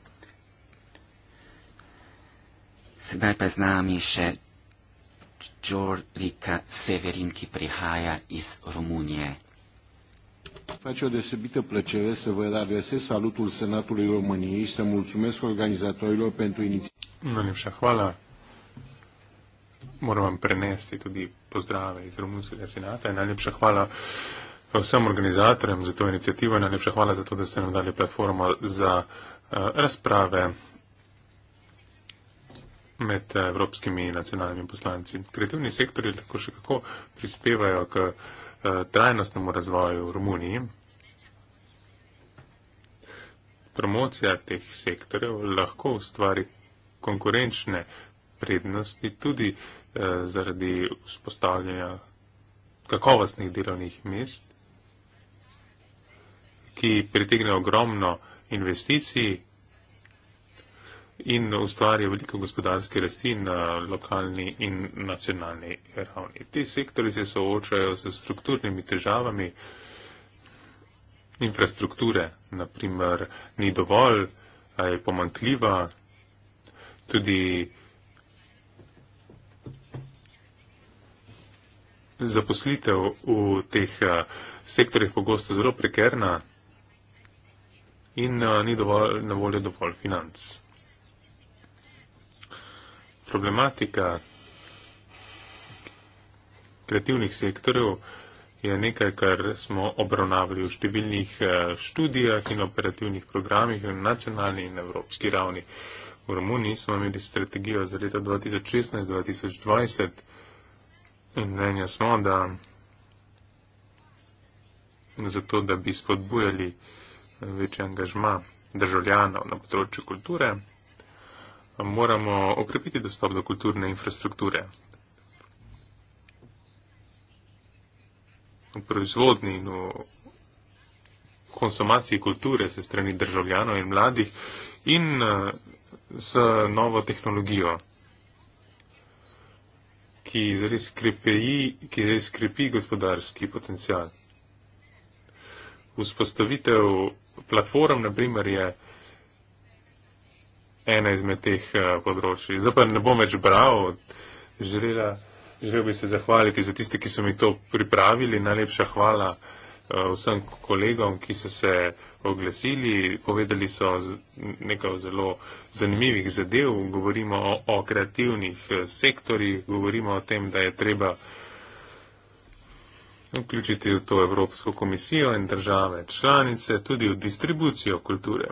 Sedaj pa z nami še Đorika Severin, ki prihaja iz Romunije. Face o desăbită plăcere să vă adresez salutul Senatului României și să mulțumesc organizatorilor pentru inițiativă. Nu ne vșa hvala. Moram vam prenesti tudi pozdrave iz Romunskega senata in najlepša hvala vsem organizatorjem za to inicijativo in najlepša hvala za to, da ste nam dali platformo za uh, razprave uh, med eh, evropskimi nacionalnimi poslanci. Kreativni sektori tako še kako prispevajo k eh, trajnostnemu razvoju v Romuniji. Promocija teh sektorjev lahko ustvari konkurenčne prednosti tudi eh, zaradi vzpostavljanja kakovostnih delovnih mest, ki pritegne ogromno investicij in ustvarja veliko gospodarske rasti na lokalni in nacionalni ravni. Ti sektori se soočajo s strukturnimi težavami infrastrukture, naprimer, ni dovolj, je pomankljiva, tudi zaposlitev v teh sektorjih pogosto zelo prekerna in ni dovolj, na voljo dovolj financ problematika kreativnih sektorjev je nekaj, kar smo obravnavali v številnih eh, študijah in operativnih programih na nacionalni in evropski ravni. V Romuniji smo imeli strategijo za leta 2016-2020 in mnenja smo, da zato, da bi spodbujali večji angažma državljanov na področju kulture moramo okrepiti dostop do kulturne infrastrukture. V proizvodni in v konsumaciji kulture se strani državljanov in mladih in eh, z novo tehnologijo, ki res, krepi, ki res krepi gospodarski potencial. Vzpostavitev platform, na primer, je ena izmed teh eh, področji. Zdaj pa ne bom več bral, želela, želel bi se zahvaliti za tiste, ki so mi to pripravili. Najlepša hvala eh, vsem kolegom, ki so se oglesili, povedali so nekaj zelo zanimivih zadev, govorimo o, o kreativnih eh, sektorjih, govorimo o tem, da je treba vključiti v to Evropsko komisijo in države članice, tudi v distribucijo kulture.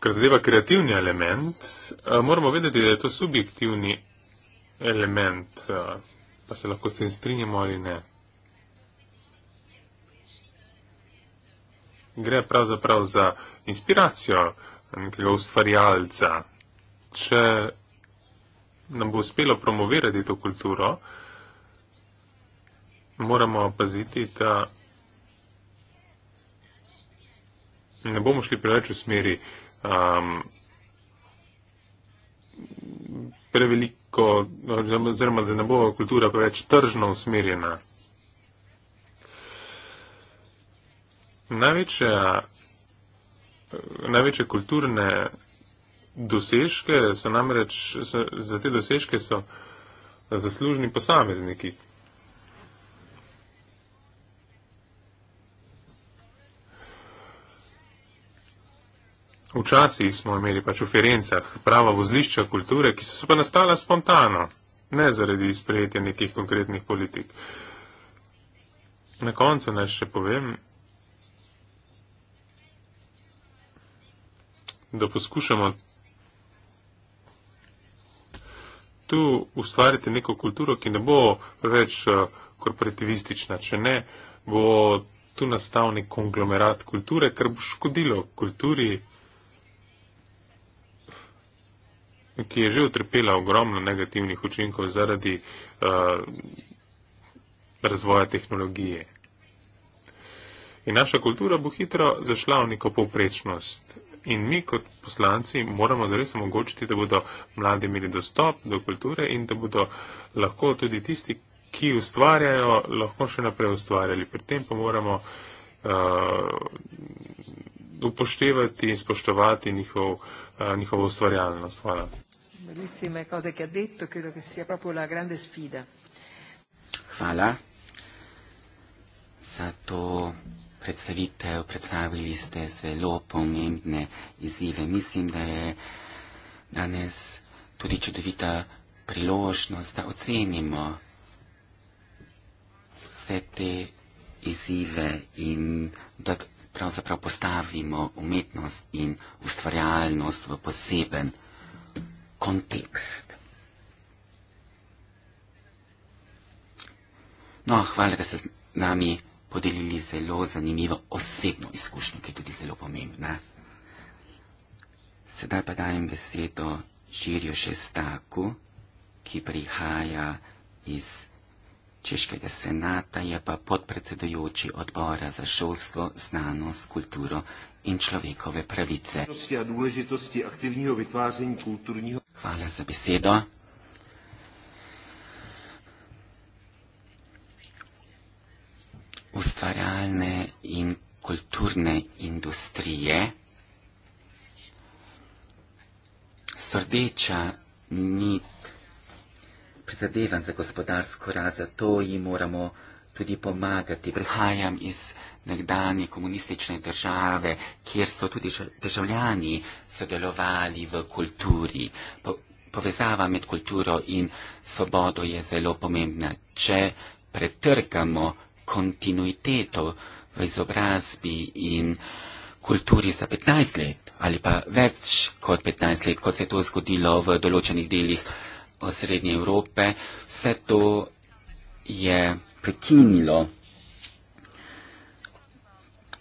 Kar zadeva kreativni element, moramo vedeti, da je to subjektivni element, pa se lahko s tem strinjamo ali ne. Gre pravzaprav za inspiracijo nekega ustvarjalca. Če nam bo uspelo promovirati to kulturo, moramo paziti, da ne bomo šli preveč v smeri, um, preveliko, oziroma da ne bo kultura preveč tržno usmerjena. Največja, največje kulturne dosežke so namreč, za te dosežke so zaslužni posamezniki, Včasih smo imeli pač v Firencah prava vozlišča kulture, ki so se pa nastala spontano, ne zaradi sprejetja nekih konkretnih politik. Na koncu naj še povem, da poskušamo tu ustvariti neko kulturo, ki ne bo preveč eh, korporativistična, če ne bo tu nastal nek konglomerat kulture, kar bo škodilo kulturi. ki je že utrpela ogromno negativnih učinkov zaradi uh, razvoja tehnologije. In naša kultura bo hitro zašla v neko povprečnost. In mi kot poslanci moramo zares omogočiti, da bodo mladi imeli dostop do kulture in da bodo lahko tudi tisti, ki ustvarjajo, lahko še naprej ustvarjali. Pri tem pa moramo uh, upoštevati in spoštovati njihov, uh, njihovo ustvarjalnost. Hvala bellissime cose che ha detto, credo che sia proprio la grande sfida. Hvala. Zato predstavitev predstavili ste zelo pomembne izzive. Mislim, da je danes tudi čudovita priložnost, da ocenimo vse te izzive in da pravzaprav postavimo umetnost in ustvarjalnost v poseben kontekst. No, hvala, da ste z nami podelili zelo zanimivo osebno izkušnjo, ki je tudi zelo pomembna. Sedaj pa dajem besedo Žirjo Šestaku, ki prihaja iz Češkega senata, je pa podpredsedujoči odbora za šolstvo, znanost, kulturo in človekove pravice. Hvala za besedo. Ustvarjalne in kulturne industrije so rdeča nit prizadevanj za gospodarsko rast, zato ji moramo tudi pomagati. Prihajam iz nekdanje komunistične države, kjer so tudi državljani sodelovali v kulturi. Po, povezava med kulturo in svobodo je zelo pomembna. Če pretrgamo kontinuiteto v izobrazbi in kulturi za 15 let ali pa več kot 15 let, kot se je to zgodilo v določenih delih osrednje Evrope, vse to je prekinilo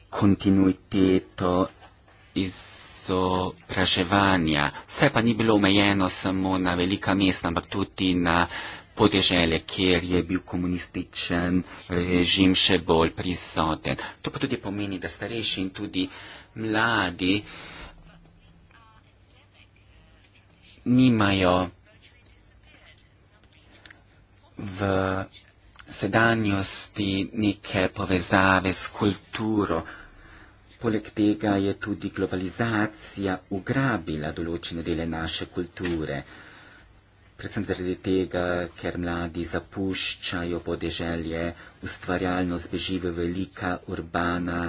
kontinuiteto izobraževanja. Vse pa ni bilo omejeno samo na velika mesta, ampak tudi na podeželje, kjer je bil komunističen režim še bolj prisoten. To pa tudi pomeni, da starejši in tudi mladi nimajo v sedanjosti neke povezave s kulturo. Poleg tega je tudi globalizacija ugrabila določene dele naše kulture. Predvsem zaradi tega, ker mladi zapuščajo podeželje, ustvarjalnost beži v velika urbana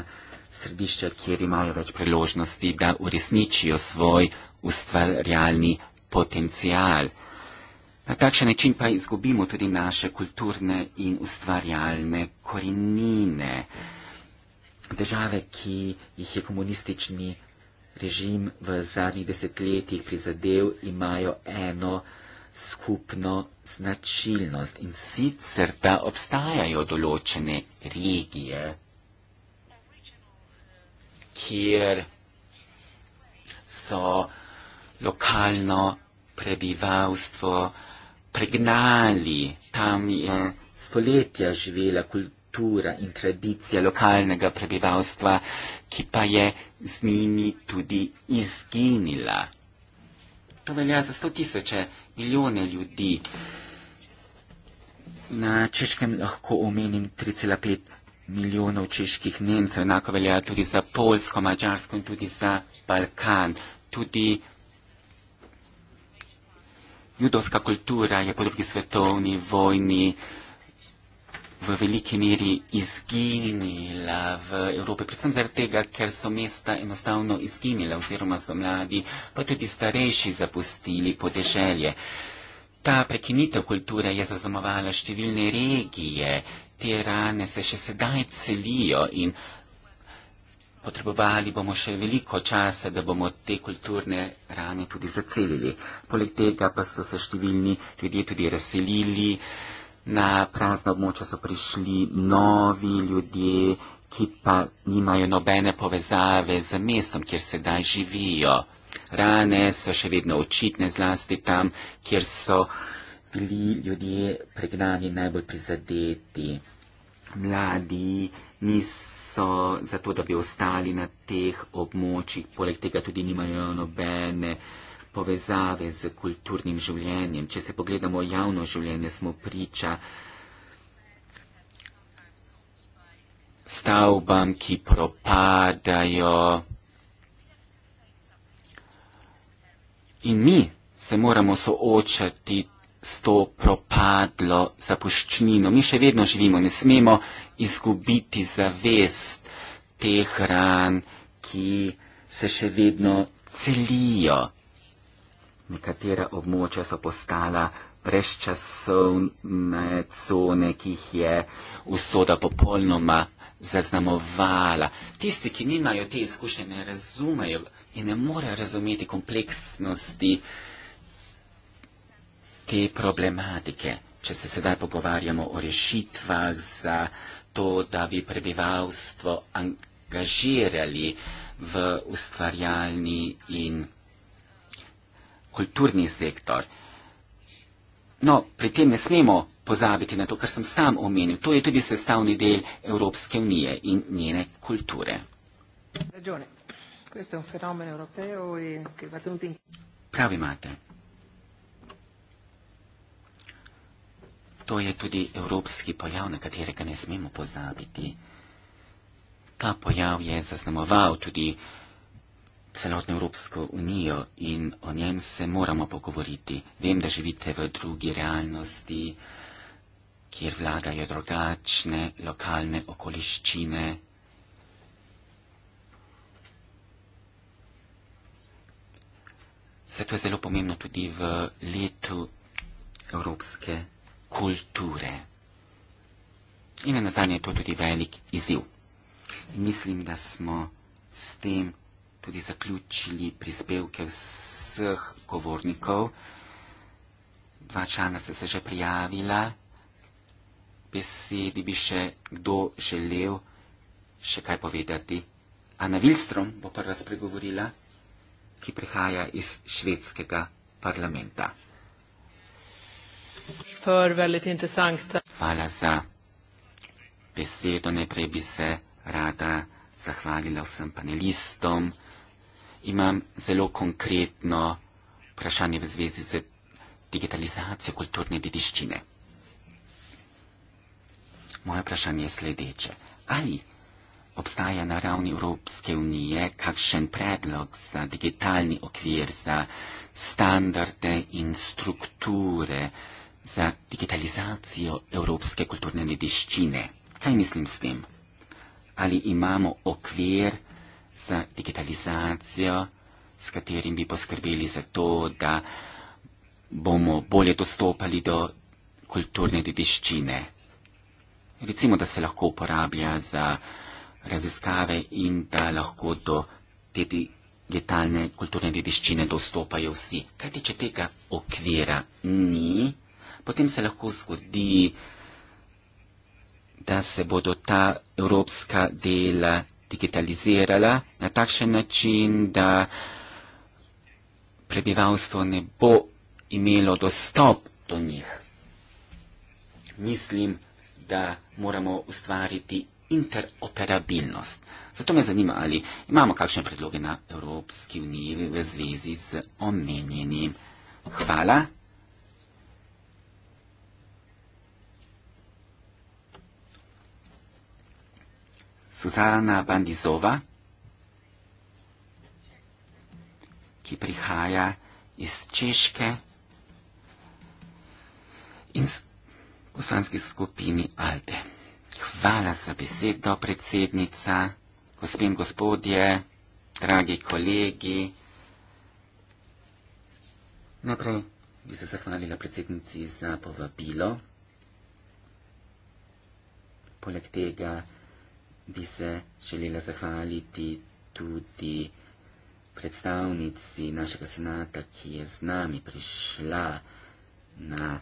središča, kjer imajo več priložnosti, da uresničijo svoj ustvarjalni potencial. Na takšen način pa izgubimo tudi naše kulturne in ustvarjalne korenine. Uh, Države, ki jih je komunistični režim v zadnjih desetletjih prizadel, imajo eno skupno značilnost in sicer, da obstajajo določene regije, kjer so lokalno prebivalstvo pregnali, tam je stoletja živela kultura kultura in tradicija lokalnega prebivalstva, ki pa je z njimi tudi izginila. To velja za sto tisoče, milijone ljudi. Na češkem lahko omenim 3,5 milijonov čeških Nemcev, enako velja tudi za Polsko, Mačarsko in tudi za Balkan. Tudi judovska kultura je po drugi svetovni vojni v veliki meri izginila v Evropi, predvsem zaradi tega, ker so mesta enostavno izginila oziroma so mladi, pa tudi starejši zapustili podeželje. Ta prekinitev kulture je zaznamovala številne regije, te rane se še sedaj celijo in potrebovali bomo še veliko časa, da bomo te kulturne rane tudi zacelili. Poleg tega pa so se številni ljudje tudi razselili na prazna območja so prišli novi ljudje, ki pa nimajo nobene povezave z mestom, kjer sedaj živijo. Rane so še vedno očitne, zlasti tam, kjer so bili ljudje pregnani najbolj prizadeti. Mladi niso zato, da bi ostali na teh območjih, poleg tega tudi nimajo nobene uh, povezave z kulturnim življenjem. Če se pogledamo javno življenje, smo priča stavbam, ki propadajo. In mi se moramo soočati s to propadlo zapuščnino. Mi še vedno živimo, ne smemo izgubiti zavest teh ran, ki se še vedno celijo nekatera območja so postala preščasovne cone, ki jih je usoda popolnoma zaznamovala. Tisti, ki nimajo te izkušnje, ne razumejo in ne morejo razumeti kompleksnosti te problematike. Če se sedaj pogovarjamo o rešitvah za to, da bi prebivalstvo angažirali v ustvarjalni in kulturni sektor. No, pri tem ne smemo pozabiti na to, kar sem sam omenil. To je tudi sestavni del Evropske unije in njene kulture. E Prav imate. To je tudi evropski pojav, na katerega ne smemo pozabiti. Ta pojav je zaznamoval tudi uh, celotno Evropsko unijo in o njem se moramo pogovoriti. Vem, da živite v drugi realnosti, kjer vladajo drugačne lokalne okoliščine. Zato je zelo pomembno tudi v letu evropske kulture. In na zadnje je to tudi velik izziv. Mislim, da smo s tem tudi zaključili prispevke vseh govornikov. Dva člana se se že prijavila. Besedi bi še kdo želel še kaj povedati. Ana Wilstrom bo prva spregovorila, ki prihaja iz švedskega parlamenta. Hvala za besedo. Najprej bi se rada zahvalila vsem panelistom imam zelo konkretno vprašanje v zvezi z digitalizacijo kulturne dediščine. Moje vprašanje je sledeče. Ali obstaja na ravni Evropske unije kakšen predlog za digitalni okvir, za standarde in strukture za digitalizacijo evropske kulturne dediščine? Kaj mislim s tem? Ali imamo okvir, z digitalizacijo, s katerim bi poskrbeli za to, da bomo bolje dostopali do kulturne dediščine. Recimo, da se lahko uporablja za raziskave in da lahko do te digitalne kulturne dediščine dostopajo vsi. Kajti, če tega okvira ni, potem se lahko zgodi, da se bodo ta evropska dela digitalizirala na takšen način, da prebivalstvo ne bo imelo dostop do njih. Mislim, da moramo ustvariti interoperabilnost. Zato me zanima, ali imamo kakšne predloge na Evropski uniji v zvezi z omenjenim. Hvala. Suzana Bandizova, ki prihaja iz Češke in s poslanski skupini Alde. Hvala za besedo, predsednica, gospe in gospodje, dragi kolegi. Najprej bi se zahvalila predsednici za povabilo. Poleg tega bi se želela zahvaliti tudi predstavnici našega senata, ki je z nami prišla na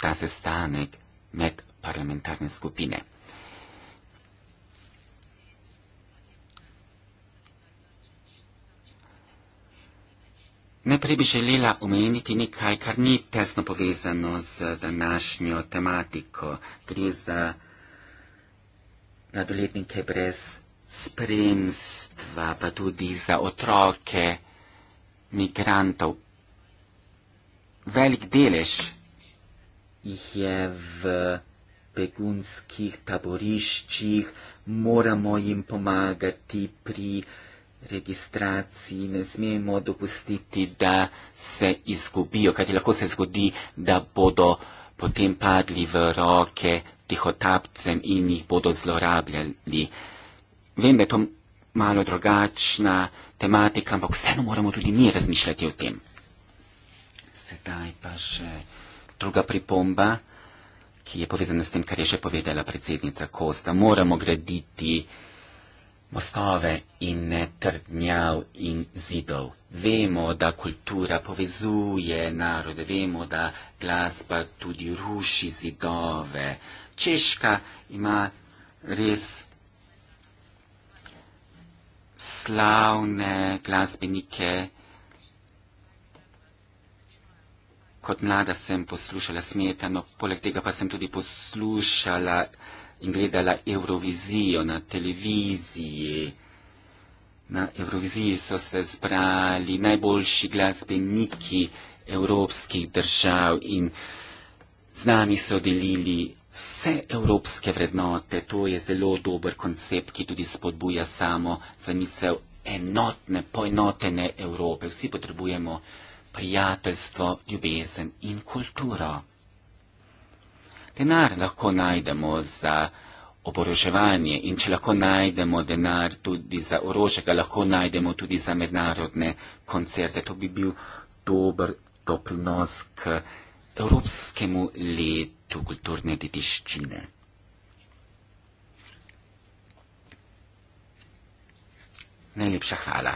ta sestanek med parlamentarne skupine. Najprej bi želela omeniti nekaj, kar ni tesno povezano z današnjo tematiko. Gre za mladoletnike brez spremstva, pa tudi za otroke migrantov. Velik delež jih je v begunskih taboriščih, moramo jim pomagati pri registraciji, ne smemo dopustiti, da se izgubijo, kajti lahko se zgodi, da bodo potem padli v roke tihotapcem in jih bodo zlorabljali. Vem, da je to malo drugačna tematika, ampak vseeno moramo tudi mi razmišljati o tem. Sedaj pa še druga pripomba, ki je povezana s tem, kar je že povedala predsednica Kosta. Moramo graditi mostove in ne trdnjav in zidov. Vemo, da kultura povezuje narode, vemo, da glasba tudi ruši zidove, češka ima res slavne glasbenike. Kot mlada sem poslušala smetano, poleg tega pa sem tudi poslušala in gledala Eurovizijo na televiziji. Na Euroviziji so se zbrali najboljši glasbeniki evropskih držav in z nami so delili Vse evropske vrednote, to je zelo dober koncept, ki tudi spodbuja samo zamisel enotne, poenotene Evrope. Vsi potrebujemo prijateljstvo, ljubezen in kulturo. Denar lahko najdemo za oboroževanje in če lahko najdemo denar tudi za orožje, ga lahko najdemo tudi za mednarodne koncerte. To bi bil dober doprinos k. Evropskemu letu kulturne dediščine. Najlepša hvala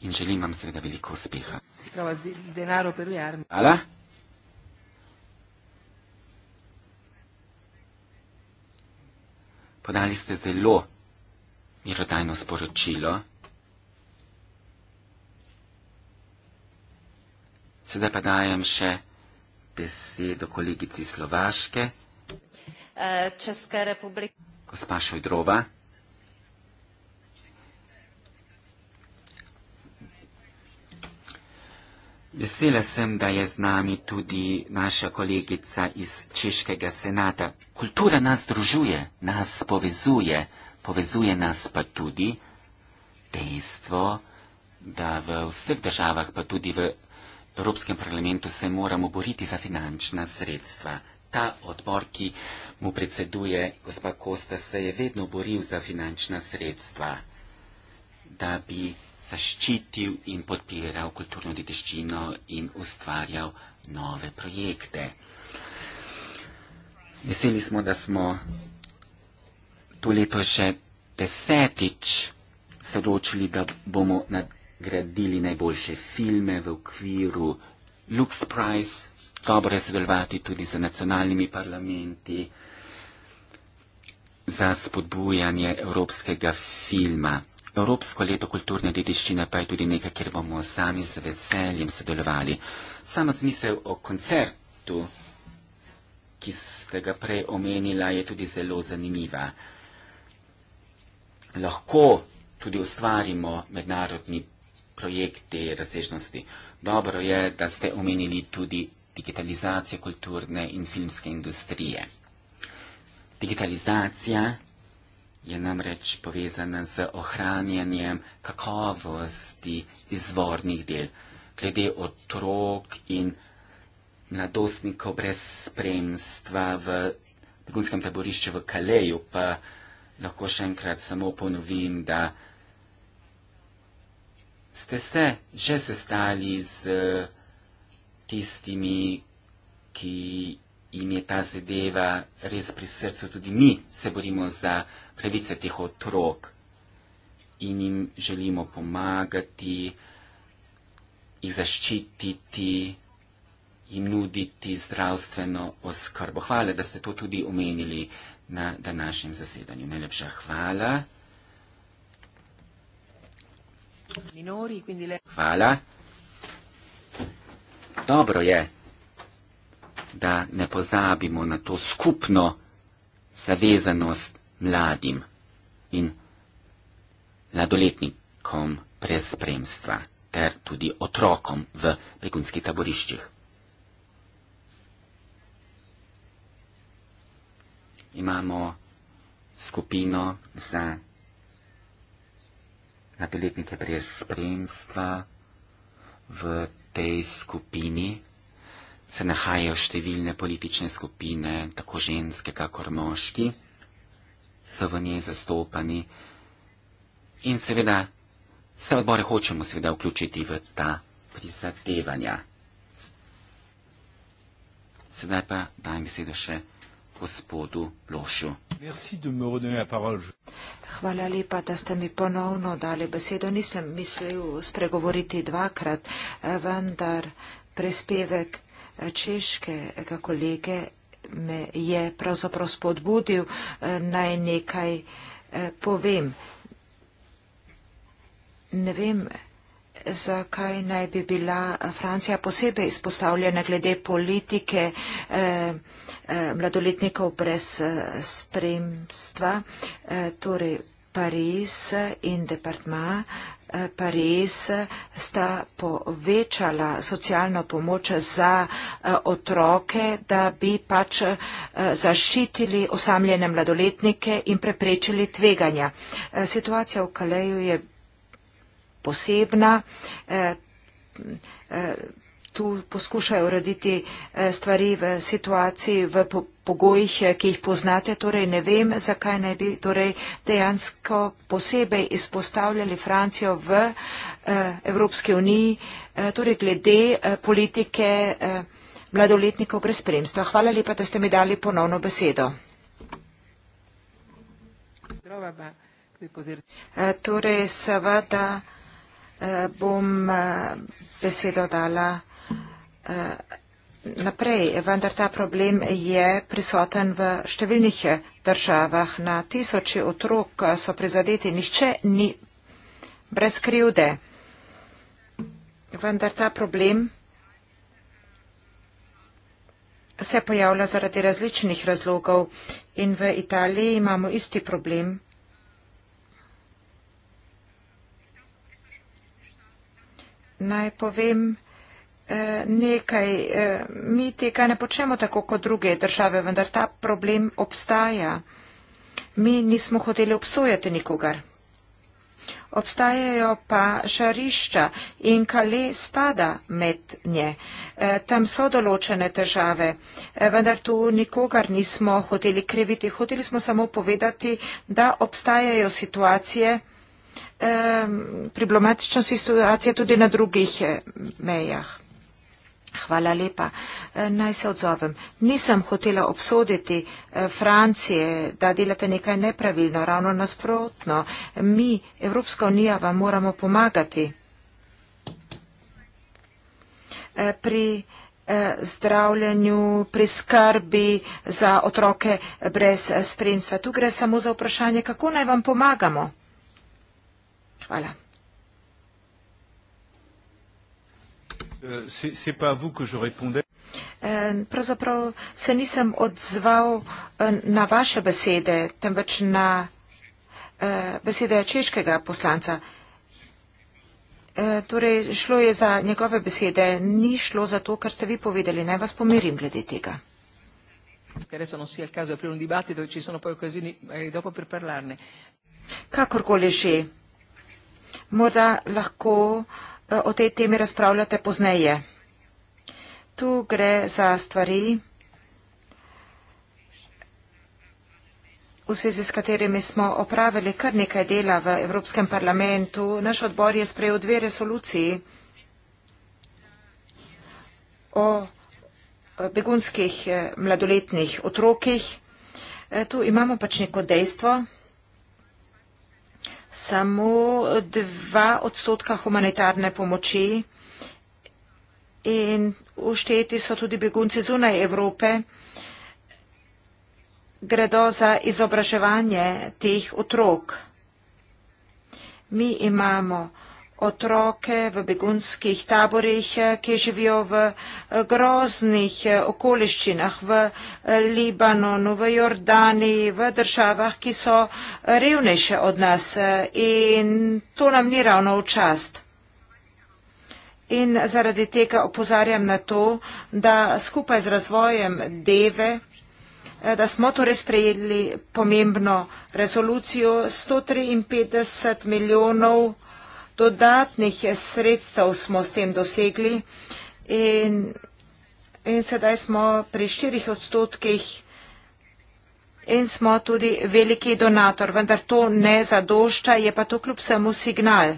in želim vam seveda veliko uspeha. Hvala. Podali ste zelo mirodajno sporočilo. Sedaj pa dajem še besedo kolegici Slovaške. Eh, Česka republika. Gospa Šojdrova. Vesela sem, da je z nami tudi naša kolegica iz Češkega senata. Kultura nas družuje, nas povezuje, povezuje nas pa tudi dejstvo, da v vseh državah, pa tudi v Evropskem parlamentu se moramo boriti za finančna sredstva. Ta odbor, ki mu predseduje gospa Kosta, se je vedno boril za finančna sredstva, da bi zaščitil in podpiral kulturno dediščino in ustvarjal nove projekte. Veseli smo, da smo to leto še desetič se odločili, da bomo nadaljevali gradili najboljše filme v okviru Lux Prize, dobro je sodelovati tudi z nacionalnimi parlamenti za spodbujanje evropskega filma. Evropsko leto kulturne dediščine pa je tudi nekaj, kjer bomo sami z veseljem sodelovali. Sama smisel o koncertu, ki ste ga prej omenila, je tudi zelo zanimiva. Lahko tudi ustvarimo mednarodni projekti razsežnosti. Dobro je, da ste omenili tudi digitalizacijo kulturne in filmske industrije. Digitalizacija je namreč povezana z ohranjanjem kakovosti izvornih del, glede otrok in mladostnikov brez spremstva v begunskem taborišču v Kaleju, pa lahko še enkrat samo ponovim, da ste se že sestali z eh, tistimi, ki jim je ta zadeva res pri srcu. Tudi mi se borimo za pravice teh otrok in jim želimo pomagati, jih zaščititi, jim nuditi zdravstveno oskrbo. Hvala, da ste to tudi omenili na današnjem zasedanju. Najlepša hvala minori, quindi le... Hvala. Dobro je, da ne pozabimo na to skupno zavezanost mladim in mladoletnikom brez spremstva ter tudi otrokom v begunskih taboriščih. Imamo skupino za napeljetnike brez spremstva v tej skupini se nahajajo številne politične skupine, tako ženske kakor moški, so v njej zastopani in seveda vse odbore hočemo seveda vključiti v ta prizadevanja. Sedaj pa dajem besedo še gospodu Lošu. Hvala lepa, da ste mi ponovno dali besedo. Nisem mislil spregovoriti dvakrat, vendar prispevek češkega kolege me je pravzaprav spodbudil naj nekaj eh, povem. Ne vem, zakaj naj bi bila Francija posebej izpostavljena glede politike eh, eh mladoletnikov brez eh, spremstva, eh, torej Pariz in Departma. Eh, Pariz sta povečala socialno pomoč za otroke, da bi pač zaščitili osamljene mladoletnike in preprečili tveganja. Situacija v Kaleju je posebna. Eh, eh, tu poskušajo urediti eh, stvari v situaciji, v pogojih, ki jih poznate, torej ne vem, zakaj ne bi torej dejansko posebej izpostavljali Francijo v Evropski uniji, torej glede politike mladoletnikov brez spremstva. Hvala lepa, da ste mi dali ponovno besedo. Torej, seveda bom eh, besedo dala eh, naprej. Vendar ta problem je prisoten v številnih eh, državah. Na tisoči otrok so prizadeti. Nihče ni brez krivde. Vendar ta problem se pojavlja zaradi različnih razlogov in v Italiji imamo isti problem. naj povem eh, nekaj. Eh, mi tega ne počnemo tako kot druge države, vendar ta problem obstaja. Mi nismo hoteli obsojati nikogar. Obstajajo pa žarišča in kale spada med nje. Eh, tam so določene težave, vendar tu nikogar nismo hoteli kriviti. Hoteli smo samo povedati, da obstajajo situacije, problematična situacija tudi na drugih eh, mejah. Hvala lepa. E, naj se odzovem. Nisem hotela obsoditi e, Francije, da delate nekaj nepravilno, ravno nasprotno. Mi, Evropska unija, vam moramo pomagati e, pri zdravljenju, pri skrbi za otroke brez spremstva. Tu gre samo za vprašanje, kako naj vam pomagamo. Voilà. Euh, C'est pas à vous que je répondais. Pravzaprav se nisem odzval eh, na vaše besede, temveč na eh, besede češkega poslanca. Eh, torej, šlo je za njegove besede, ni šlo za to, kar ste vi povedali. Naj vas pomirim glede tega. Torej Kakorkoli že. Morda lahko eh, o tej temi razpravljate pozneje. Tu gre za stvari, v svezi s katerimi smo opravili kar nekaj dela v Evropskem parlamentu. Naš odbor je sprejel dve resoluciji o eh, begunskih eh, mladoletnih otrokih. Tu imamo pač neko dejstvo, samo dva odstotka humanitarne pomoči in ušteti so tudi begunci zunaj Evrope, gredo za izobraževanje teh otrok. Mi imamo otroke v begunskih taborih, ki živijo v eh, groznih eh, okoliščinah v eh, Libanonu, v Jordaniji, v državah, ki so revnejše od nas in to nam ni ravno v čast. In zaradi tega opozarjam na to, da skupaj z razvojem deve, da smo torej sprejeli pomembno rezolucijo 153 milijonov dodatnih sredstev smo s tem dosegli in, in sedaj smo pri štirih odstotkih in smo tudi veliki donator, vendar to ne zadošča, je pa to kljub samo signal,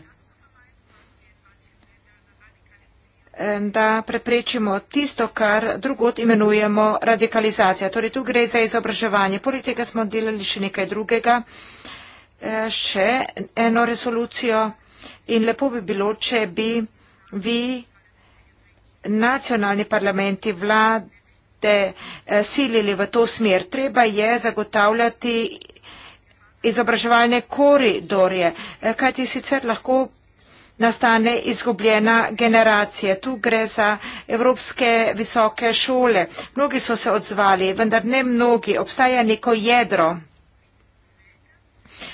da preprečimo tisto, kar drugot imenujemo radikalizacija. Torej tu gre za izobraževanje. Poleg tega smo delali še nekaj drugega, eh, še eno resolucijo In lepo bi bilo, če bi vi, nacionalni parlamenti, vlade, eh, silili v to smer. Treba je zagotavljati izobraževalne koridorje, eh, kajti sicer lahko nastane izgubljena generacija. Tu gre za evropske visoke šole. Mnogi so se odzvali, vendar ne mnogi. Obstaja neko jedro.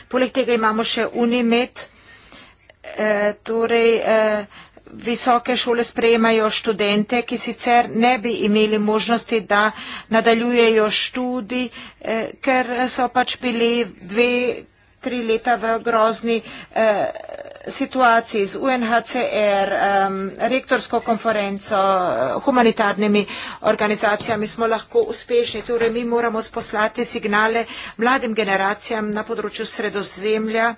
Poleg tega imamo še Unimed. Eh, torej, eh, visoke šole sprejemajo študente, ki sicer ne bi imeli možnosti, da nadaljujejo študi, eh, ker so pač bili dve, tri leta v grozni situaciji z UNHCR, rektorsko konferenco, humanitarnimi organizacijami smo lahko uspešni. Torej, mi moramo sposlati signale mladim generacijam na področju sredozemlja,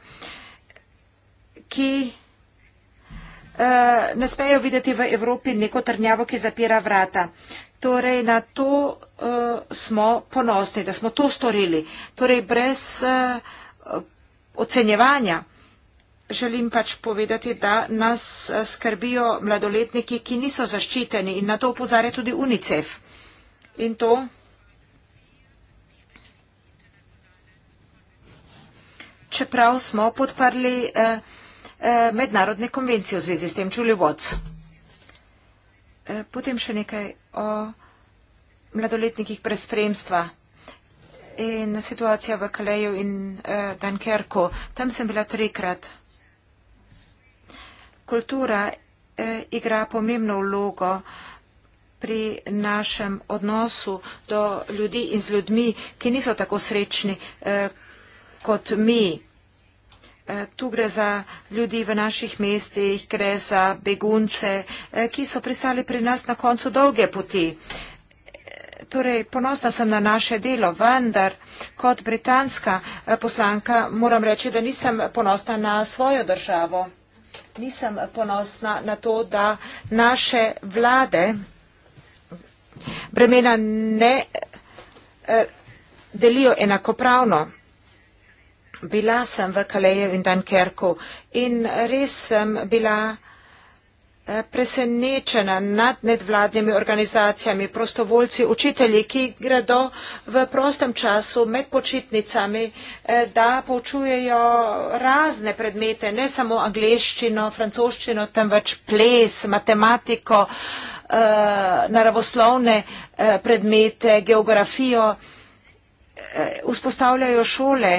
ki uh, ne spejo videti v Evropi neko trnjavo, ki zapira vrata. Torej, na to uh, smo ponosni, da smo to storili. Torej, brez uh, ocenjevanja želim pač povedati, da nas skrbijo mladoletniki, ki niso zaščiteni in na to upozarja tudi UNICEF. In to čeprav smo podprli. Uh, Eh, mednarodne konvencije v zvezi s tem čuli v odsu. Potem še nekaj o mladoletnikih brez spremstva in situacija v Kaleju in uh, Dunkerku. Tam sem bila trikrat. Kultura uh, igra pomembno vlogo pri našem odnosu do ljudi in z ljudmi, ki niso tako srečni uh, kot mi. Uh, Eh, tu gre za ljudi v naših mestih, gre za begunce, eh, ki so pristali pri nas na koncu dolge poti. Eh, torej, ponosna sem na naše delo, vendar kot britanska poslanka moram reči, da nisem ponosna na svojo državo. Nisem ponosna na to, da naše vlade bremena ne delijo enakopravno. Bila sem v Kaleju in Dunkerku in res sem bila eh, presenečena nad nedvladnimi organizacijami, prostovoljci, učitelji, ki gredo v prostem času med počitnicami, eh, da poučujejo razne predmete, ne samo angliščino, francoščino, temveč ples, matematiko, eh, naravoslovne predmete, geografijo, vzpostavljajo šole.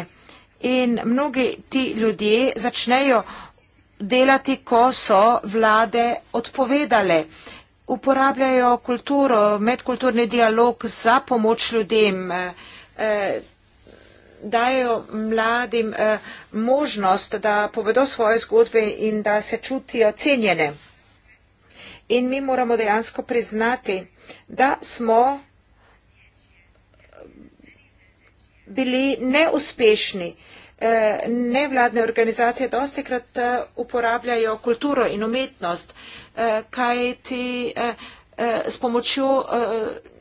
In mnogi ti ljudje začnejo delati, ko so vlade odpovedale. Uporabljajo kulturo, medkulturni dialog za pomoč ljudem, eh, eh dajo mladim eh, možnost, da povedo svoje zgodbe in da se čutijo cenjene. In mi moramo dejansko priznati, da smo bili neuspešni eh, Eh, nevladne organizacije dostikrat eh, uporabljajo kulturo in umetnost, eh, kaj ti s pomočjo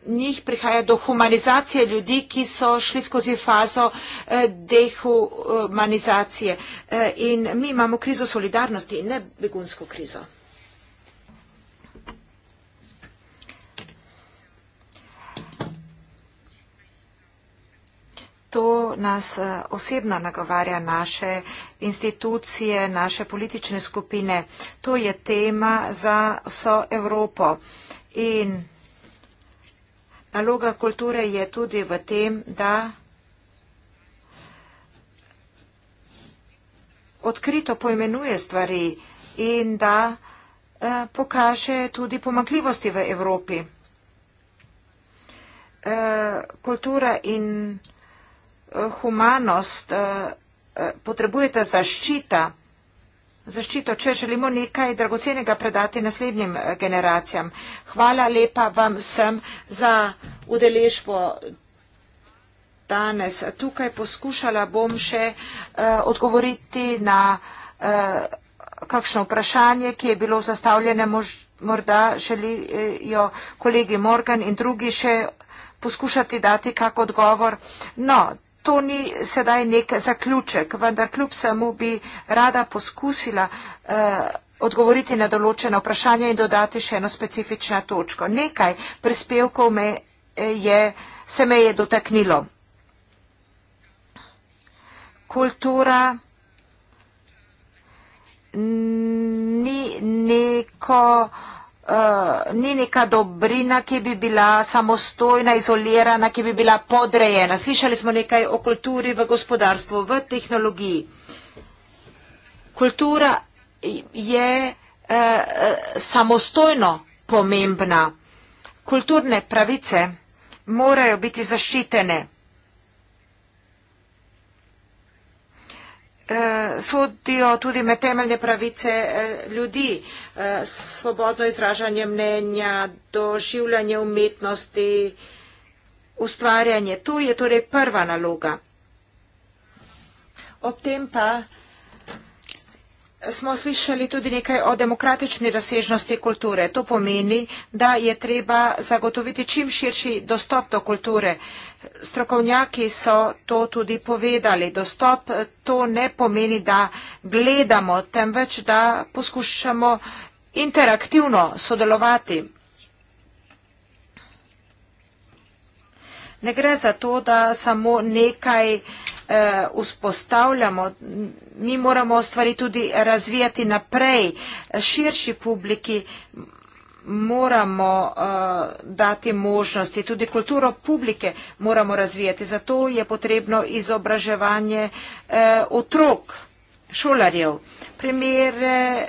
njih prihaja do humanizacije ljudi, ki so šli skozi fazo dehumanizacije. In mi imamo krizo solidarnosti in ne begunsko krizo. to nas eh, osebno nagovarja naše institucije, naše politične skupine. To je tema za vso Evropo. In naloga kulture je tudi v tem, da odkrito poimenuje stvari in da eh, pokaže tudi pomakljivosti v Evropi. Eh, kultura in kultura humanost, eh, eh, potrebujete zaščita, zaščito, če želimo nekaj dragocenega predati naslednjim eh, generacijam. Hvala lepa vam vsem za udeležbo danes. Tukaj poskušala bom še odgovoriti na kakšno vprašanje, ki je bilo zastavljene, morda želijo kolegi Morgan in drugi še poskušati dati kak odgovor. No, to ni sedaj nek zaključek, vendar kljub samo bi rada poskusila eh, odgovoriti na določena vprašanja in dodati še eno specifično točko. Nekaj prispevkov me eh, je, se me je dotaknilo. Kultura ni neko Eh, ni neka dobrina, ki bi bila samostojna, izolirana, ki bi bila podrejena. Slišali smo nekaj o kulturi v gospodarstvu, v tehnologiji. Kultura je uh, samostojno pomembna. Kulturne pravice morajo biti zaščitene. Eh, sodijo tudi med temeljne pravice eh, ljudi, eh, svobodno izražanje mnenja, doživljanje umetnosti, ustvarjanje. To je torej prva naloga. Ob tem pa smo slišali tudi nekaj o demokratični razsežnosti kulture. To pomeni, da je treba zagotoviti čim širši dostop do kulture. Strokovnjaki so to tudi povedali. Dostop to ne pomeni, da gledamo, temveč da poskušamo interaktivno sodelovati. Ne gre za to, da samo nekaj eh, vzpostavljamo, mi moramo stvari tudi razvijati naprej. Širši publiki moramo eh, dati možnosti, tudi kulturo publike moramo razvijati. Zato je potrebno izobraževanje eh, otrok, šolarjev. Primer eh,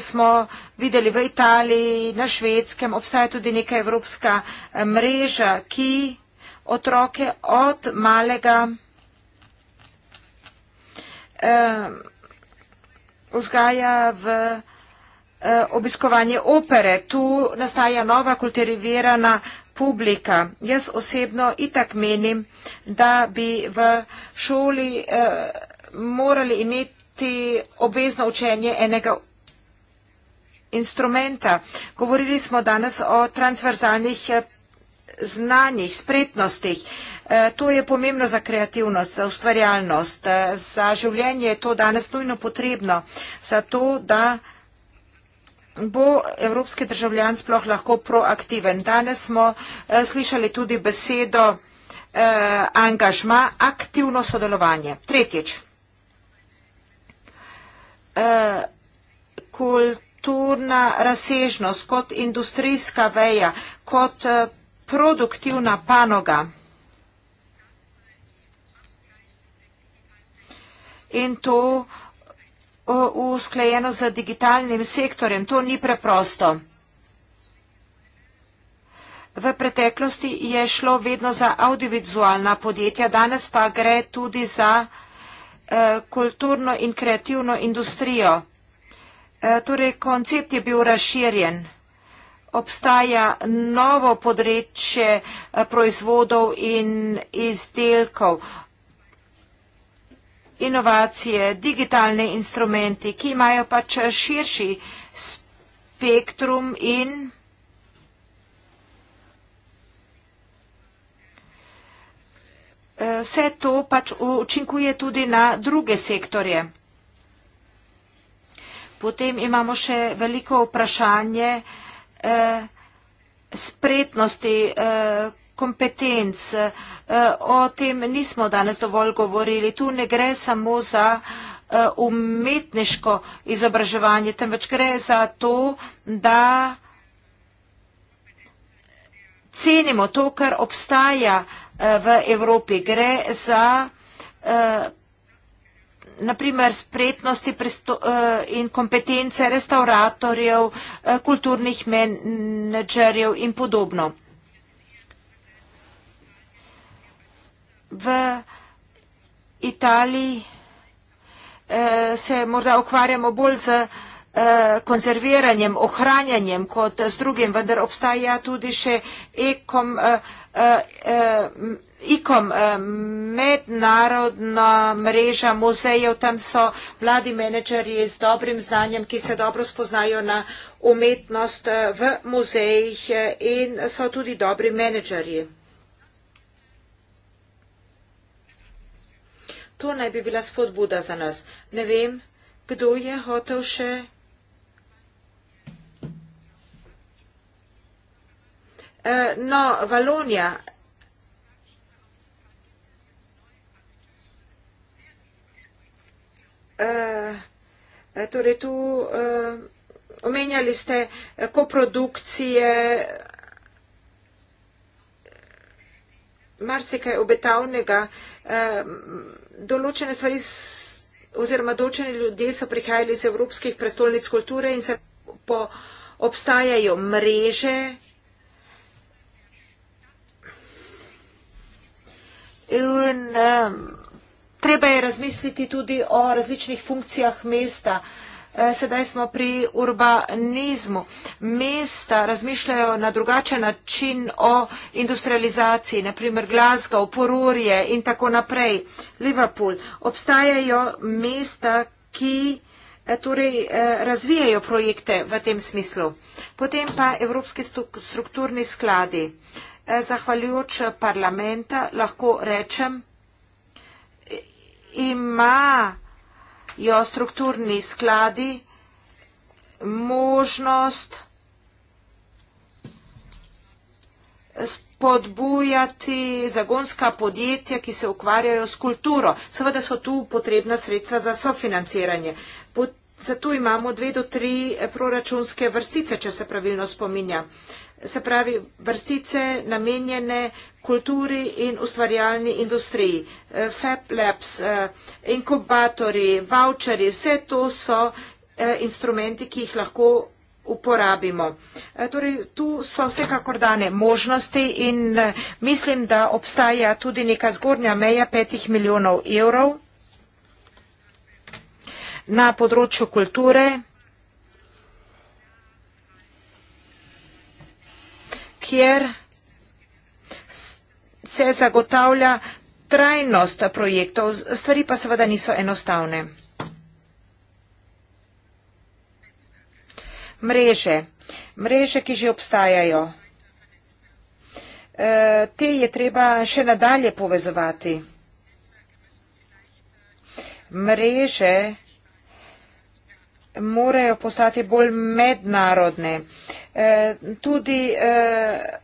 smo videli v Italiji, na švedskem, obstaja tudi neka evropska eh, mreža, ki otroke od malega uh, vzgaja v uh, obiskovanje opere. Tu nastaja nova kultivirana publika. Jaz osebno itak menim, da bi v šoli uh, morali imeti obvezno učenje enega instrumenta. Govorili smo danes o transverzalnih eh, znanjih, spretnostih. Uh, Eh, to je pomembno za kreativnost, za ustvarjalnost, eh, za življenje je to danes nujno potrebno, zato da bo evropski državljan sploh lahko proaktiven. Danes smo eh, slišali tudi besedo angažma, aktivno sodelovanje. Tretjič. Kulturna razsežnost kot industrijska veja, kot produktivna panoga. in to usklajeno z digitalnim sektorjem. To ni preprosto. V preteklosti je šlo vedno za audiovizualna podjetja, danes pa gre tudi za e, kulturno in kreativno industrijo. E, torej, koncept je bil razširjen. Obstaja novo podreče e, proizvodov in izdelkov inovacije, digitalni instrumenti, ki imajo pač širši spektrum in vse to pač učinkuje tudi na druge sektorje. Potem imamo še veliko vprašanje eh, spretnosti, eh, kompetenc, kompetenc, Eh, o tem nismo danes dovolj govorili. Tu ne gre samo za eh, umetniško izobraževanje, temveč gre za to, da cenimo to, kar obstaja eh, v Evropi. Gre za naprimer spretnosti in kompetence restauratorjev, kulturnih menedžerjev in podobno. v Italiji eh, se morda ukvarjamo bolj z eh, konzerviranjem, ohranjanjem kot z drugim, vendar obstaja tudi še ekom, ikom eh, mednarodna mreža muzejev, tam so mladi menedžerji z dobrim znanjem, ki se dobro spoznajo na umetnost v muzejih in so tudi dobri menedžerji. To naj bi bila spodbuda za nas. Ne vem, kdo je hotel še. Eh, no, Valonija. Eh, torej, tu eh, omenjali ste koprodukcije, marsikaj obetavnega določene stvari, oziroma določene ljudje so prihajali iz evropskih prestolnic kulture in se po, obstajajo mreže. In um, treba je razmisliti tudi o različnih funkcijah mesta. Uh, Eh, sedaj smo pri urbanizmu. Mesta razmišljajo na drugačen način o industrializaciji, naprimer Glasgow, Porurje in tako naprej, Liverpool. Obstajajo mesta, ki eh, torej, eh, razvijajo projekte v tem smislu. Potem pa Evropski strukturni skladi. Zahvaljujoč parlamenta lahko rečem, ima jo strukturni skladi možnost spodbujati zagonska podjetja, ki se ukvarjajo s kulturo. Seveda so tu potrebna sredstva za sofinanciranje. Zato imamo dve do tri proračunske vrstice, če se pravilno spominja se pravi vrstice namenjene kulturi in ustvarjalni industriji. Eh, Fab Labs, eh, inkubatori, voucheri, vse to so eh, instrumenti, ki jih lahko uporabimo. Torej, tu so vsekakor dane možnosti in mislim, da obstaja tudi neka zgornja meja petih milijonov evrov na področju kulture. kjer se zagotavlja trajnost projektov. Stvari pa seveda niso enostavne. Mreže. Mreže, ki že obstajajo. E, te je treba še nadalje povezovati. Mreže morajo postati bolj mednarodne. Mreže. Eh, tudi eh,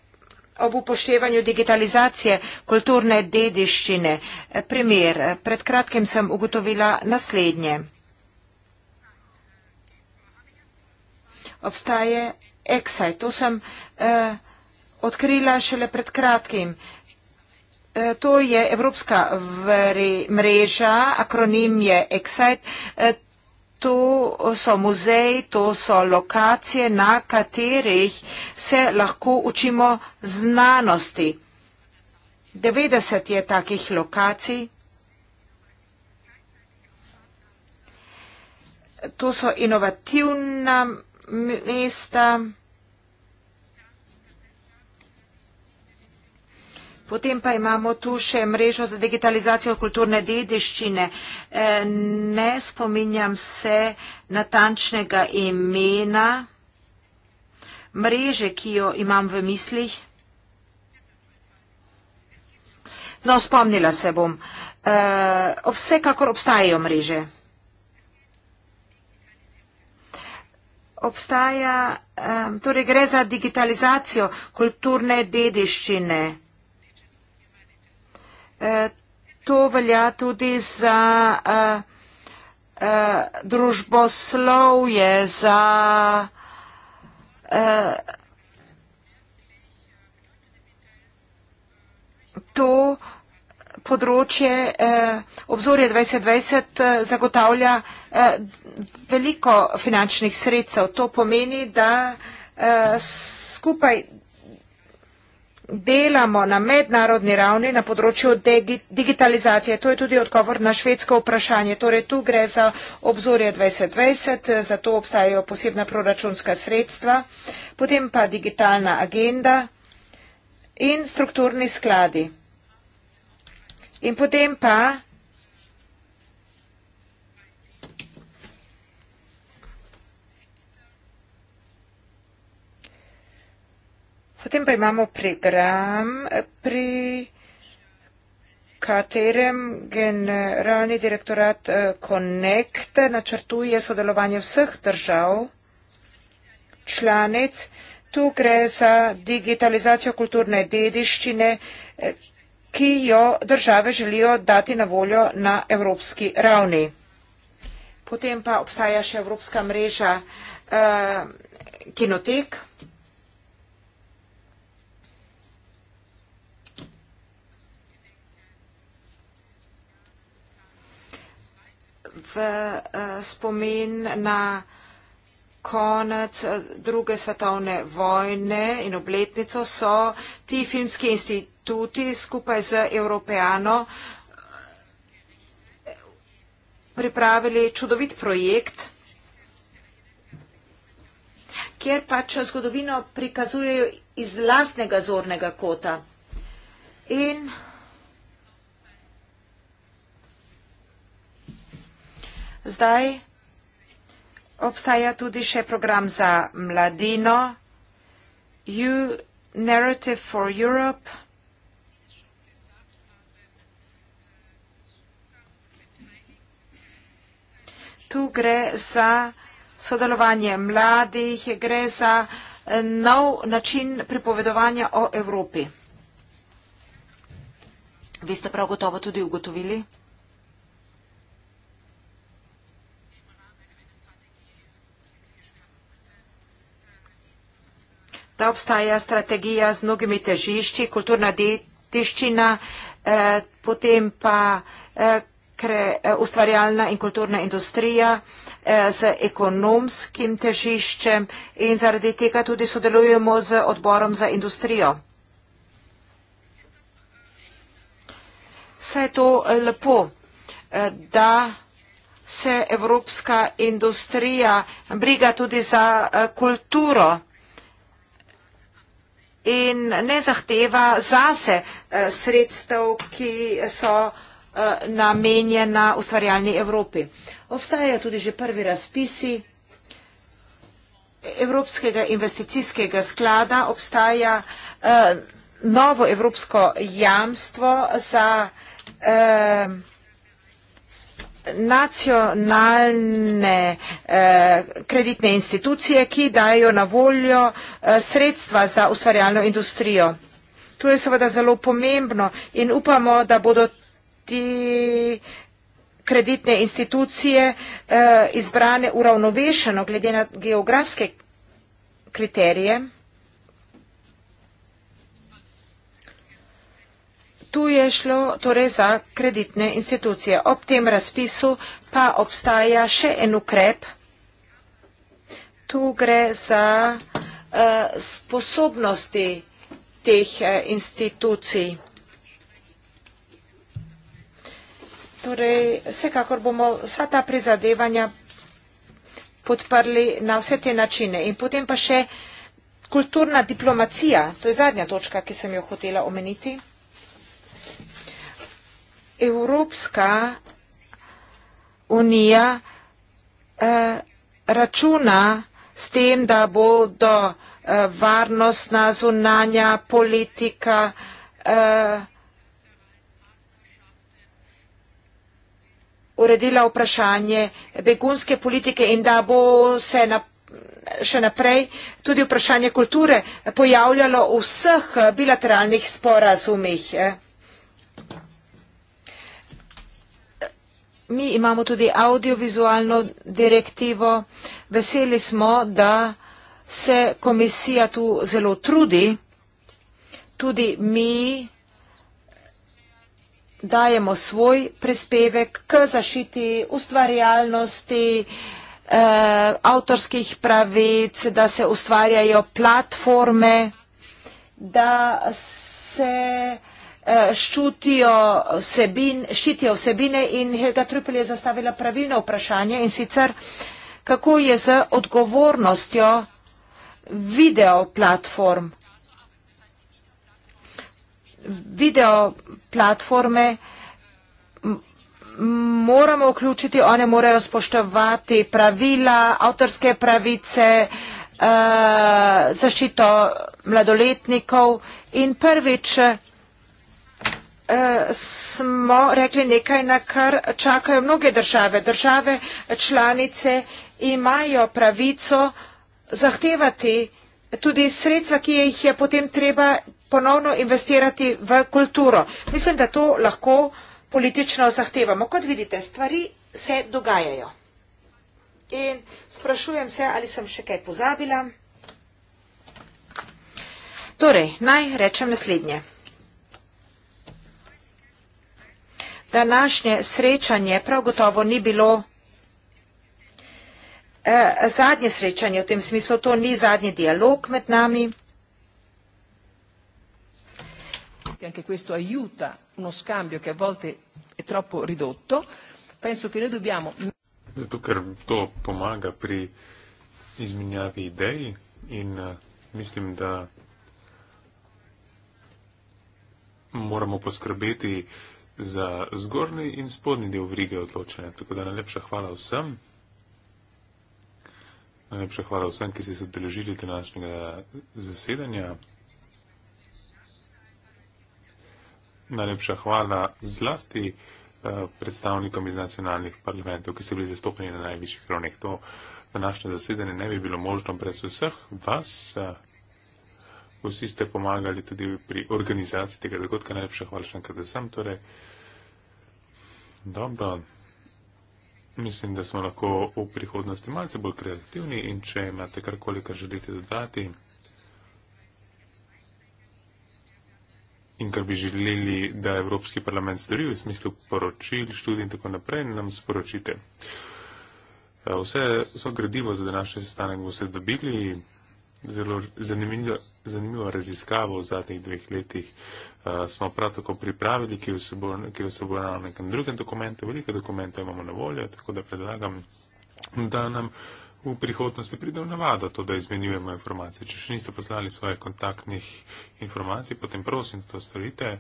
ob upoštevanju digitalizacije kulturne dediščine. Eh, primer, pred kratkem sem ugotovila naslednje. Obstaje Excite, to sem odkrila šele pred kratkim. To je evropska mreža, akronim je Excite, to so muzeji, to so lokacije, na katerih se lahko učimo znanosti. 90 je takih lokacij. To so inovativna mesta, Potem pa imamo tu še mrežo za digitalizacijo kulturne dediščine. E, ne spominjam se natančnega imena mreže, ki jo imam v mislih. No, spomnila se bom. E, vsekakor obstajajo mreže. Obstaja, e, torej gre za digitalizacijo kulturne dediščine. E, to velja tudi za uh, uh, družboslovje, za uh, to področje uh, obzorje 2020 zagotavlja uh, veliko finančnih sredstev. To pomeni, da uh, skupaj delamo na mednarodni ravni na področju digitalizacije. To je tudi odgovor na švedsko vprašanje. Torej, tu gre za obzorje 2020, zato obstajajo posebna proračunska sredstva, potem pa digitalna agenda in strukturni skladi. In potem pa Potem pa imamo program, pri katerem generalni direktorat eh, Connect načrtuje sodelovanje vseh držav članic. Tu gre za digitalizacijo kulturne dediščine, eh, ki jo države želijo dati na voljo na evropski ravni. Potem pa obstaja še evropska mreža uh, kinotek. Eh, spomin na konec eh, druge svetovne vojne in obletnico so ti filmski instituti skupaj z Evropejano eh, pripravili čudovit projekt, kjer pač zgodovino prikazujejo iz lastnega zornega kota. In Zdaj obstaja tudi še program za mladino EU Narrative for Europe. Tu gre za sodelovanje mladih, gre za eh, nov način pripovedovanja o Evropi. Vi ste prav gotovo tudi ugotovili. da obstaja strategija z mnogimi težišči, kulturna dediščina, eh, potem pa eh, kre, eh, ustvarjalna in kulturna industrija eh, z ekonomskim težiščem in zaradi tega tudi sodelujemo z odborom za industrijo. Vse je to eh, lepo, eh, da se evropska industrija briga tudi za kulturo in ne zahteva zase eh, sredstev, ki so eh, namenjena ustvarjalni Evropi. Obstajajo tudi že prvi razpisi Evropskega investicijskega sklada, obstaja eh, novo evropsko jamstvo za vsega, nacionalne eh, kreditne institucije, ki dajo na voljo eh, sredstva za ustvarjalno industrijo. To je seveda zelo pomembno in upamo, da bodo ti kreditne institucije eh, izbrane uravnovešeno glede na geografske kriterije. Tu je šlo torej za kreditne institucije. Ob tem razpisu pa obstaja še en ukrep. Tu gre za uh, sposobnosti teh uh, institucij. Torej, vsekakor bomo vsa ta prizadevanja podprli na vse te načine. In potem pa še kulturna diplomacija, to je zadnja točka, ki sem jo hotela omeniti. Evropska unija eh, računa s tem, da bodo eh, varnostna zunanja politika eh, uredila vprašanje begunske politike in da bo se na še naprej tudi vprašanje kulture pojavljalo v vseh bilateralnih sporazumih. Eh. Mi imamo tudi audiovizualno direktivo. Veseli smo, da se komisija tu zelo trudi. Tudi mi dajemo svoj prispevek k zašiti ustvarjalnosti eh, avtorskih pravic, da se ustvarjajo platforme, da se eh, Eh, ščutijo vsebin, ščitijo vsebine in Helga Trupel je zastavila pravilno vprašanje in sicer, kako je z odgovornostjo video platform. Video platforme moramo vključiti, one morajo spoštovati pravila, avtorske pravice, eh, zaščito mladoletnikov in prvič Eh, smo rekli nekaj, na kar čakajo mnoge države. Države članice imajo pravico zahtevati tudi sredstva, ki jih je potem treba ponovno investirati v kulturo. Mislim, da to lahko politično zahtevamo. Kot vidite, stvari se dogajajo. In sprašujem se, ali sem še kaj pozabila. Torej, naj rečem naslednje. današnje srečanje prav gotovo ni bilo eh, zadnje srečanje, v tem smislu to ni zadnji dialog med nami. Anche questo aiuta uno scambio che a volte è troppo ridotto. Penso che noi dobbiamo. Zato, ker to pomaga pri izmenjavi idej in uh, mislim, da moramo poskrbeti, uh, za zgornji in spodnji del vrige odločanja. Tako da najlepša hvala vsem. Najlepša hvala vsem, ki ste se odeležili današnjega zasedanja. Najlepša hvala zlasti eh, predstavnikom iz nacionalnih parlamentov, ki so bili zastopljeni na najvišjih ravneh. To današnje zasedanje ne bi bilo možno brez vseh vas. Eh, vsi ste pomagali tudi pri organizaciji tega dogodka. Najlepša hvala še enkrat vsem. Torej, uh, Dobro. Mislim, da smo lahko v prihodnosti malce bolj kreativni in če imate karkoli, kar želite dodati in kar bi želeli, da Evropski parlament stori v smislu poročil, študij in tako naprej, nam sporočite. E, vse so gradivo za današnji sestanek, boste dobili zelo zanimivo, zanimivo raziskavo v zadnjih dveh letih Eh, smo prav tako pripravili, ki jo se bo na nekem drugem dokumentu, velike dokumente imamo na voljo, tako da predlagam, da nam v prihodnosti pride v navado to, da izmenjujemo informacije. Če še niste poslali svojih kontaktnih informacij, potem prosim, da to storite.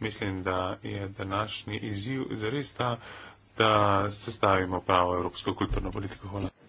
Mislim, da je današnji izziv zares ta, da sestavimo pravo evropsko kulturno politiko. Hvala.